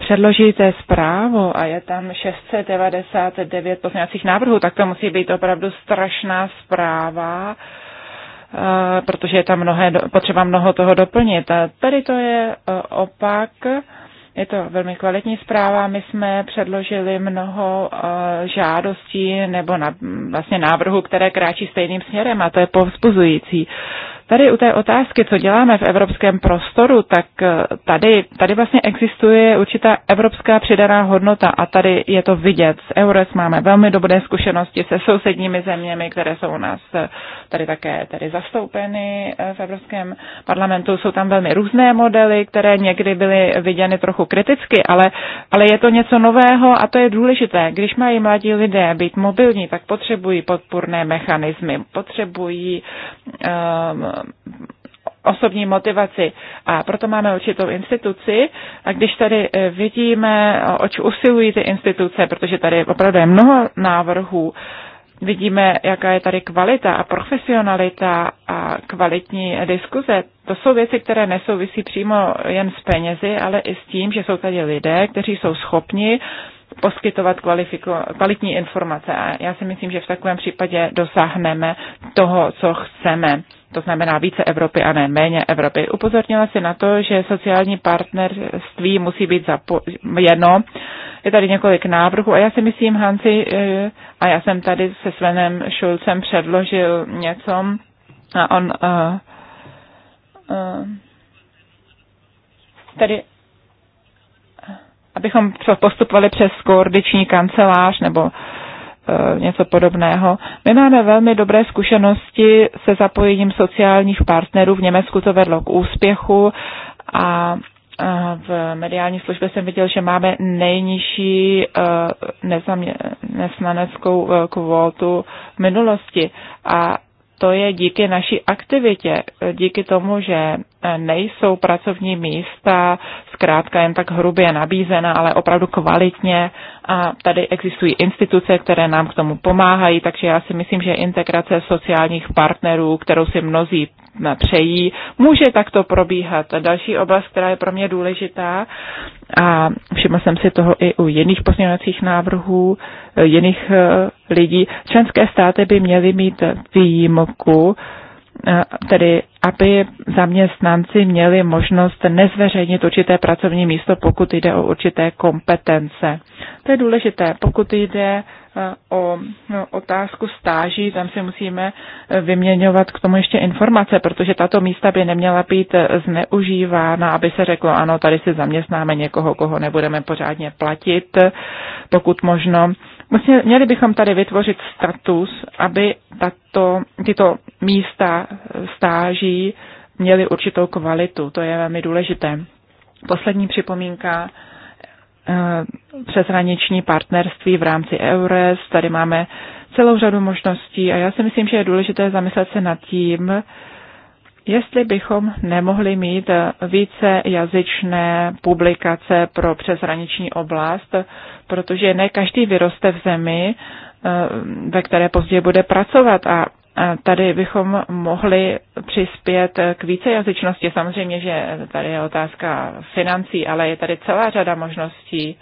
předložíte zprávu a je tam 699 pozměňovacích návrhů, tak to musí být opravdu strašná zpráva, eh, protože je tam mnohé, potřeba mnoho toho doplnit. A tady to je eh, opak. Je to velmi kvalitní zpráva. My jsme předložili mnoho eh, žádostí nebo na, vlastně návrhů, které kráčí stejným směrem a to je povzbuzující. Tady u té otázky, co děláme v evropském prostoru, tak eh, tady, tady vlastně existuje určitá evropská přidaná hodnota a tady je to vidět. Z EURES máme velmi dobré zkušenosti se sousedními zeměmi, které jsou u nás eh, tady také tady zastoupeny eh, v Evropském parlamentu. Jsou tam velmi různé modely, které někdy byly viděny trochu kriticky, ale, ale je to něco nového a to je důležité. Když mají mladí lidé být mobilní, tak potřebují podpůrné mechanismy, potřebují um, osobní motivaci. A proto máme určitou instituci a když tady eh, vidíme, oč usilují ty instituce, protože tady opravdu je mnoho návrhů, vidíme, jaká je tady kvalita a profesionalita a kvalitní diskuze. To jsou věci, které nesouvisí přímo jen s penězi, ale i s tím, že jsou tady lidé, kteří jsou schopni poskytovat kvalitní informace. A já si myslím, že v takovém případě dosáhneme toho, co chceme to znamená více Evropy a ne méně Evropy. Upozornila si na to, že sociální partnerství musí být zapojeno. Je tady několik návrhů a já si myslím, Hanci, e, a já jsem tady se Svenem Šulcem předložil něco a on uh, uh, tady abychom postupovali přes koordiční kancelář nebo Eh, něco podobného. My máme velmi dobré zkušenosti se zapojením sociálních partnerů. V Německu to vedlo k úspěchu a eh, v mediální službě jsem viděl, že máme nejnižší eh, nesnaneckou kvótu v minulosti a to je díky naší aktivitě, díky tomu, že nejsou pracovní místa zkrátka jen tak hrubě nabízena, ale opravdu kvalitně a tady existují instituce, které nám k tomu pomáhají, takže já si myslím, že integrace sociálních partnerů, kterou si mnozí přejí, může takto probíhat. A další oblast, která je pro mě důležitá, a všiml jsem si toho i u jiných pozměňovacích návrhů, e, jiných e, lidí, členské státy by měly mít výjimku, Eh, tedy aby zaměstnanci měli možnost nezveřejnit určité pracovní místo, pokud jde o určité kompetence. To je důležité. Pokud jde eh, o no, otázku stáží, tam si musíme eh, vyměňovat k tomu ještě informace, protože tato místa by neměla být zneužívána, aby se řeklo, ano, tady si zaměstnáme někoho, koho nebudeme pořádně platit, pokud možno. Měli bychom tady vytvořit status, aby tato, tyto místa eh, stáží měly určitou kvalitu. To je velmi důležité. Poslední připomínka eh, přeshraniční partnerství v rámci EURES. Tady máme celou řadu možností a já si myslím, že je důležité zamyslet se nad tím, jestli bychom nemohli mít eh, více jazyčné publikace pro přeshraniční oblast, protože ne každý vyroste v zemi, ve které později bude pracovat a Tady bychom mohli přispět k vícejazyčnosti. Samozřejmě, že tady je otázka financí, ale je tady celá řada možností.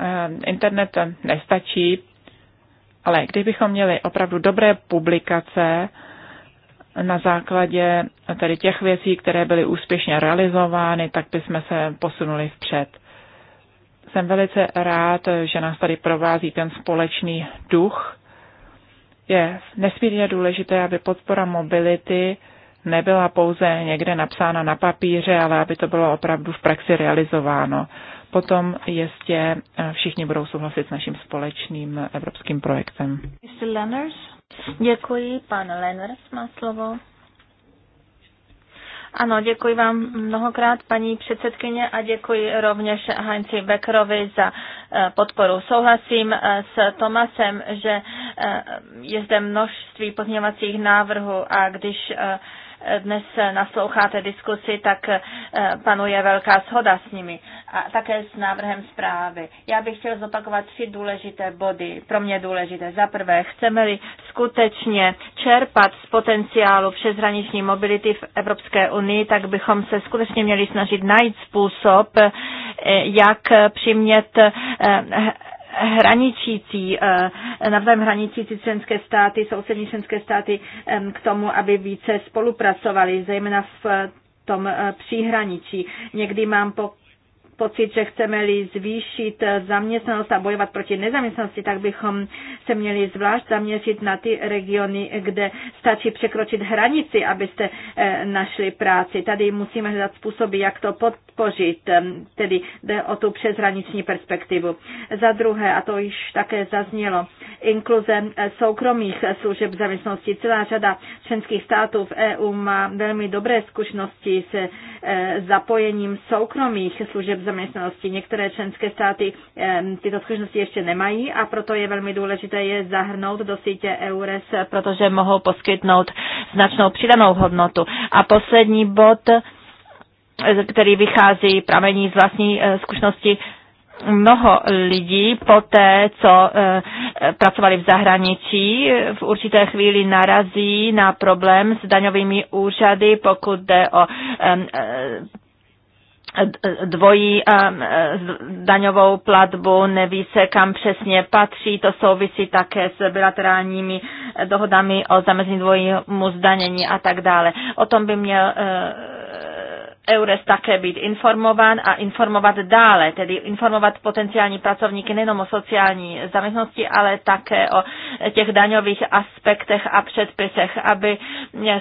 Eh, internet nestačí, ale kdybychom měli opravdu dobré publikace na základě tady těch věcí, které byly úspěšně realizovány, tak bychom se posunuli vpřed. Jsem velice rád, že nás tady provází ten společný duch. Je nesmírně důležité, aby podpora mobility nebyla pouze někde napsána na papíře, ale aby to bylo opravdu v praxi realizováno. Potom jistě eh, všichni budou souhlasit s naším společným eh, evropským projektem. Mr. Děkuji, pan Lenners má slovo. Ano, děkuji vám mnohokrát, paní předsedkyně, a děkuji rovněž Heinzi Beckerovi za eh, podporu. Souhlasím eh, s Tomasem, že eh, je zde množství pozměňovacích návrhů a když dnes nasloucháte diskusi, tak eh, panuje velká shoda s nimi a také s návrhem zprávy. Já bych chtěl zopakovat tři důležité body, pro mě důležité. Za prvé, chceme-li skutečně čerpat z potenciálu přeshraniční mobility v Evropské unii, tak bychom se skutečně měli snažit najít způsob, eh, jak přimět eh, hraničící, eh, navzájem hraničící členské státy, sousední členské státy k tomu, aby více spolupracovali, zejména v tom eh, příhraničí. Někdy mám po pocit, že chceme-li zvýšit zaměstnanost a bojovat proti nezaměstnanosti, tak bychom se měli zvlášť zaměřit na ty regiony, kde stačí překročit hranici, abyste eh, našli práci. Tady musíme hledat způsoby, jak to podpořit, eh, tedy jde o tu přeshraniční perspektivu. Za druhé, a to již také zaznělo, inkluze soukromých služeb zaměstnanosti. Celá řada členských států v EU má velmi dobré zkušenosti s e, zapojením soukromých služeb zaměstnanosti. Některé členské státy e, tyto zkušenosti ještě nemají a proto je velmi důležité je zahrnout do sítě EURES, protože mohou poskytnout značnou přidanou hodnotu. A poslední bod, e, který vychází pramení z vlastní zkušenosti mnoho lidí po té, co eh, pracovali v zahraničí, v určité chvíli narazí na problém s daňovými úřady, pokud jde o eh, dvojí eh, daňovou platbu, neví se, kam přesně patří. To souvisí také s bilaterálními dohodami o zamezení dvojímu zdanění a tak dále. O tom by měl EURES také být informován a informovat dále, tedy informovat potenciální pracovníky nejenom o sociální zaměstnosti, ale také o těch daňových aspektech a předpisech, aby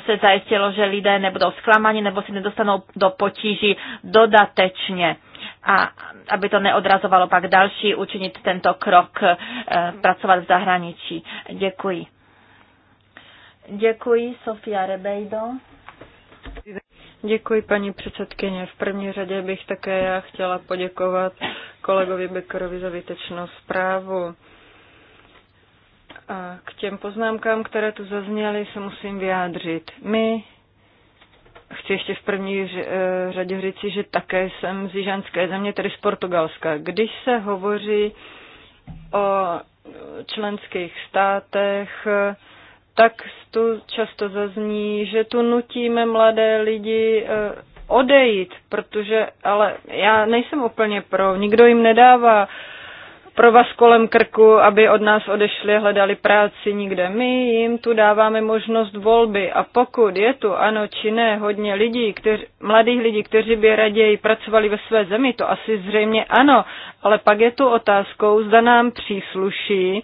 se zajistilo, že lidé nebudou zklamáni nebo si nedostanou do potíží dodatečně a aby to neodrazovalo pak další učinit tento krok, eh, pracovat v zahraničí. Děkuji. Děkuji, Sofia Rebejdo. Děkuji, paní předsedkyně. V první řadě bych také já chtěla poděkovat kolegovi Bekerovi za výtečnou zprávu. A k těm poznámkám, které tu zazněly, se musím vyjádřit. My chci ještě v první eh, řadě říci, že také jsem z jižanské země, tedy z Portugalska. Když se hovoří o členských státech, tak tu často zazní, že tu nutíme mladé lidi eh, odejít, protože, ale já nejsem úplně pro, nikdo jim nedává pro vás kolem krku, aby od nás odešli, hledali práci nikde. My jim tu dáváme možnost volby a pokud je tu ano či ne hodně lidí, kteři, mladých lidí, kteří by raději pracovali ve své zemi, to asi zřejmě ano, ale pak je tu otázkou, zda nám přísluší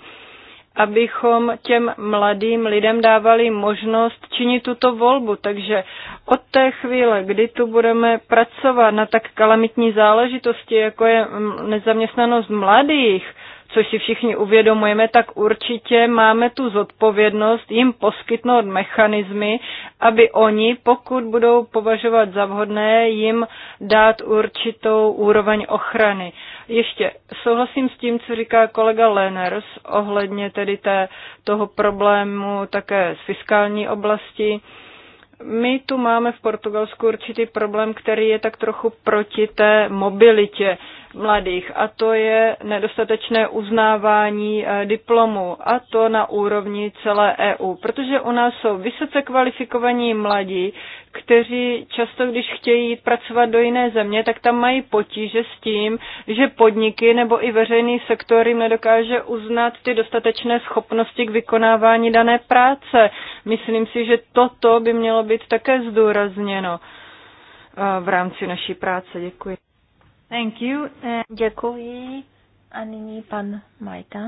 abychom těm mladým lidem dávali možnost činit tuto volbu. Takže od té chvíle, kdy tu budeme pracovat na tak kalamitní záležitosti, jako je mm, nezaměstnanost mladých, což si všichni uvědomujeme, tak určitě máme tu zodpovědnost jim poskytnout mechanismy, aby oni, pokud budou považovat za vhodné, jim dát určitou úroveň ochrany. Ještě souhlasím s tím, co říká kolega Leners ohledně tedy té, toho problému také z fiskální oblasti my tu máme v Portugalsku určitý problém, který je tak trochu proti té mobilitě mladých a to je nedostatečné uznávání eh, diplomu a to na úrovni celé EU, protože u nás jsou vysoce kvalifikovaní mladí, kteří často, když chtějí jít pracovat do jiné země, tak tam mají potíže s tím, že podniky nebo i veřejný sektor jim nedokáže uznat ty dostatečné schopnosti k vykonávání dané práce. Myslím si, že toto by mělo být také zdůrazněno eh, v rámci naší práce. Děkuji. Thank you. Eh, Děkuji. A nyní pan Majta.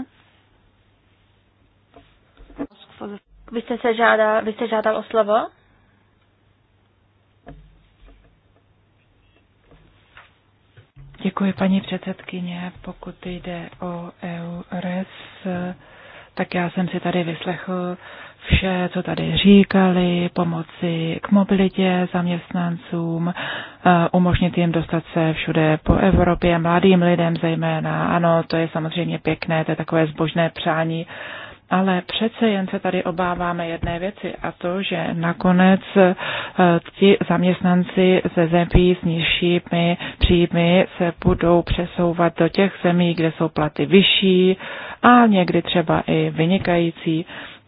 Vy jste, se žádal, vy jste žádal o slovo? Děkuji, paní předsedkyně. Pokud jde o EURES, tak já jsem si tady vyslechl vše, co tady říkali, pomoci k mobilitě zaměstnancům, eh, umožnit jim dostat se všude po Evropě, mladým lidem zejména. Ano, to je samozřejmě pěkné, to je takové zbožné přání, ale přece jen se tady obáváme jedné věci a to, že nakonec eh, ti zaměstnanci ze zemí s nižšími příjmy se budou přesouvat do těch zemí, kde jsou platy vyšší a někdy třeba i vynikající.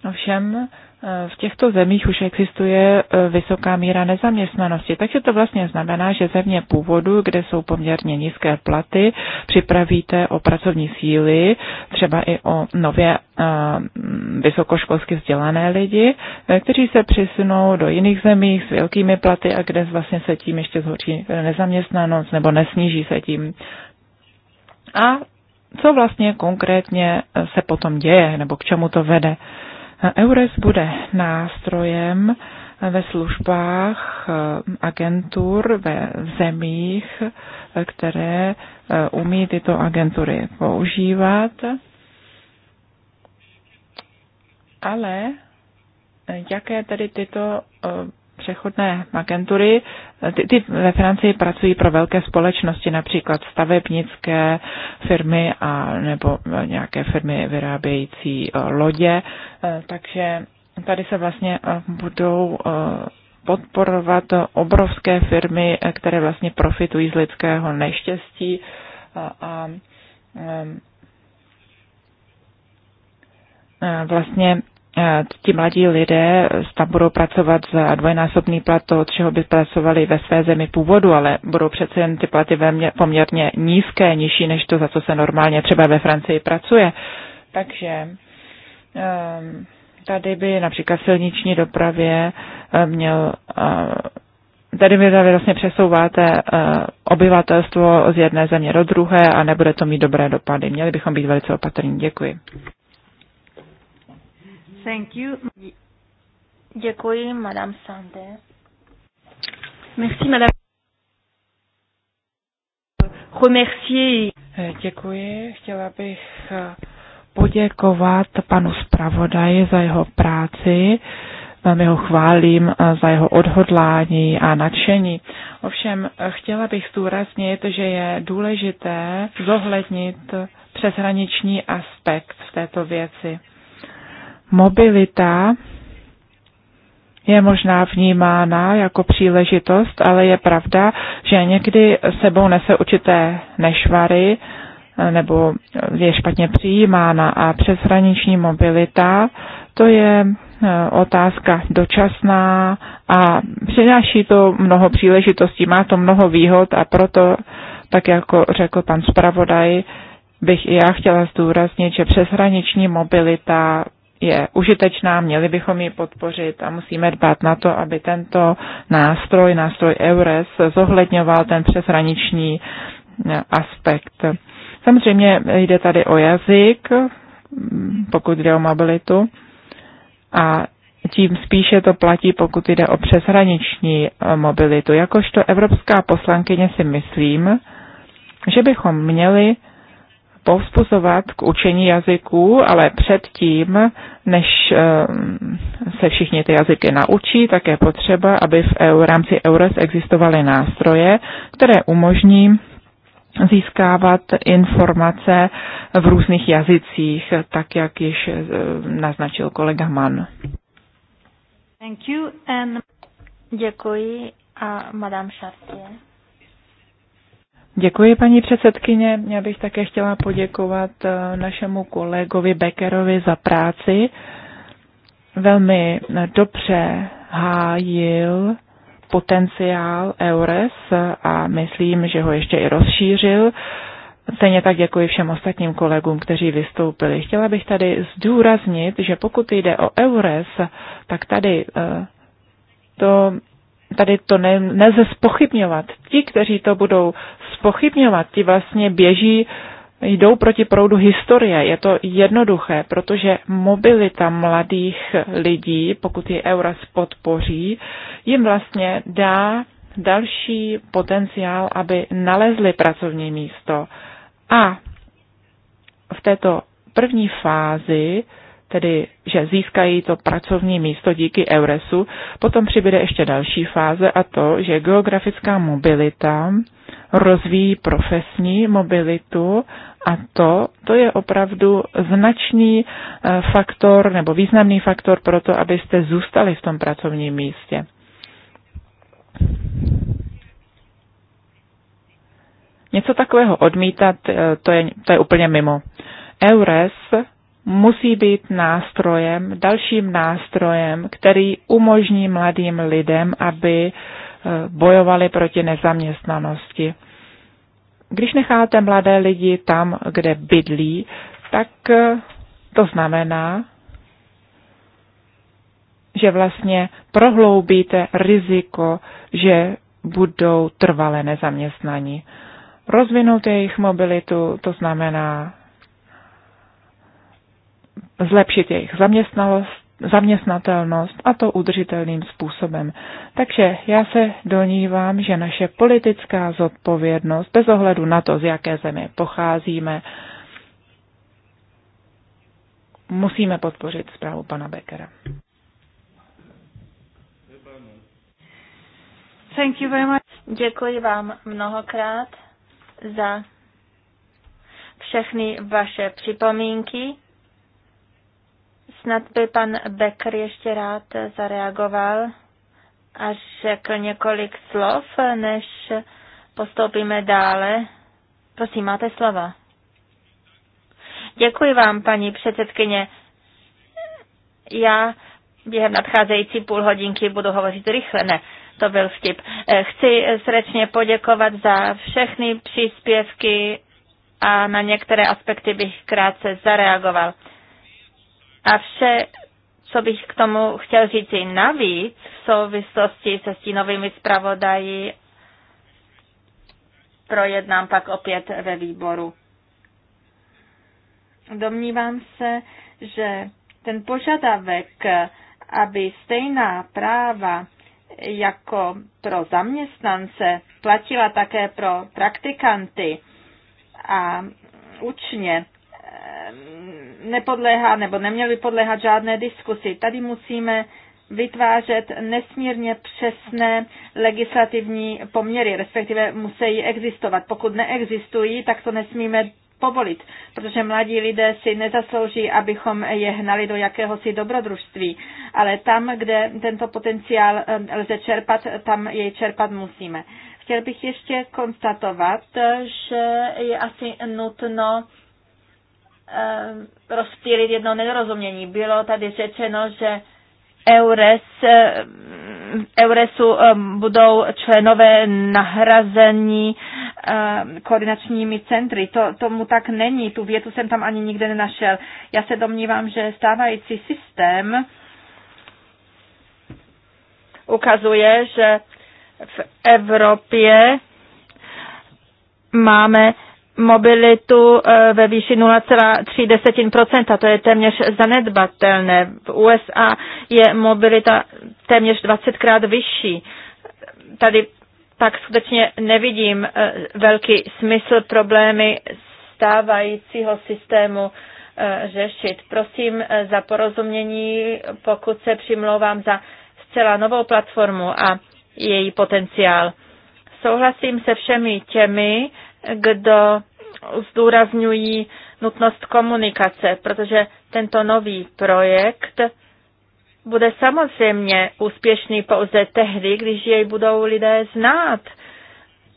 Ovšem eh, v těchto zemích už existuje eh, vysoká míra nezaměstnanosti, takže to vlastně znamená, že země původu, kde jsou poměrně nízké platy, připravíte o pracovní síly, třeba i o nově eh, vysokoškolsky vzdělané lidi, kteří se přesunou do jiných zemí s velkými platy a kde vlastně se tím ještě zhorší nezaměstnanost nebo nesníží se tím. A co vlastně konkrétně se potom děje nebo k čemu to vede? EURES bude nástrojem ve službách eh, agentur ve zemích, eh, které eh, umí tyto agentury používat. Ale jaké tedy tyto přechodné agentury, ty, ty ve Francii pracují pro velké společnosti, například stavebnické firmy a nebo nějaké firmy vyrábějící eh, lodě, eh, takže tady se vlastně eh, budou podporovat obrovské firmy, které vlastně profitují z lidského neštěstí a, a vlastně Eh, ti mladí lidé eh, tam budou pracovat za dvojnásobný plat toho, čeho by pracovali ve své zemi původu, ale budou přece jen ty platy poměrně nízké, nižší než to, za co se normálně třeba ve Francii pracuje. Takže ehm, tady by například silniční dopravě eh, měl Tady tady vlastně přesouváte obyvatelstvo z jedné země do druhé a nebude to mít dobré dopady. Měli bychom být velice opatrní. Děkuji. Thank you. Děkuji, Madame Sande. Merci, Madame. Remercier. Děkuji. Chtěla bych poděkovat panu zpravodaji za jeho práci. Velmi ho chválím za jeho odhodlání a nadšení. Ovšem, chtěla bych zdůraznit, že je důležité zohlednit přeshraniční aspekt v této věci mobilita je možná vnímána jako příležitost, ale je pravda, že někdy sebou nese určité nešvary eh, nebo je špatně přijímána a přeshraniční mobilita, to je eh, otázka dočasná a přináší to mnoho příležitostí, má to mnoho výhod a proto, tak jako řekl pan zpravodaj, bych i já chtěla zdůraznit, že přeshraniční mobilita je užitečná, měli bychom ji podpořit a musíme dbát na to, aby tento nástroj, nástroj EURES, zohledňoval ten přeshraniční eh, aspekt. Samozřejmě jde tady o jazyk, pokud jde o mobilitu, a tím spíše to platí, pokud jde o přeshraniční eh, mobilitu. Jakožto evropská poslankyně si myslím, že bychom měli povzbuzovat k učení jazyků, ale předtím, než eh, se všichni ty jazyky naučí, tak je potřeba, aby v rámci EURES existovaly nástroje, které umožní získávat informace v různých jazycích, tak jak již eh, naznačil kolega Mann. Thank you and... Děkuji a Madame Chartier. Děkuji, paní předsedkyně. Já bych také chtěla poděkovat eh, našemu kolegovi Beckerovi za práci. Velmi eh, dobře hájil potenciál EURES a myslím, že ho ještě i rozšířil. Stejně tak děkuji všem ostatním kolegům, kteří vystoupili. Chtěla bych tady zdůraznit, že pokud jde o EURES, tak tady eh, to tady to ne, neze spochybňovat. Ti, kteří to budou spochybňovat, ti vlastně běží, jdou proti proudu historie. Je to jednoduché, protože mobilita mladých lidí, pokud je Euras podpoří, jim vlastně dá další potenciál, aby nalezli pracovní místo. A v této první fázi tedy že získají to pracovní místo díky Euresu. Potom přibude ještě další fáze a to, že geografická mobilita rozvíjí profesní mobilitu a to, to je opravdu značný eh, faktor nebo významný faktor pro to, abyste zůstali v tom pracovním místě. Něco takového odmítat, eh, to je, to je úplně mimo. EURES musí být nástrojem, dalším nástrojem, který umožní mladým lidem, aby eh, bojovali proti nezaměstnanosti. Když necháte mladé lidi tam, kde bydlí, tak eh, to znamená, že vlastně prohloubíte riziko, že budou trvale nezaměstnaní. Rozvinout jejich mobilitu, to znamená zlepšit jejich zaměstnalost, zaměstnatelnost a to udržitelným způsobem. Takže já se donívám, že naše politická zodpovědnost, bez ohledu na to, z jaké země pocházíme, musíme podpořit zprávu pana Beckera. Thank you very much. Děkuji vám mnohokrát za všechny vaše připomínky Snad by pan Becker ještě rád zareagoval a řekl několik slov, než postoupíme dále. Prosím, máte slova. Děkuji vám, paní předsedkyně. Já během nadcházející půl hodinky budu hovořit rychle. Ne, to byl vtip. Chci srdečně poděkovat za všechny příspěvky a na některé aspekty bych krátce zareagoval. A vše, co bych k tomu chtěl říct i navíc v souvislosti se stínovými zpravodají, projednám pak opět ve výboru. Domnívám se, že ten požadavek, aby stejná práva jako pro zaměstnance platila také pro praktikanty a učně, nepodléhá nebo neměl by podléhat žádné diskusi. Tady musíme vytvářet nesmírně přesné legislativní poměry, respektive musí existovat. Pokud neexistují, tak to nesmíme povolit, protože mladí lidé si nezaslouží, abychom je hnali do jakéhosi dobrodružství, ale tam, kde tento potenciál eh, lze čerpat, tam jej čerpat musíme. Chtěl bych ještě konstatovat, že je asi nutno Eh, rozptýlit jedno nedorozumění. Bylo tady řečeno, že EURES, eh, EURESu eh, budou členové nahrazení koordinačními centry. To, tomu tak není, tu větu jsem tam ani nikde nenašel. Já se domnívám, že stávající systém ukazuje, že v Evropě máme mobilitu eh, ve výši 0,3%, to je téměř zanedbatelné. V USA je mobilita téměř 20krát vyšší. Tady pak skutečně nevidím eh, velký smysl problémy stávajícího systému eh, řešit. Prosím za porozumění, pokud se přimlouvám za zcela novou platformu a její potenciál. Souhlasím se všemi těmi, kdo zdůrazňují nutnost komunikace, protože tento nový projekt bude samozřejmě úspěšný pouze tehdy, když jej budou lidé znát.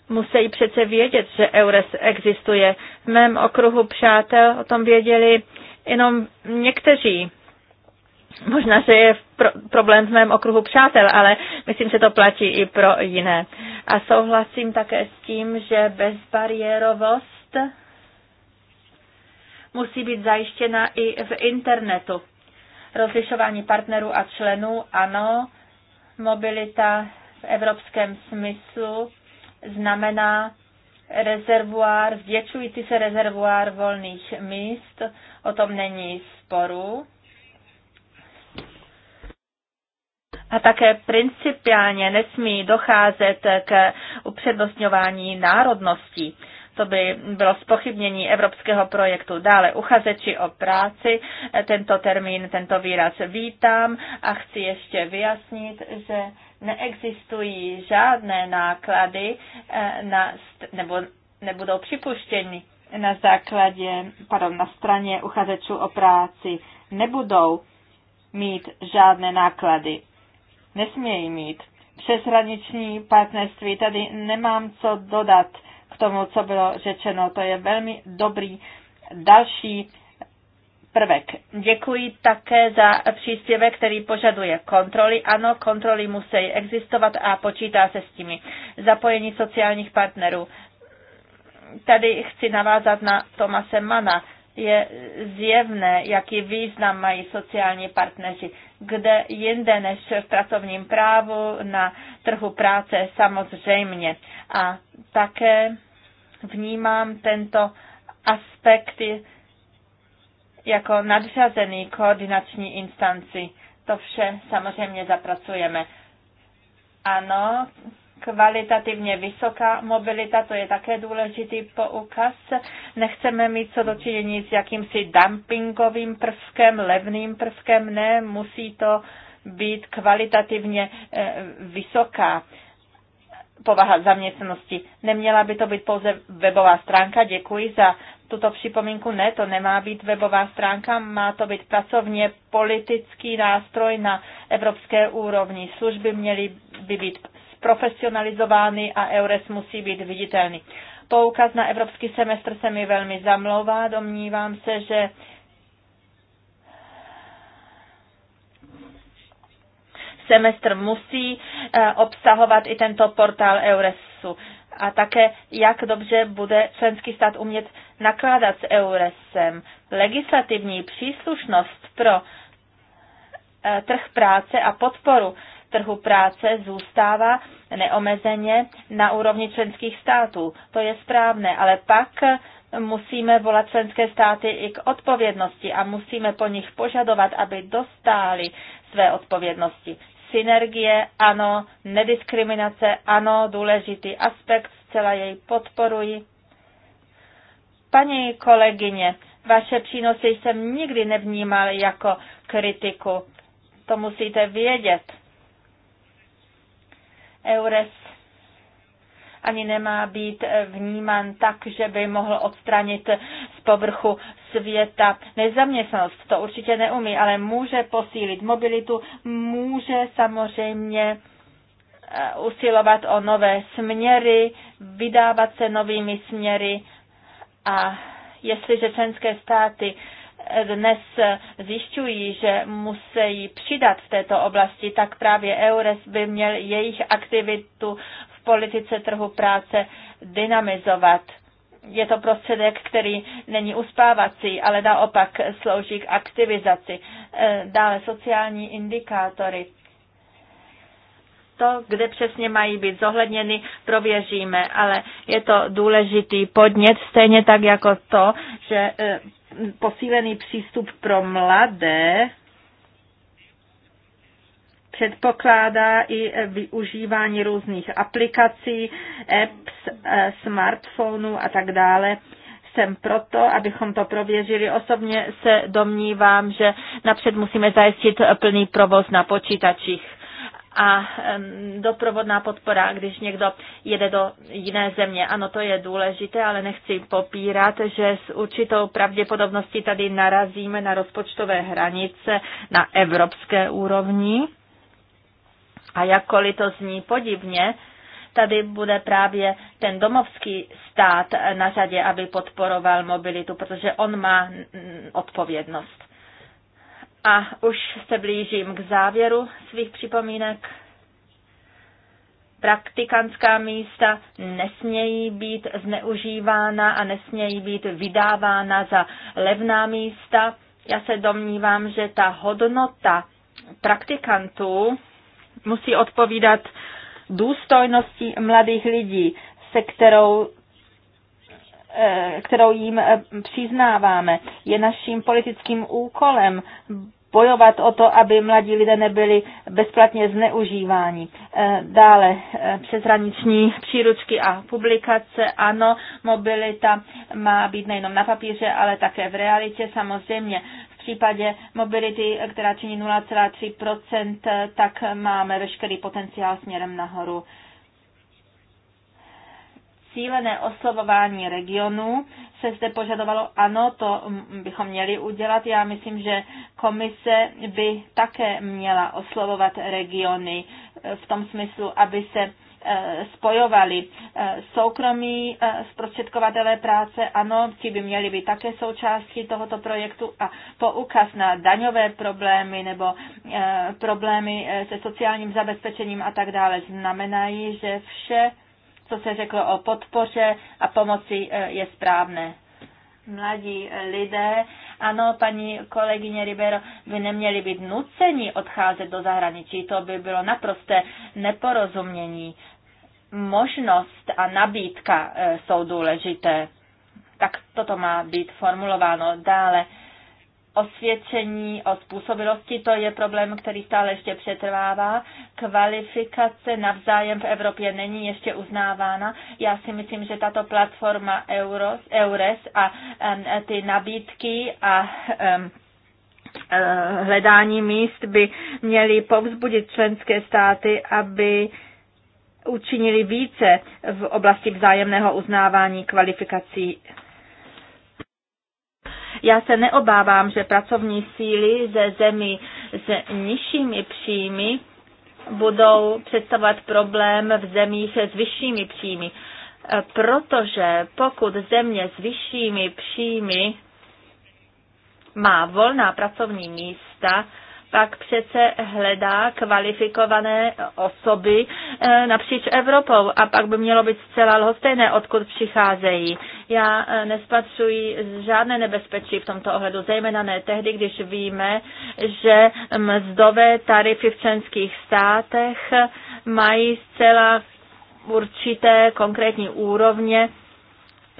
Musí přece vědět, že EURES existuje. V mém okruhu přátel o tom věděli jenom někteří. Možná, že je pro, problém v mém okruhu přátel, ale myslím, že to platí i pro jiné. A souhlasím také s tím, že bezbariérovost musí být zajištěna i v internetu. Rozlišování partnerů a členů, ano, mobilita v evropském smyslu znamená rezervuár, zvětšující se rezervuár volných míst, o tom není sporu. A také principiálně nesmí docházet k upřednostňování národností. To by bylo spochybnění evropského projektu. Dále uchazeči o práci. Tento termín, tento výraz vítám a chci ještě vyjasnit, že neexistují žádné náklady eh, na, nebo nebudou připuštěni na základě, pardon, na straně uchazečů o práci. Nebudou mít žádné náklady nesmějí mít. Přeshraniční partnerství, tady nemám co dodat k tomu, co bylo řečeno. To je velmi dobrý další prvek. Děkuji také za příspěvek, který požaduje kontroly. Ano, kontroly musí existovat a počítá se s nimi. Zapojení sociálních partnerů. Tady chci navázat na Tomase Mana. Je zjevné, jaký význam mají sociální partneři kde jinde než v pracovním právu, na trhu práce samozřejmě. A také vnímám tento aspekt jako nadřazený koordinační instanci. To vše samozřejmě zapracujeme. Ano, kvalitativně vysoká mobilita, to je také důležitý poukaz. Nechceme mít co dočinění s jakýmsi dumpingovým prvkem, levným prvkem, ne, musí to být kvalitativně eh, vysoká povaha zaměstnanosti. Neměla by to být pouze webová stránka, děkuji za tuto připomínku. Ne, to nemá být webová stránka, má to být pracovně politický nástroj na evropské úrovni. Služby měly by být profesionalizovány a EURES musí být viditelný. Poukaz na evropský semestr se mi velmi zamlouvá. Domnívám se, že semestr musí eh, obsahovat i tento portál EURESu a také, jak dobře bude členský stát umět nakládat s EURESem. Legislativní příslušnost pro eh, trh práce a podporu trhu práce zůstává neomezeně na úrovni členských států. To je správné, ale pak musíme volat členské státy i k odpovědnosti a musíme po nich požadovat, aby dostáli své odpovědnosti. Synergie, ano, nediskriminace, ano, důležitý aspekt, zcela jej podporuji. Paní kolegyně, vaše přínosy jsem nikdy nevnímal jako kritiku. To musíte vědět. EURES ani nemá být eh, vnímán tak, že by mohl odstranit z povrchu světa nezaměstnanost. To určitě neumí, ale může posílit mobilitu, může samozřejmě eh, usilovat o nové směry, vydávat se novými směry a jestliže členské státy dnes zjišťují, že musí přidat v této oblasti, tak právě EURES by měl jejich aktivitu v politice trhu práce dynamizovat. Je to prostředek, který není uspávací, ale naopak slouží k aktivizaci. E, dále sociální indikátory to, kde přesně mají být zohledněny, prověříme, ale je to důležitý podnět, stejně tak jako to, že e, posílený přístup pro mladé předpokládá i využívání různých aplikací, apps, eh, smartphonů a tak dále. Jsem proto, abychom to prověřili. Osobně se domnívám, že napřed musíme zajistit plný provoz na počítačích a doprovodná podpora, když někdo jede do jiné země. Ano, to je důležité, ale nechci popírat, že s určitou pravděpodobností tady narazíme na rozpočtové hranice na evropské úrovni. A jakkoliv to zní podivně, tady bude právě ten domovský stát na řadě, aby podporoval mobilitu, protože on má odpovědnost. A už se blížím k závěru svých připomínek. Praktikantská místa nesmějí být zneužívána a nesmějí být vydávána za levná místa. Já se domnívám, že ta hodnota praktikantů musí odpovídat důstojnosti mladých lidí, se kterou Eh, kterou jim eh, přiznáváme. Je naším politickým úkolem bojovat o to, aby mladí lidé nebyli bezplatně zneužíváni. Eh, dále přeshraniční příručky a publikace. Ano, mobilita má být nejenom na papíře, ale také v realitě samozřejmě. V případě mobility, která činí 0,3%, tak máme veškerý potenciál směrem nahoru cílené oslovování regionů se zde požadovalo, ano, to bychom měli udělat. Já myslím, že komise by také měla oslovovat regiony e, v tom smyslu, aby se e, spojovali e, soukromí zprostředkovatelé práce, ano, ti by měli být také součástí tohoto projektu a poukaz na daňové problémy nebo problémy se sociálním zabezpečením a tak dále znamenají, že vše co se řeklo o podpoře a pomoci eh, je správné. Mladí eh, lidé, ano, paní kolegyně Ribero, by neměli být nuceni odcházet do zahraničí, to by bylo naprosté neporozumění. Možnost a nabídka eh, jsou důležité. Tak toto má být formulováno dále osvědčení o způsobilosti, to je problém, který stále ještě přetrvává. Kvalifikace navzájem v Evropě není ještě uznávána. Já si myslím, že tato platforma Euros, EURES a um, ty nabídky a um, hledání míst by měly povzbudit členské státy, aby učinili více v oblasti vzájemného uznávání kvalifikací já se neobávám, že pracovní síly ze zemí s nižšími příjmy budou představovat problém v zemích s vyššími příjmy. E, protože pokud země s vyššími příjmy má volná pracovní místa, pak přece hledá kvalifikované osoby eh, napříč Evropou a pak by mělo být zcela lhostejné, odkud přicházejí. Já eh, nespatřuji žádné nebezpečí v tomto ohledu, zejména ne tehdy, když víme, že mzdové tarify v členských státech mají zcela určité konkrétní úrovně,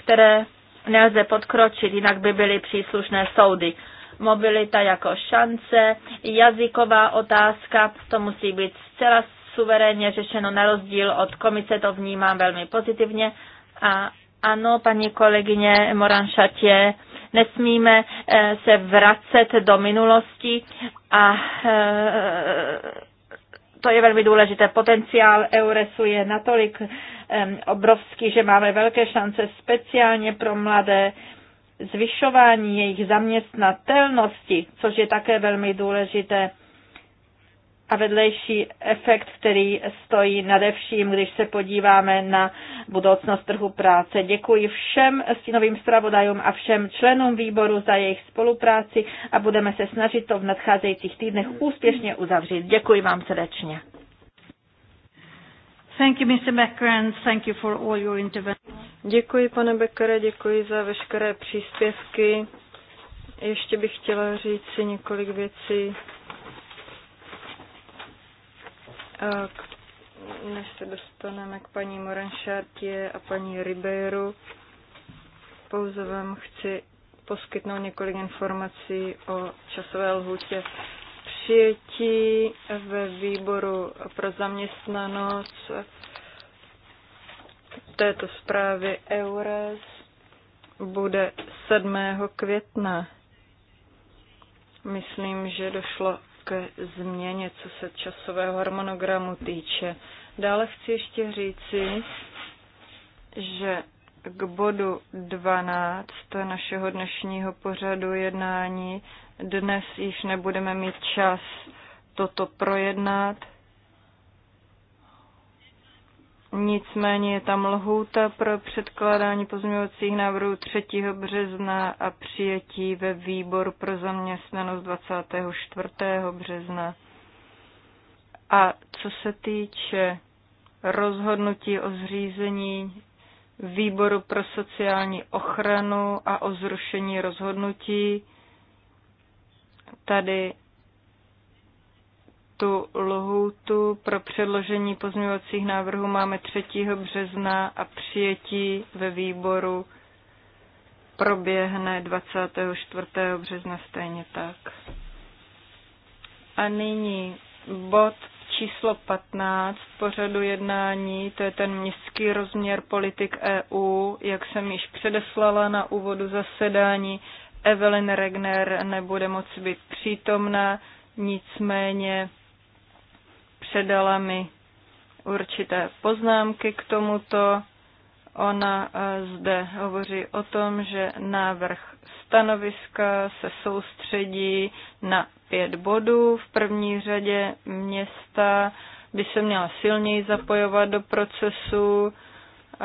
které nelze podkročit, jinak by byly příslušné soudy mobilita jako šance, jazyková otázka, to musí být zcela suverénně řešeno na rozdíl od komise, to vnímám velmi pozitivně. A ano, paní kolegyně Moranšatě, nesmíme eh, se vracet do minulosti a eh, to je velmi důležité. Potenciál Euresu je natolik eh, obrovský, že máme velké šance speciálně pro mladé zvyšování jejich zaměstnatelnosti, což je také velmi důležité, a vedlejší efekt, který stojí nadevším, když se podíváme na budoucnost trhu práce. Děkuji všem stínovým zpravodajům a všem členům výboru za jejich spolupráci a budeme se snažit to v nadcházejících týdnech úspěšně uzavřít. Děkuji vám srdečně. Thank you, Mr. Becker, and thank you for all your interventions. Děkuji, pane Beckere, děkuji za veškeré příspěvky. Ještě bych chtěla říct si několik věcí eh, k než se dostaneme k paní Moranšártě a paní Ribeiru, pouze vám chci poskytnout několik informací o časové lhůtě přijetí ve výboru pro zaměstnanost této zprávy EURES bude 7. května. Myslím, že došlo k změně, co se časového harmonogramu týče. Dále chci ještě říci, že k bodu 12 našeho dnešního pořadu jednání dnes již nebudeme mít čas toto projednat. Nicméně je tam lhůta pro předkládání pozměňovacích návrhů 3. března a přijetí ve výbor pro zaměstnanost 24. března. A co se týče rozhodnutí o zřízení výboru pro sociální ochranu a o zrušení rozhodnutí, tady tu lhůtu pro předložení pozměňovacích návrhů máme 3. března a přijetí ve výboru proběhne 24. března stejně tak. A nyní bod číslo 15 pořadu jednání, to je ten městský rozměr politik EU, jak jsem již předeslala na úvodu zasedání, Evelyn Regner nebude moci být přítomna, nicméně předala mi určité poznámky k tomuto. Ona eh, zde hovoří o tom, že návrh stanoviska se soustředí na pět bodů. V první řadě města by se měla silněji zapojovat do procesu.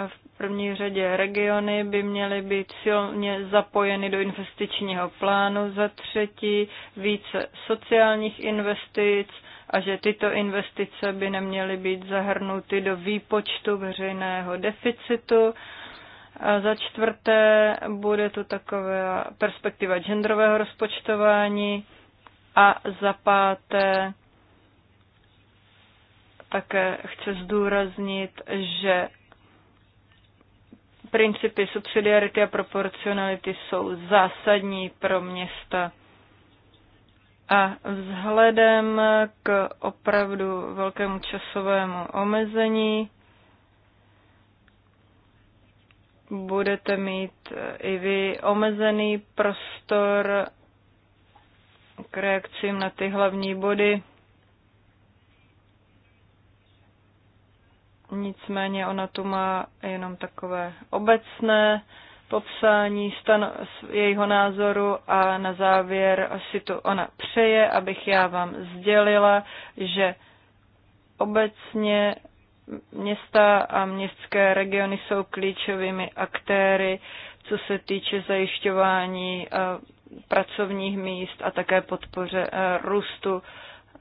V první řadě regiony by měly být silně zapojeny do investičního plánu, za třetí více sociálních investic a že tyto investice by neměly být zahrnuty do výpočtu veřejného deficitu. A za čtvrté bude to taková perspektiva genderového rozpočtování a za páté také chce zdůraznit, že Principy subsidiarity a proporcionality jsou zásadní pro města. A vzhledem k opravdu velkému časovému omezení budete mít i vy omezený prostor k reakcím na ty hlavní body. Nicméně ona tu má jenom takové obecné popsání stano- jejího názoru a na závěr si to ona přeje, abych já vám sdělila, že obecně města a městské regiony jsou klíčovými aktéry, co se týče zajišťování eh, pracovních míst a také podpoře eh, růstu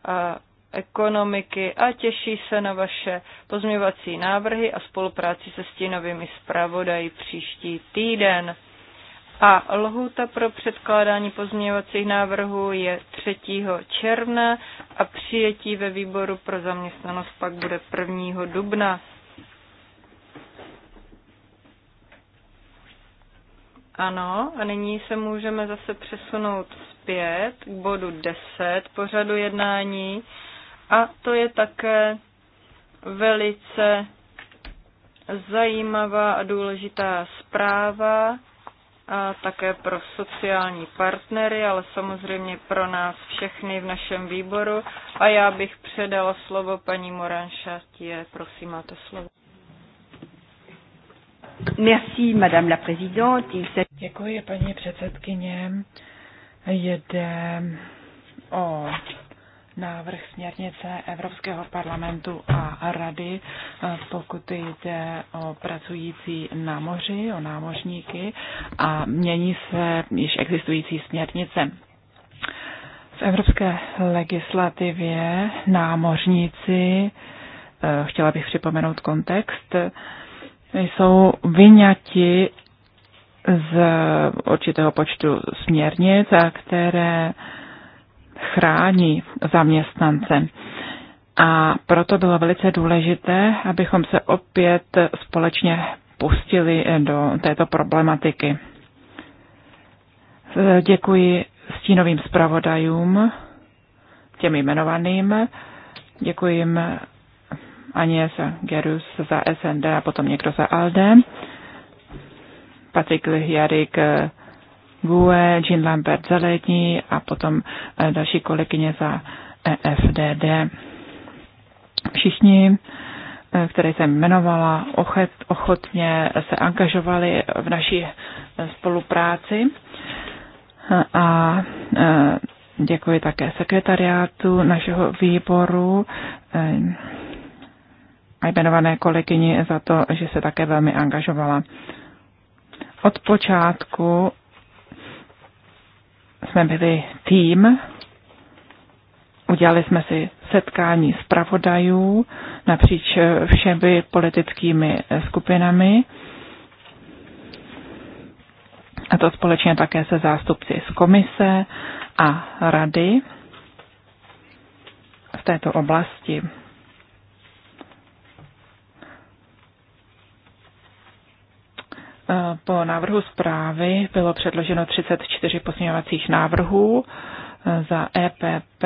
eh, ekonomiky a těší se na vaše pozměvací návrhy a spolupráci se stínovými zpravodají příští týden. A lhůta pro předkládání pozměňovacích návrhů je 3. června a přijetí ve výboru pro zaměstnanost pak bude 1. dubna. Ano, a nyní se můžeme zase přesunout zpět k bodu 10 pořadu jednání a to je také velice zajímavá a důležitá zpráva a také pro sociální partnery, ale samozřejmě pro nás všechny v našem výboru. A já bych předala slovo paní Moran Šatě. Prosím, máte slovo. Merci, madame la présidente. Děkuji, paní předsedkyně. Jde o návrh směrnice Evropského parlamentu a rady, e, pokud jde o pracující na moři, o námořníky a mění se již existující směrnice. V evropské legislativě námořníci, e, chtěla bych připomenout kontext, jsou vyňati z určitého počtu směrnic, které chrání zaměstnance. A proto bylo velice důležité, abychom se opět společně pustili do této problematiky. Děkuji stínovým zpravodajům, těm jmenovaným. Děkuji jim Aně za Gerus za SND a potom někdo za ALDE. Patrik Jarik GUE, Jean Lambert za Letní a potom eh, další kolegyně za EFDD. Všichni eh, které jsem jmenovala, ochet, ochotně se angažovali v naší eh, spolupráci a děkuji také sekretariátu našeho výboru a jmenované kolegyni za to, že se také velmi angažovala. Od počátku jsme byli tým, udělali jsme si setkání zpravodajů napříč eh, všemi politickými eh, skupinami a to společně také se zástupci z komise a rady v této oblasti. Eh, po návrhu zprávy bylo předloženo 34 pozměňovacích návrhů eh, za EPP,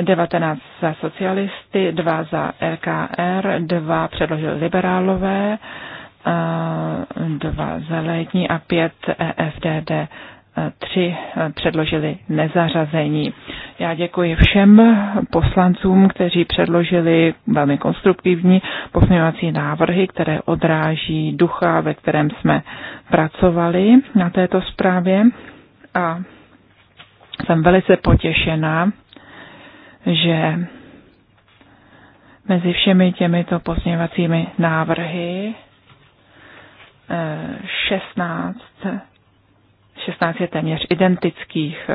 19 za socialisty, 2 za LKR, e 2 předložili liberálové, 2 eh, zelení a 5 EFDD tři předložili nezařazení. Já děkuji všem poslancům, kteří předložili velmi konstruktivní pozměňovací návrhy, které odráží ducha, ve kterém jsme pracovali na této zprávě. A jsem velice potěšená, že mezi všemi těmito pozměňovacími návrhy 16 eh, 16 je téměř identických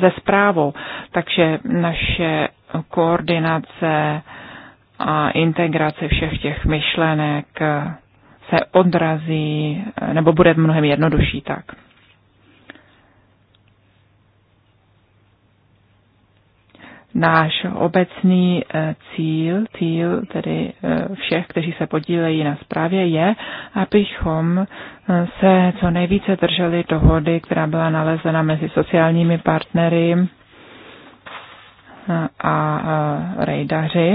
ze zprávou. Takže naše koordinace a integrace všech těch myšlenek se odrazí nebo bude mnohem jednodušší tak. náš obecný eh, cíl, cíl tedy eh, všech, kteří se podílejí na zprávě, je, abychom eh, se co nejvíce drželi dohody, která byla nalezena mezi sociálními partnery a rejdaři.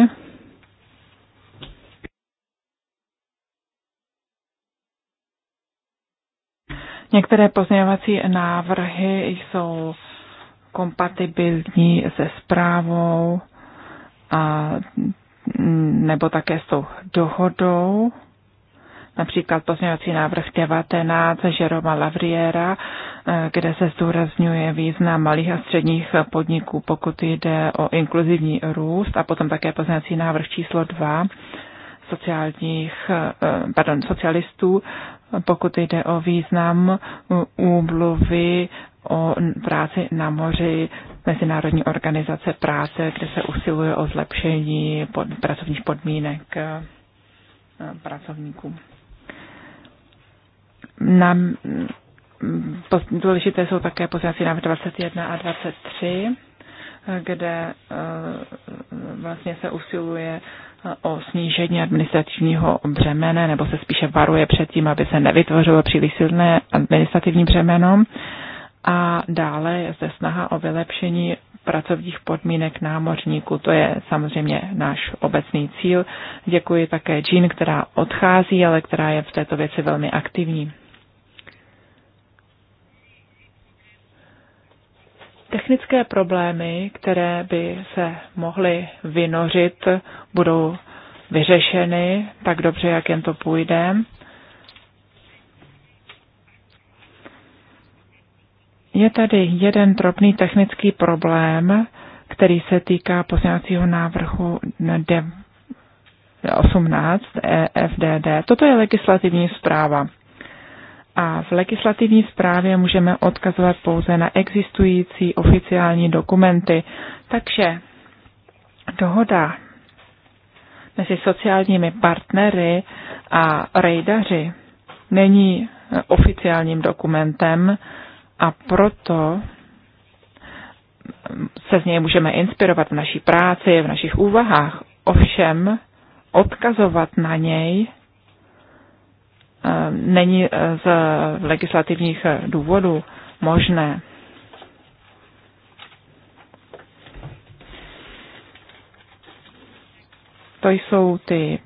Některé pozměňovací návrhy jsou kompatibilní se zprávou a, nebo také s tou dohodou. Například pozměňovací návrh 19 Žeroma Lavriera, eh, kde se zdůrazňuje význam malých a středních podniků, pokud jde o inkluzivní růst a potom také pozměňovací návrh číslo 2 sociálních, eh, pardon, socialistů, eh, pokud jde o význam úmluvy o práci na moři Mezinárodní organizace práce, kde se usiluje o zlepšení pod, pracovních podmínek eh, pracovníků. Na, mm, důležité jsou také pozvací návrh 21 a 23, eh, kde eh, vlastně se usiluje o snížení administrativního břemene, nebo se spíše varuje před tím, aby se nevytvořilo příliš silné administrativní břemeno a dále je zde snaha o vylepšení pracovních podmínek námořníků. To je samozřejmě náš obecný cíl. Děkuji také Jean, která odchází, ale která je v této věci velmi aktivní. Technické problémy, které by se mohly vynořit, budou vyřešeny tak dobře, jak jen to půjde. Je tady jeden drobný technický problém, který se týká pozměňovacího návrhu 18 e- FDD. Toto je legislativní zpráva. A v legislativní zprávě můžeme odkazovat pouze na existující oficiální dokumenty. Takže dohoda mezi sociálními partnery a rejdaři není oficiálním dokumentem, a proto se z něj můžeme inspirovat v naší práci, v našich úvahách. Ovšem, odkazovat na něj eh, není eh, z legislativních eh, důvodů možné. To jsou ty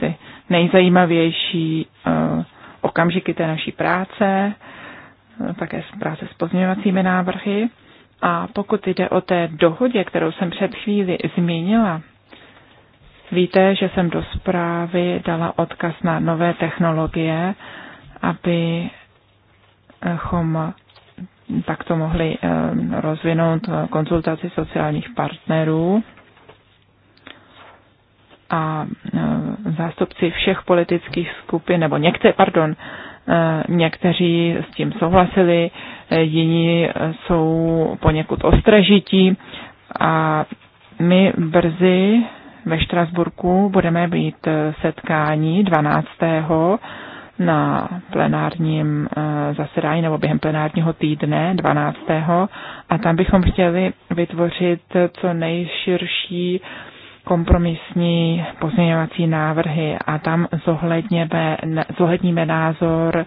uh, nejzajímavější okamžiky té naší práce také z práce s pozměňovacími návrhy. A pokud jde o té dohodě, kterou jsem před chvíli zmínila, víte, že jsem do zprávy dala odkaz na nové technologie, abychom takto mohli eh, rozvinout konzultaci sociálních partnerů a eh, zástupci všech politických skupin, nebo některé, pardon, Eh, někteří s tím souhlasili, eh, jiní eh, jsou poněkud ostražití a my brzy ve Štrasburku budeme být setkání 12. na plenárním zasedání nebo během plenárního týdne 12. a tam bychom chtěli vytvořit co nejširší kompromisní pozměňovací návrhy a tam zohledněme, zohledníme názor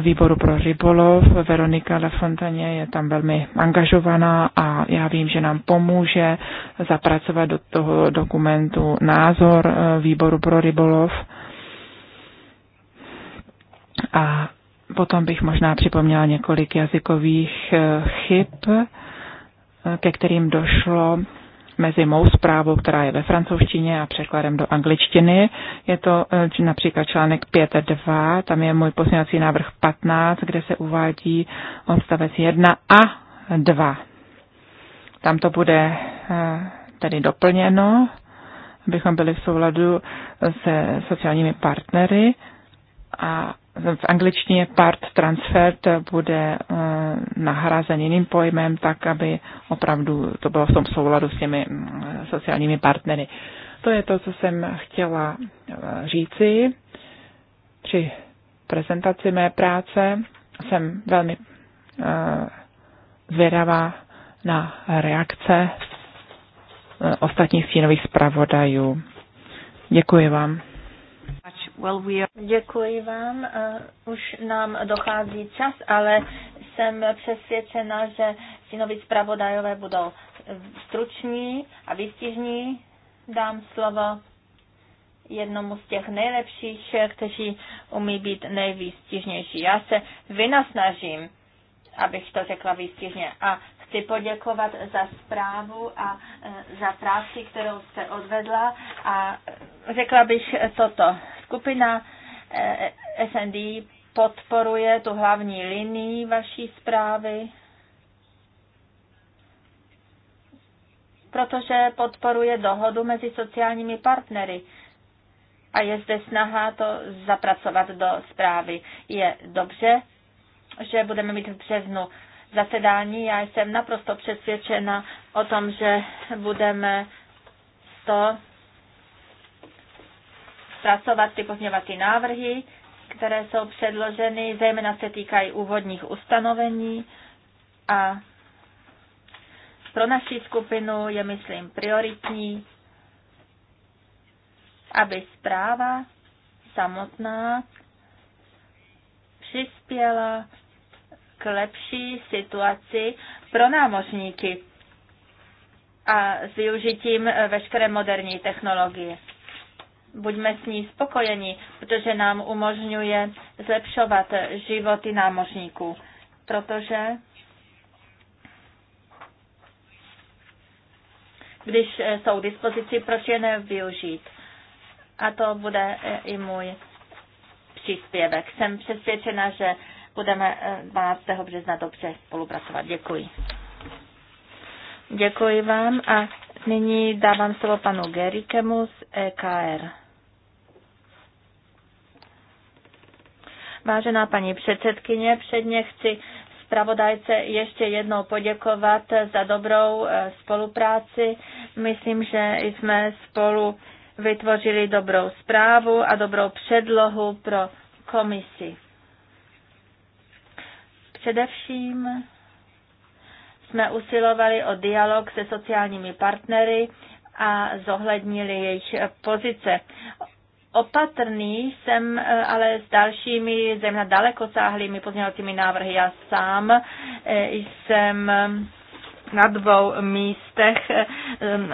výboru pro rybolov. Veronika Lafontaně je tam velmi angažovaná a já vím, že nám pomůže zapracovat do toho dokumentu názor eh, výboru pro rybolov. A potom bych možná připomněla několik jazykových eh, chyb, eh, ke kterým došlo mezi mou zprávou, která je ve francouzštině a překladem do angličtiny. Je to e, například článek 5.2, tam je můj pozměňovací návrh 15, kde se uvádí odstavec 1 a 2. Tam to bude e, tedy doplněno, abychom byli v souladu se sociálními partnery a v angličtině part transferred bude eh, nahrazen jiným pojmem, tak aby opravdu to bylo v tom souladu s těmi mm, sociálními partnery. To je to, co jsem chtěla eh, říci při prezentaci mé práce. Jsem velmi eh, zvědavá na reakce ostatních stínových zpravodajů. Děkuji vám. Děkuji vám. Eh, už nám dochází čas, ale jsem přesvědčena, že synovi zpravodajové budou struční a vystižní. Dám slovo jednomu z těch nejlepších, kteří umí být nejvýstižnější. Já se vynasnažím, abych to řekla výstižně. A chci poděkovat za zprávu a eh, za práci, kterou jste odvedla a řekla bych toto. Skupina eh, SND podporuje tu hlavní linii vaší zprávy, protože podporuje dohodu mezi sociálními partnery a je zde snaha to zapracovat do zprávy. Je dobře, že budeme mít v březnu zasedání. Já jsem naprosto přesvědčena o tom, že budeme to zpracovat ty pozměňovací návrhy, které jsou předloženy, zejména se týkají úvodních ustanovení a pro naši skupinu je, myslím, prioritní, aby zpráva samotná přispěla k lepší situaci pro námořníky a s využitím veškeré moderní technologie buďme s ní spokojeni, protože nám umožňuje zlepšovat životy námořníků, protože když eh, jsou k dispozici, proč je nevyužít. A to bude eh, i můj příspěvek. Jsem přesvědčena, že budeme 12. Eh, března dobře spolupracovat. Děkuji. Děkuji vám a nyní dávám slovo panu Gerikemu z EKR. Vážená paní předsedkyně, předně chci zpravodajce ještě jednou poděkovat za dobrou eh, spolupráci. Myslím, že jsme spolu vytvořili dobrou zprávu a dobrou předlohu pro komisi. Především jsme usilovali o dialog se sociálními partnery a zohlednili jejich pozice opatrný jsem eh, ale s dalšími, zejména daleko sáhlými pozměňovacími návrhy. Já sám eh, jsem eh, na dvou místech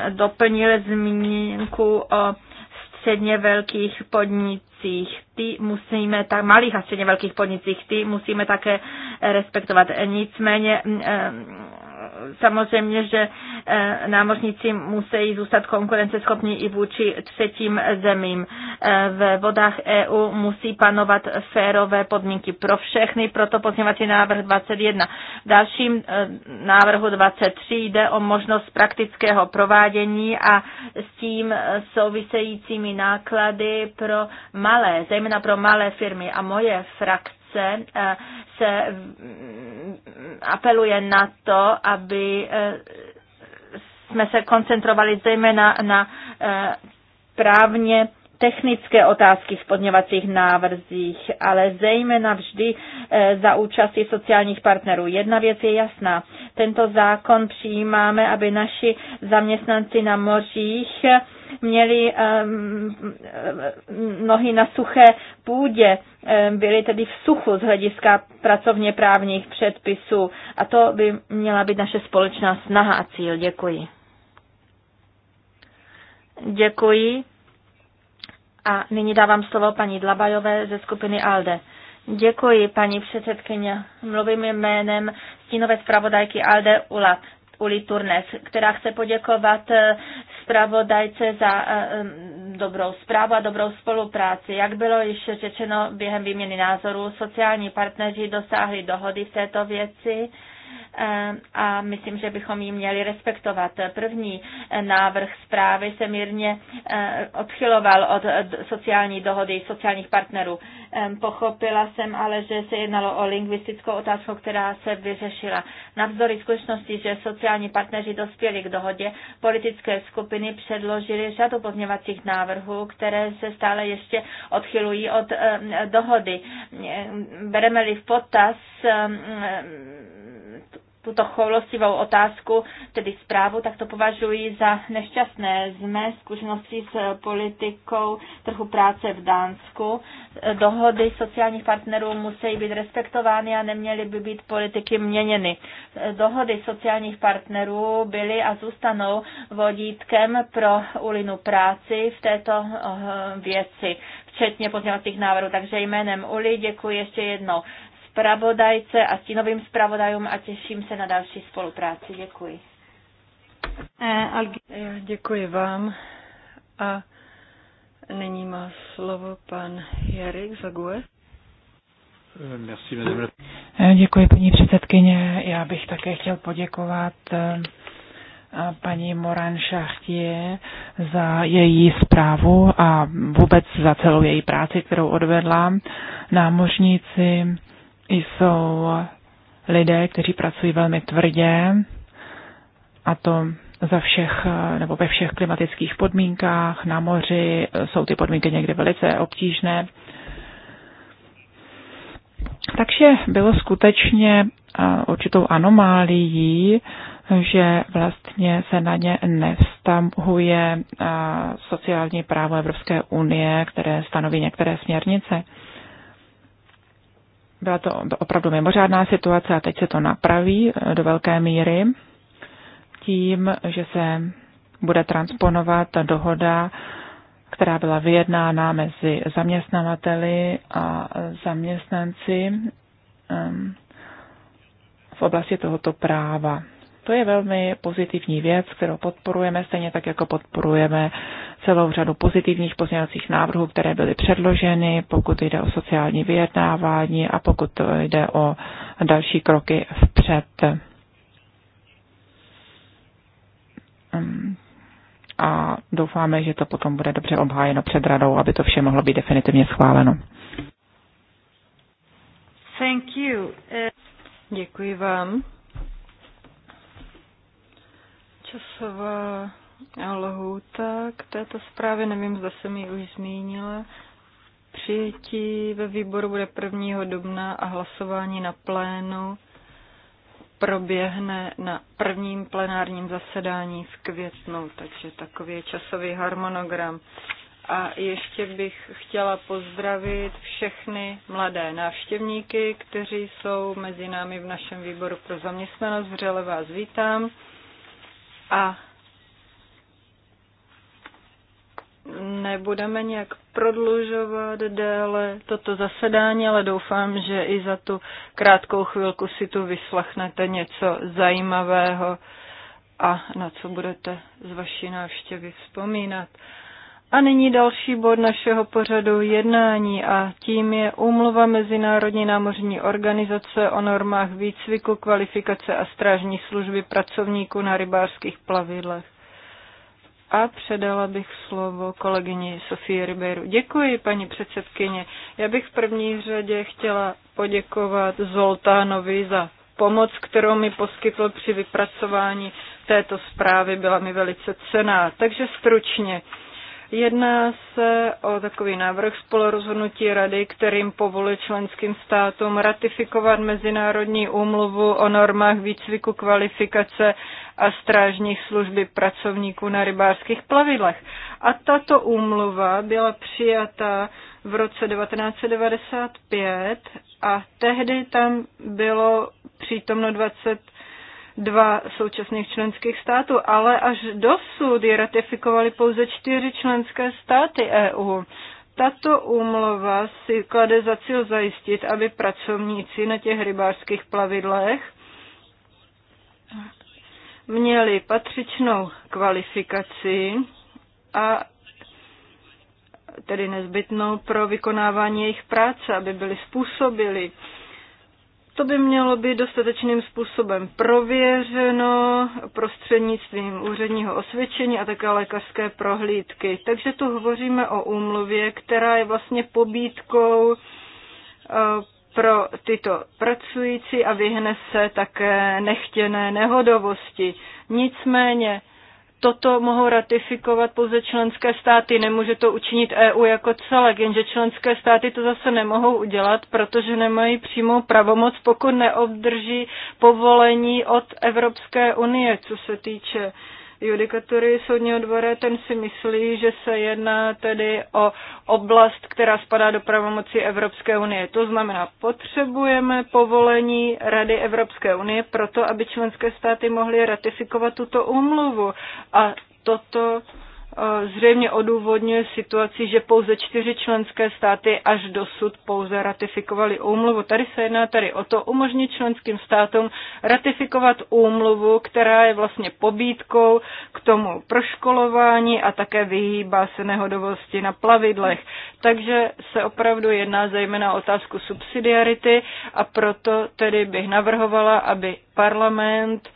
doplnil zmínku o středně velkých podnicích. Ty musíme, tak malých a středně velkých podnicích, ty musíme také respektovat. Nicméně mm, samozřejmě, že eh, námořníci musí zůstat konkurenceschopní i vůči třetím zemím. Eh, ve vodách EU musí panovat férové podmínky pro všechny, proto pozněvací návrh 21. V dalším eh, návrhu 23 jde o možnost praktického provádění a s tím souvisejícími náklady pro malé, zejména pro malé firmy. A moje frakce Eh, se, se apeluje na to, aby eh, jsme se koncentrovali zejména na eh, právně technické otázky v podněvacích návrzích, ale zejména vždy za účasti sociálních partnerů. Jedna věc je jasná. Tento zákon přijímáme, aby naši zaměstnanci na mořích měli nohy na suché půdě, byli tedy v suchu z hlediska pracovně právních předpisů a to by měla být naše společná snaha a cíl. Děkuji. Děkuji. A nyní dávám slovo paní Dlabajové ze skupiny ALDE. Děkuji, paní předsedkyně. Mluvím jménem stínové zpravodajky Alde Ula. Uli Turnes, která chce poděkovat zpravodajce za eh, dobrou zprávu a dobrou spolupráci. Jak bylo již řečeno během výměny názorů, sociální partneři dosáhli dohody v této věci Eh, a myslím, že bychom ji měli respektovat. První eh, návrh zprávy se mírně eh, odchyloval od sociální dohody sociálních partnerů. Pochopila jsem ale, že se jednalo o lingvistickou otázku, která se vyřešila. Navzdory skutečnosti, že sociální partneři dospěli k dohodě, politické skupiny předložily řadu pozměvacích návrhů, které se stále ještě odchylují od dohody. Bereme-li v potaz tuto chovlostivou otázku, tedy zprávu, tak to považuji za nešťastné. Z mé zkušenosti s politikou trhu práce v Dánsku, eh, dohody sociálních partnerů musí být respektovány a neměly by být politiky měněny. Eh, dohody sociálních partnerů byly a zůstanou vodítkem pro Ulinu práci v této eh, věci včetně pozměňovacích návrhů. Takže jménem Uli děkuji ještě jednou Spravodajce a stínovým spravodajům a těším se na další spolupráci. Děkuji. Já eh, eh, děkuji vám a nyní má slovo pan Jarek Zague. Eh, děkuji, paní předsedkyně. Já bych také chtěl poděkovat paní Moran Šachtě za její zprávu a vůbec za celou její práci, kterou odvedla. Námořníci jsou lidé, kteří pracují velmi tvrdě, a to za všech, nebo ve všech klimatických podmínkách, na moři, jsou ty podmínky někdy velice obtížné. Takže bylo skutečně určitou anomálií, že vlastně se na ně nevztahuje sociální právo Evropské unie, které stanoví některé směrnice. Byla to opravdu mimořádná situace a teď se to napraví eh, do velké míry tím, že se bude transponovat dohoda, která byla vyjednána mezi zaměstnavateli a zaměstnanci ehm, v oblasti tohoto práva. To je velmi pozitivní věc, kterou podporujeme, stejně tak jako podporujeme celou řadu pozitivních pozměňovacích návrhů, které byly předloženy, pokud jde o sociální vyjednávání a pokud jde o další kroky vpřed. A doufáme, že to potom bude dobře obhájeno před radou, aby to vše mohlo být definitivně schváleno. Thank you. Děkuji vám. Časová lhůta k této zprávě, nevím, zda jsem ji už zmínila. Přijetí ve výboru bude 1. dubna a hlasování na plénu proběhne na prvním plenárním zasedání v květnu, takže takový je časový harmonogram. A ještě bych chtěla pozdravit všechny mladé návštěvníky, kteří jsou mezi námi v našem výboru pro zaměstnanost. Vřele vás vítám. A nebudeme nějak prodlužovat déle toto zasedání, ale doufám, že i za tu krátkou chvilku si tu vyslechnete něco zajímavého a na co budete z vaší návštěvy vzpomínat. A nyní další bod našeho pořadu jednání a tím je úmluva Mezinárodní námořní organizace o normách výcviku, kvalifikace a strážní služby pracovníků na rybářských plavidlech a předala bych slovo kolegyni Sofii Ribeiru. Děkuji, paní předsedkyně. Já bych v první řadě chtěla poděkovat Zoltánovi za pomoc, kterou mi poskytl při vypracování této zprávy, byla mi velice cená. Takže stručně. Jedná se o takový návrh spolorozhodnutí Rady, kterým povolí členským státům ratifikovat Mezinárodní úmluvu o normách výcviku kvalifikace a strážních služby pracovníků na rybářských plavidlech. A tato úmluva byla přijata v roce 1995 a tehdy tam bylo přítomno 20 dva současných členských států, ale až dosud ji ratifikovaly pouze čtyři členské státy EU. Tato úmluva si klade za cíl zajistit, aby pracovníci na těch rybářských plavidlech měli patřičnou kvalifikaci a tedy nezbytnou pro vykonávání jejich práce, aby byli způsobili to by mělo být dostatečným způsobem prověřeno prostřednictvím úředního osvědčení a také lékařské prohlídky. Takže tu hovoříme o úmluvě, která je vlastně pobídkou eh, pro tyto pracující a vyhne se také nechtěné nehodovosti. Nicméně toto mohou ratifikovat pouze členské státy, nemůže to učinit EU jako celek, jenže členské státy to zase nemohou udělat, protože nemají přímou pravomoc, pokud neobdrží povolení od Evropské unie, co se týče judikatury soudního dvora, ten si myslí, že se jedná tedy o oblast, která spadá do pravomoci Evropské unie. To znamená, potřebujeme povolení Rady Evropské unie proto, aby členské státy mohly ratifikovat tuto úmluvu. A toto zřejmě odůvodňuje situaci, že pouze čtyři členské státy až dosud pouze ratifikovaly úmluvu. Tady se jedná tady o to umožnit členským státům ratifikovat úmluvu, která je vlastně pobídkou k tomu proškolování a také vyhýbá se nehodovosti na plavidlech. Takže se opravdu jedná zejména o otázku subsidiarity a proto tedy bych navrhovala, aby parlament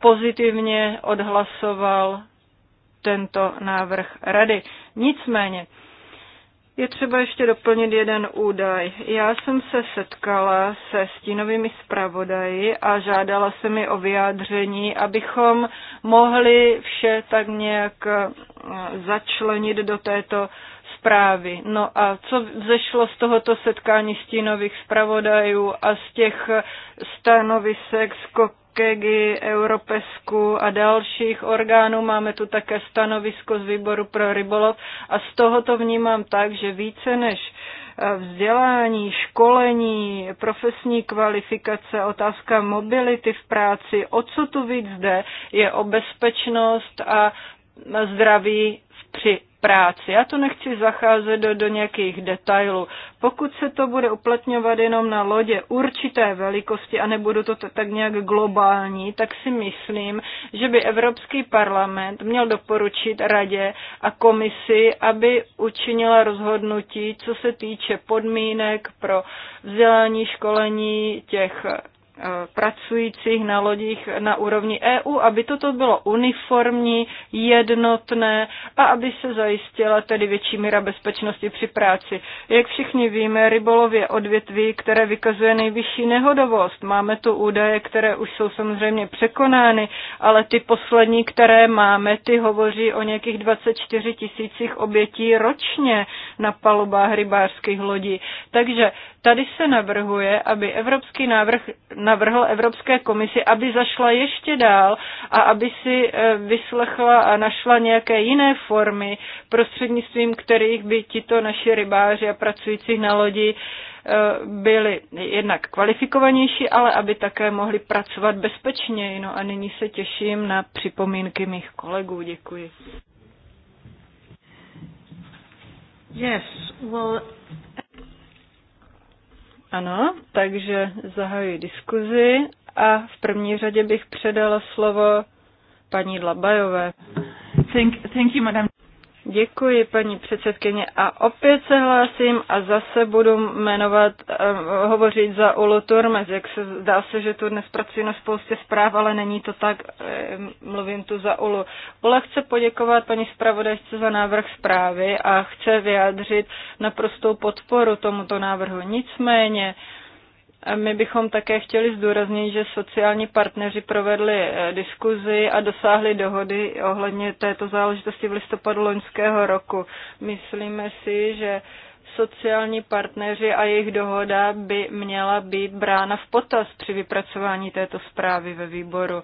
pozitivně odhlasoval tento návrh rady. Nicméně, je třeba ještě doplnit jeden údaj. Já jsem se setkala se stínovými zpravodaji a žádala se mi o vyjádření, abychom mohli vše tak nějak eh, začlenit do této zprávy. No a co zešlo z tohoto setkání stínových zpravodajů a z těch stanovisek z KEGI, Europesku a dalších orgánů. Máme tu také stanovisko z výboru pro rybolov a z toho to vnímám tak, že více než eh, vzdělání, školení, profesní kvalifikace, otázka mobility v práci, o co tu víc jde, je o bezpečnost a zdraví při práci. Já to nechci zacházet do, do nějakých detailů. Pokud se to bude uplatňovat jenom na lodě určité velikosti a nebudu to tak nějak globální, tak si myslím, že by Evropský parlament měl doporučit radě a komisi, aby učinila rozhodnutí, co se týče podmínek pro vzdělání, školení těch Eh, pracujících na lodích na úrovni EU, aby toto bylo uniformní, jednotné a aby se zajistila tedy větší míra bezpečnosti při práci. Jak všichni víme, rybolov je odvětví, které vykazuje nejvyšší nehodovost. Máme tu údaje, které už jsou samozřejmě překonány, ale ty poslední, které máme, ty hovoří o nějakých 24 tisících obětí ročně na palubách rybářských lodí. Takže Tady se navrhuje, aby Evropský návrh navrhl Evropské komisi, aby zašla ještě dál a aby si eh, vyslechla a našla nějaké jiné formy, prostřednictvím kterých by tito naši rybáři a pracující na lodi eh, byli jednak kvalifikovanější, ale aby také mohli pracovat bezpečněji. No a nyní se těším na připomínky mých kolegů. Děkuji. Yes, well, ano, takže zahajuji diskuzi a v první řadě bych předala slovo paní Dlabajové. Thank, thank you, madam. Děkuji, paní předsedkyně. A opět se hlásím a zase budu jmenovat, uh, hovořit za Ulu Turmes. Jak se zdá se, že tu dnes pracuji na spoustě zpráv, ale není to tak, uh, mluvím tu za Ulu. Ula chce poděkovat paní zpravodajce za návrh zprávy a chce vyjádřit naprostou podporu tomuto návrhu. Nicméně, uh, my bychom také chtěli zdůraznit, že sociální partneři provedli eh, diskuzi a dosáhli dohody ohledně této záležitosti v listopadu loňského roku. Myslíme si, že sociální partneři a jejich dohoda by měla být brána v potaz při vypracování této zprávy ve výboru.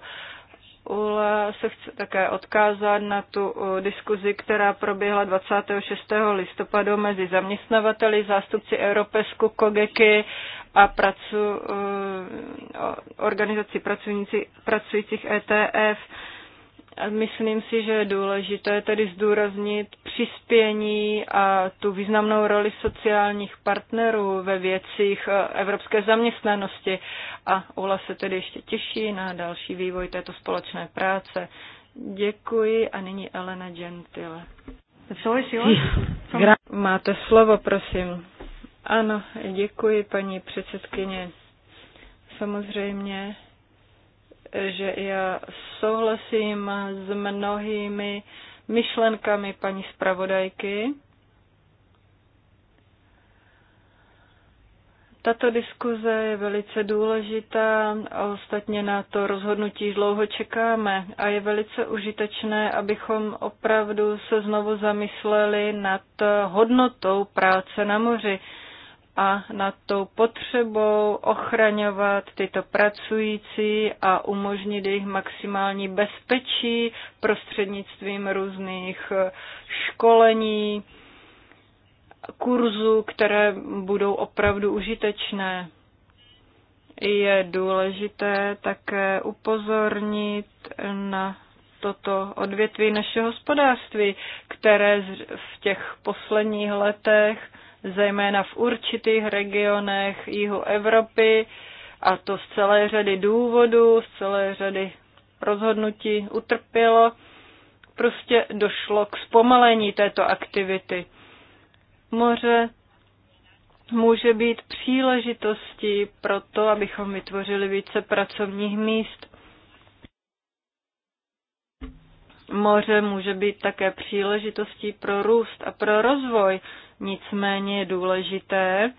Ula se chce také odkázat na tu eh, diskuzi, která proběhla 26. listopadu mezi zaměstnavateli, zástupci Europesku, Kogeky a pracu, eh, organizaci pracujících ETF. Myslím si, že je důležité tedy zdůraznit přispění a tu významnou roli sociálních partnerů ve věcích eh, evropské zaměstnanosti. A Ula se tedy ještě těší na další vývoj této společné práce. Děkuji a nyní Elena Gentile. Máte slovo, prosím. Ano, děkuji, paní předsedkyně. Samozřejmě, že já souhlasím s mnohými myšlenkami paní zpravodajky. Tato diskuze je velice důležitá a ostatně na to rozhodnutí dlouho čekáme a je velice užitečné, abychom opravdu se znovu zamysleli nad hodnotou práce na moři a nad tou potřebou ochraňovat tyto pracující a umožnit jejich maximální bezpečí prostřednictvím různých eh, školení, kurzů, které budou opravdu užitečné. Je důležité také upozornit na toto odvětví našeho hospodářství, které v těch posledních letech zejména v určitých regionech jihu Evropy, a to z celé řady důvodů, z celé řady rozhodnutí utrpělo. Prostě došlo k zpomalení této aktivity. Moře může být příležitostí pro to, abychom vytvořili více pracovních míst. Moře může být také příležitostí pro růst a pro rozvoj. Nicméně je důležité,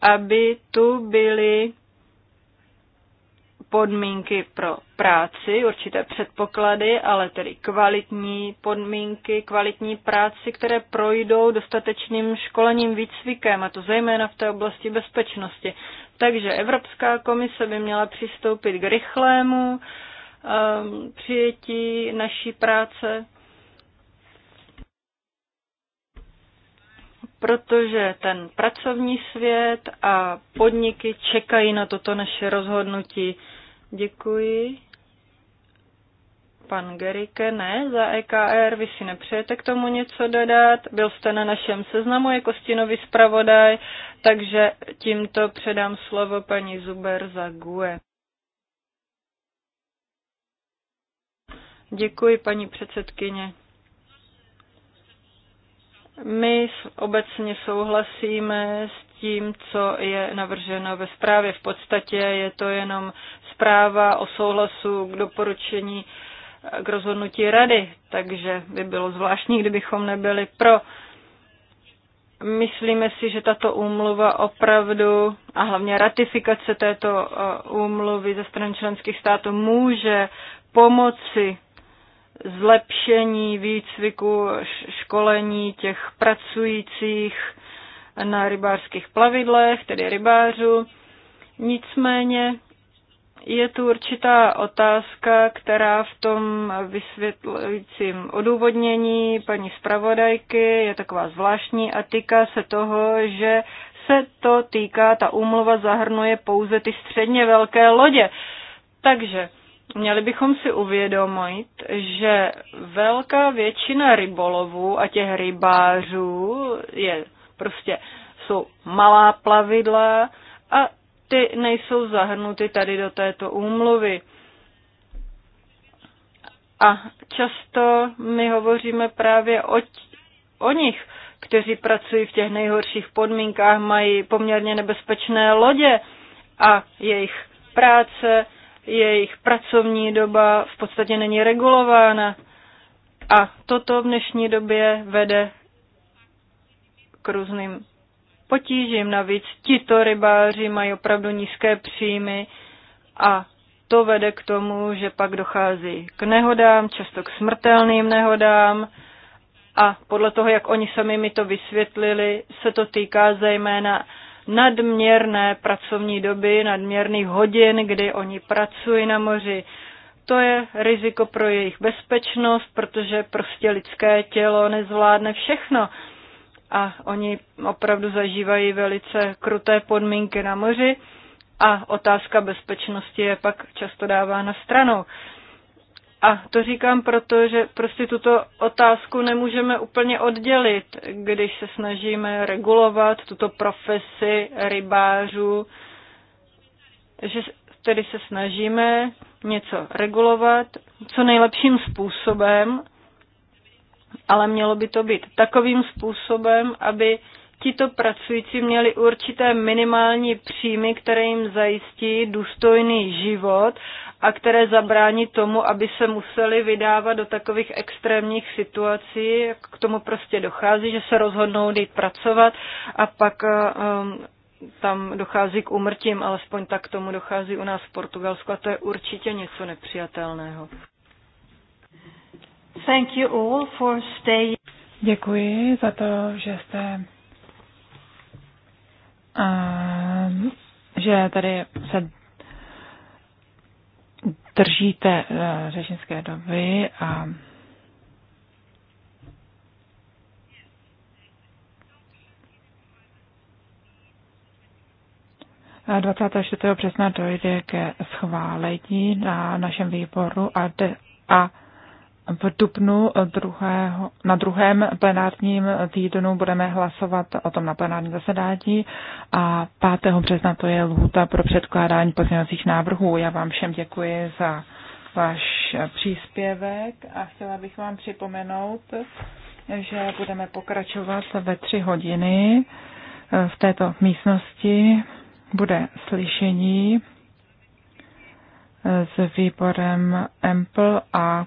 aby tu byly podmínky pro práci, určité předpoklady, ale tedy kvalitní podmínky, kvalitní práci, které projdou dostatečným školením výcvikem, a to zejména v té oblasti bezpečnosti. Takže Evropská komise by měla přistoupit k rychlému, Um, přijetí naší práce, protože ten pracovní svět a podniky čekají na toto naše rozhodnutí. Děkuji. Pan Gerike, ne, za EKR, vy si nepřejete k tomu něco dodat, byl jste na našem seznamu jako stinový zpravodaj, takže tímto předám slovo paní Zuber za GUE. Děkuji, paní předsedkyně. My obecně souhlasíme s tím, co je navrženo ve zprávě. V podstatě je to jenom zpráva o souhlasu k doporučení eh, k rozhodnutí rady, takže by bylo zvláštní, kdybychom nebyli pro. Myslíme si, že tato úmluva opravdu a hlavně ratifikace této eh, úmluvy ze strany členských států může pomoci zlepšení výcviku, školení těch pracujících na rybářských plavidlech, tedy rybářů. Nicméně je tu určitá otázka, která v tom vysvětlujícím odůvodnění paní zpravodajky je taková zvláštní a týká se toho, že se to týká, ta úmluva zahrnuje pouze ty středně velké lodě. Takže Měli bychom si uvědomit, že velká většina rybolovů a těch rybářů je prostě jsou malá plavidla a ty nejsou zahrnuty tady do této úmluvy. A často my hovoříme právě o, o nich, kteří pracují v těch nejhorších podmínkách, mají poměrně nebezpečné lodě a jejich práce jejich pracovní doba v podstatě není regulována. A toto v dnešní době vede k různým potížím. Navíc tito rybáři mají opravdu nízké příjmy a to vede k tomu, že pak dochází k nehodám, často k smrtelným nehodám a podle toho, jak oni sami mi to vysvětlili, se to týká zejména nadměrné pracovní doby, nadměrných hodin, kdy oni pracují na moři. To je riziko pro jejich bezpečnost, protože prostě lidské tělo nezvládne všechno. A oni opravdu zažívají velice kruté podmínky na moři a otázka bezpečnosti je pak často dávána stranou. A to říkám proto, že prostě tuto otázku nemůžeme úplně oddělit, když se snažíme regulovat tuto profesi rybářů, že tedy se snažíme něco regulovat co nejlepším způsobem, ale mělo by to být takovým způsobem, aby tito pracující měli určité minimální příjmy, které jim zajistí důstojný život a které zabrání tomu, aby se museli vydávat do takových extrémních situací, k tomu prostě dochází, že se rozhodnou jít pracovat a pak um, tam dochází k umrtím, alespoň tak tomu dochází u nás v Portugalsku a to je určitě něco nepřijatelného. Thank you all for stay. Děkuji za to, že jste um, že tady se držíte eh, řečnické doby a A 24. března dojde ke schválení na našem výboru a, de, a v dubnu druhého, na druhém plenárním týdnu budeme hlasovat o tom na plenárním zasedání a 5. března to je lhuta pro předkládání pozměňovacích návrhů. Já vám všem děkuji za váš příspěvek a chtěla bych vám připomenout, že budeme pokračovat ve tři hodiny. V této místnosti bude slyšení s výborem EMPL a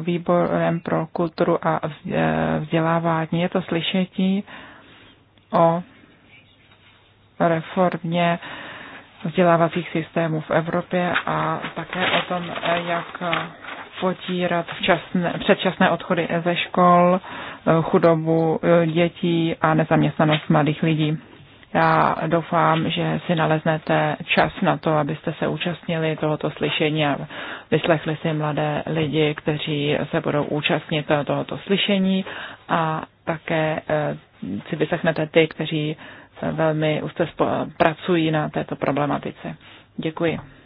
výborem pro kulturu a e, vzdělávání. Je to slyšetí o reformě vzdělávacích systémů v Evropě a také o tom, e, jak potírat včasné, předčasné odchody ze škol, e, chudobu dětí a nezaměstnanost mladých lidí. Já doufám, že si naleznete čas na to, abyste se účastnili tohoto slyšení a vyslechli si mladé lidi, kteří se budou účastnit tohoto slyšení a také eh, si vyslechnete ty, kteří eh, velmi úzce pracují na této problematice. Děkuji.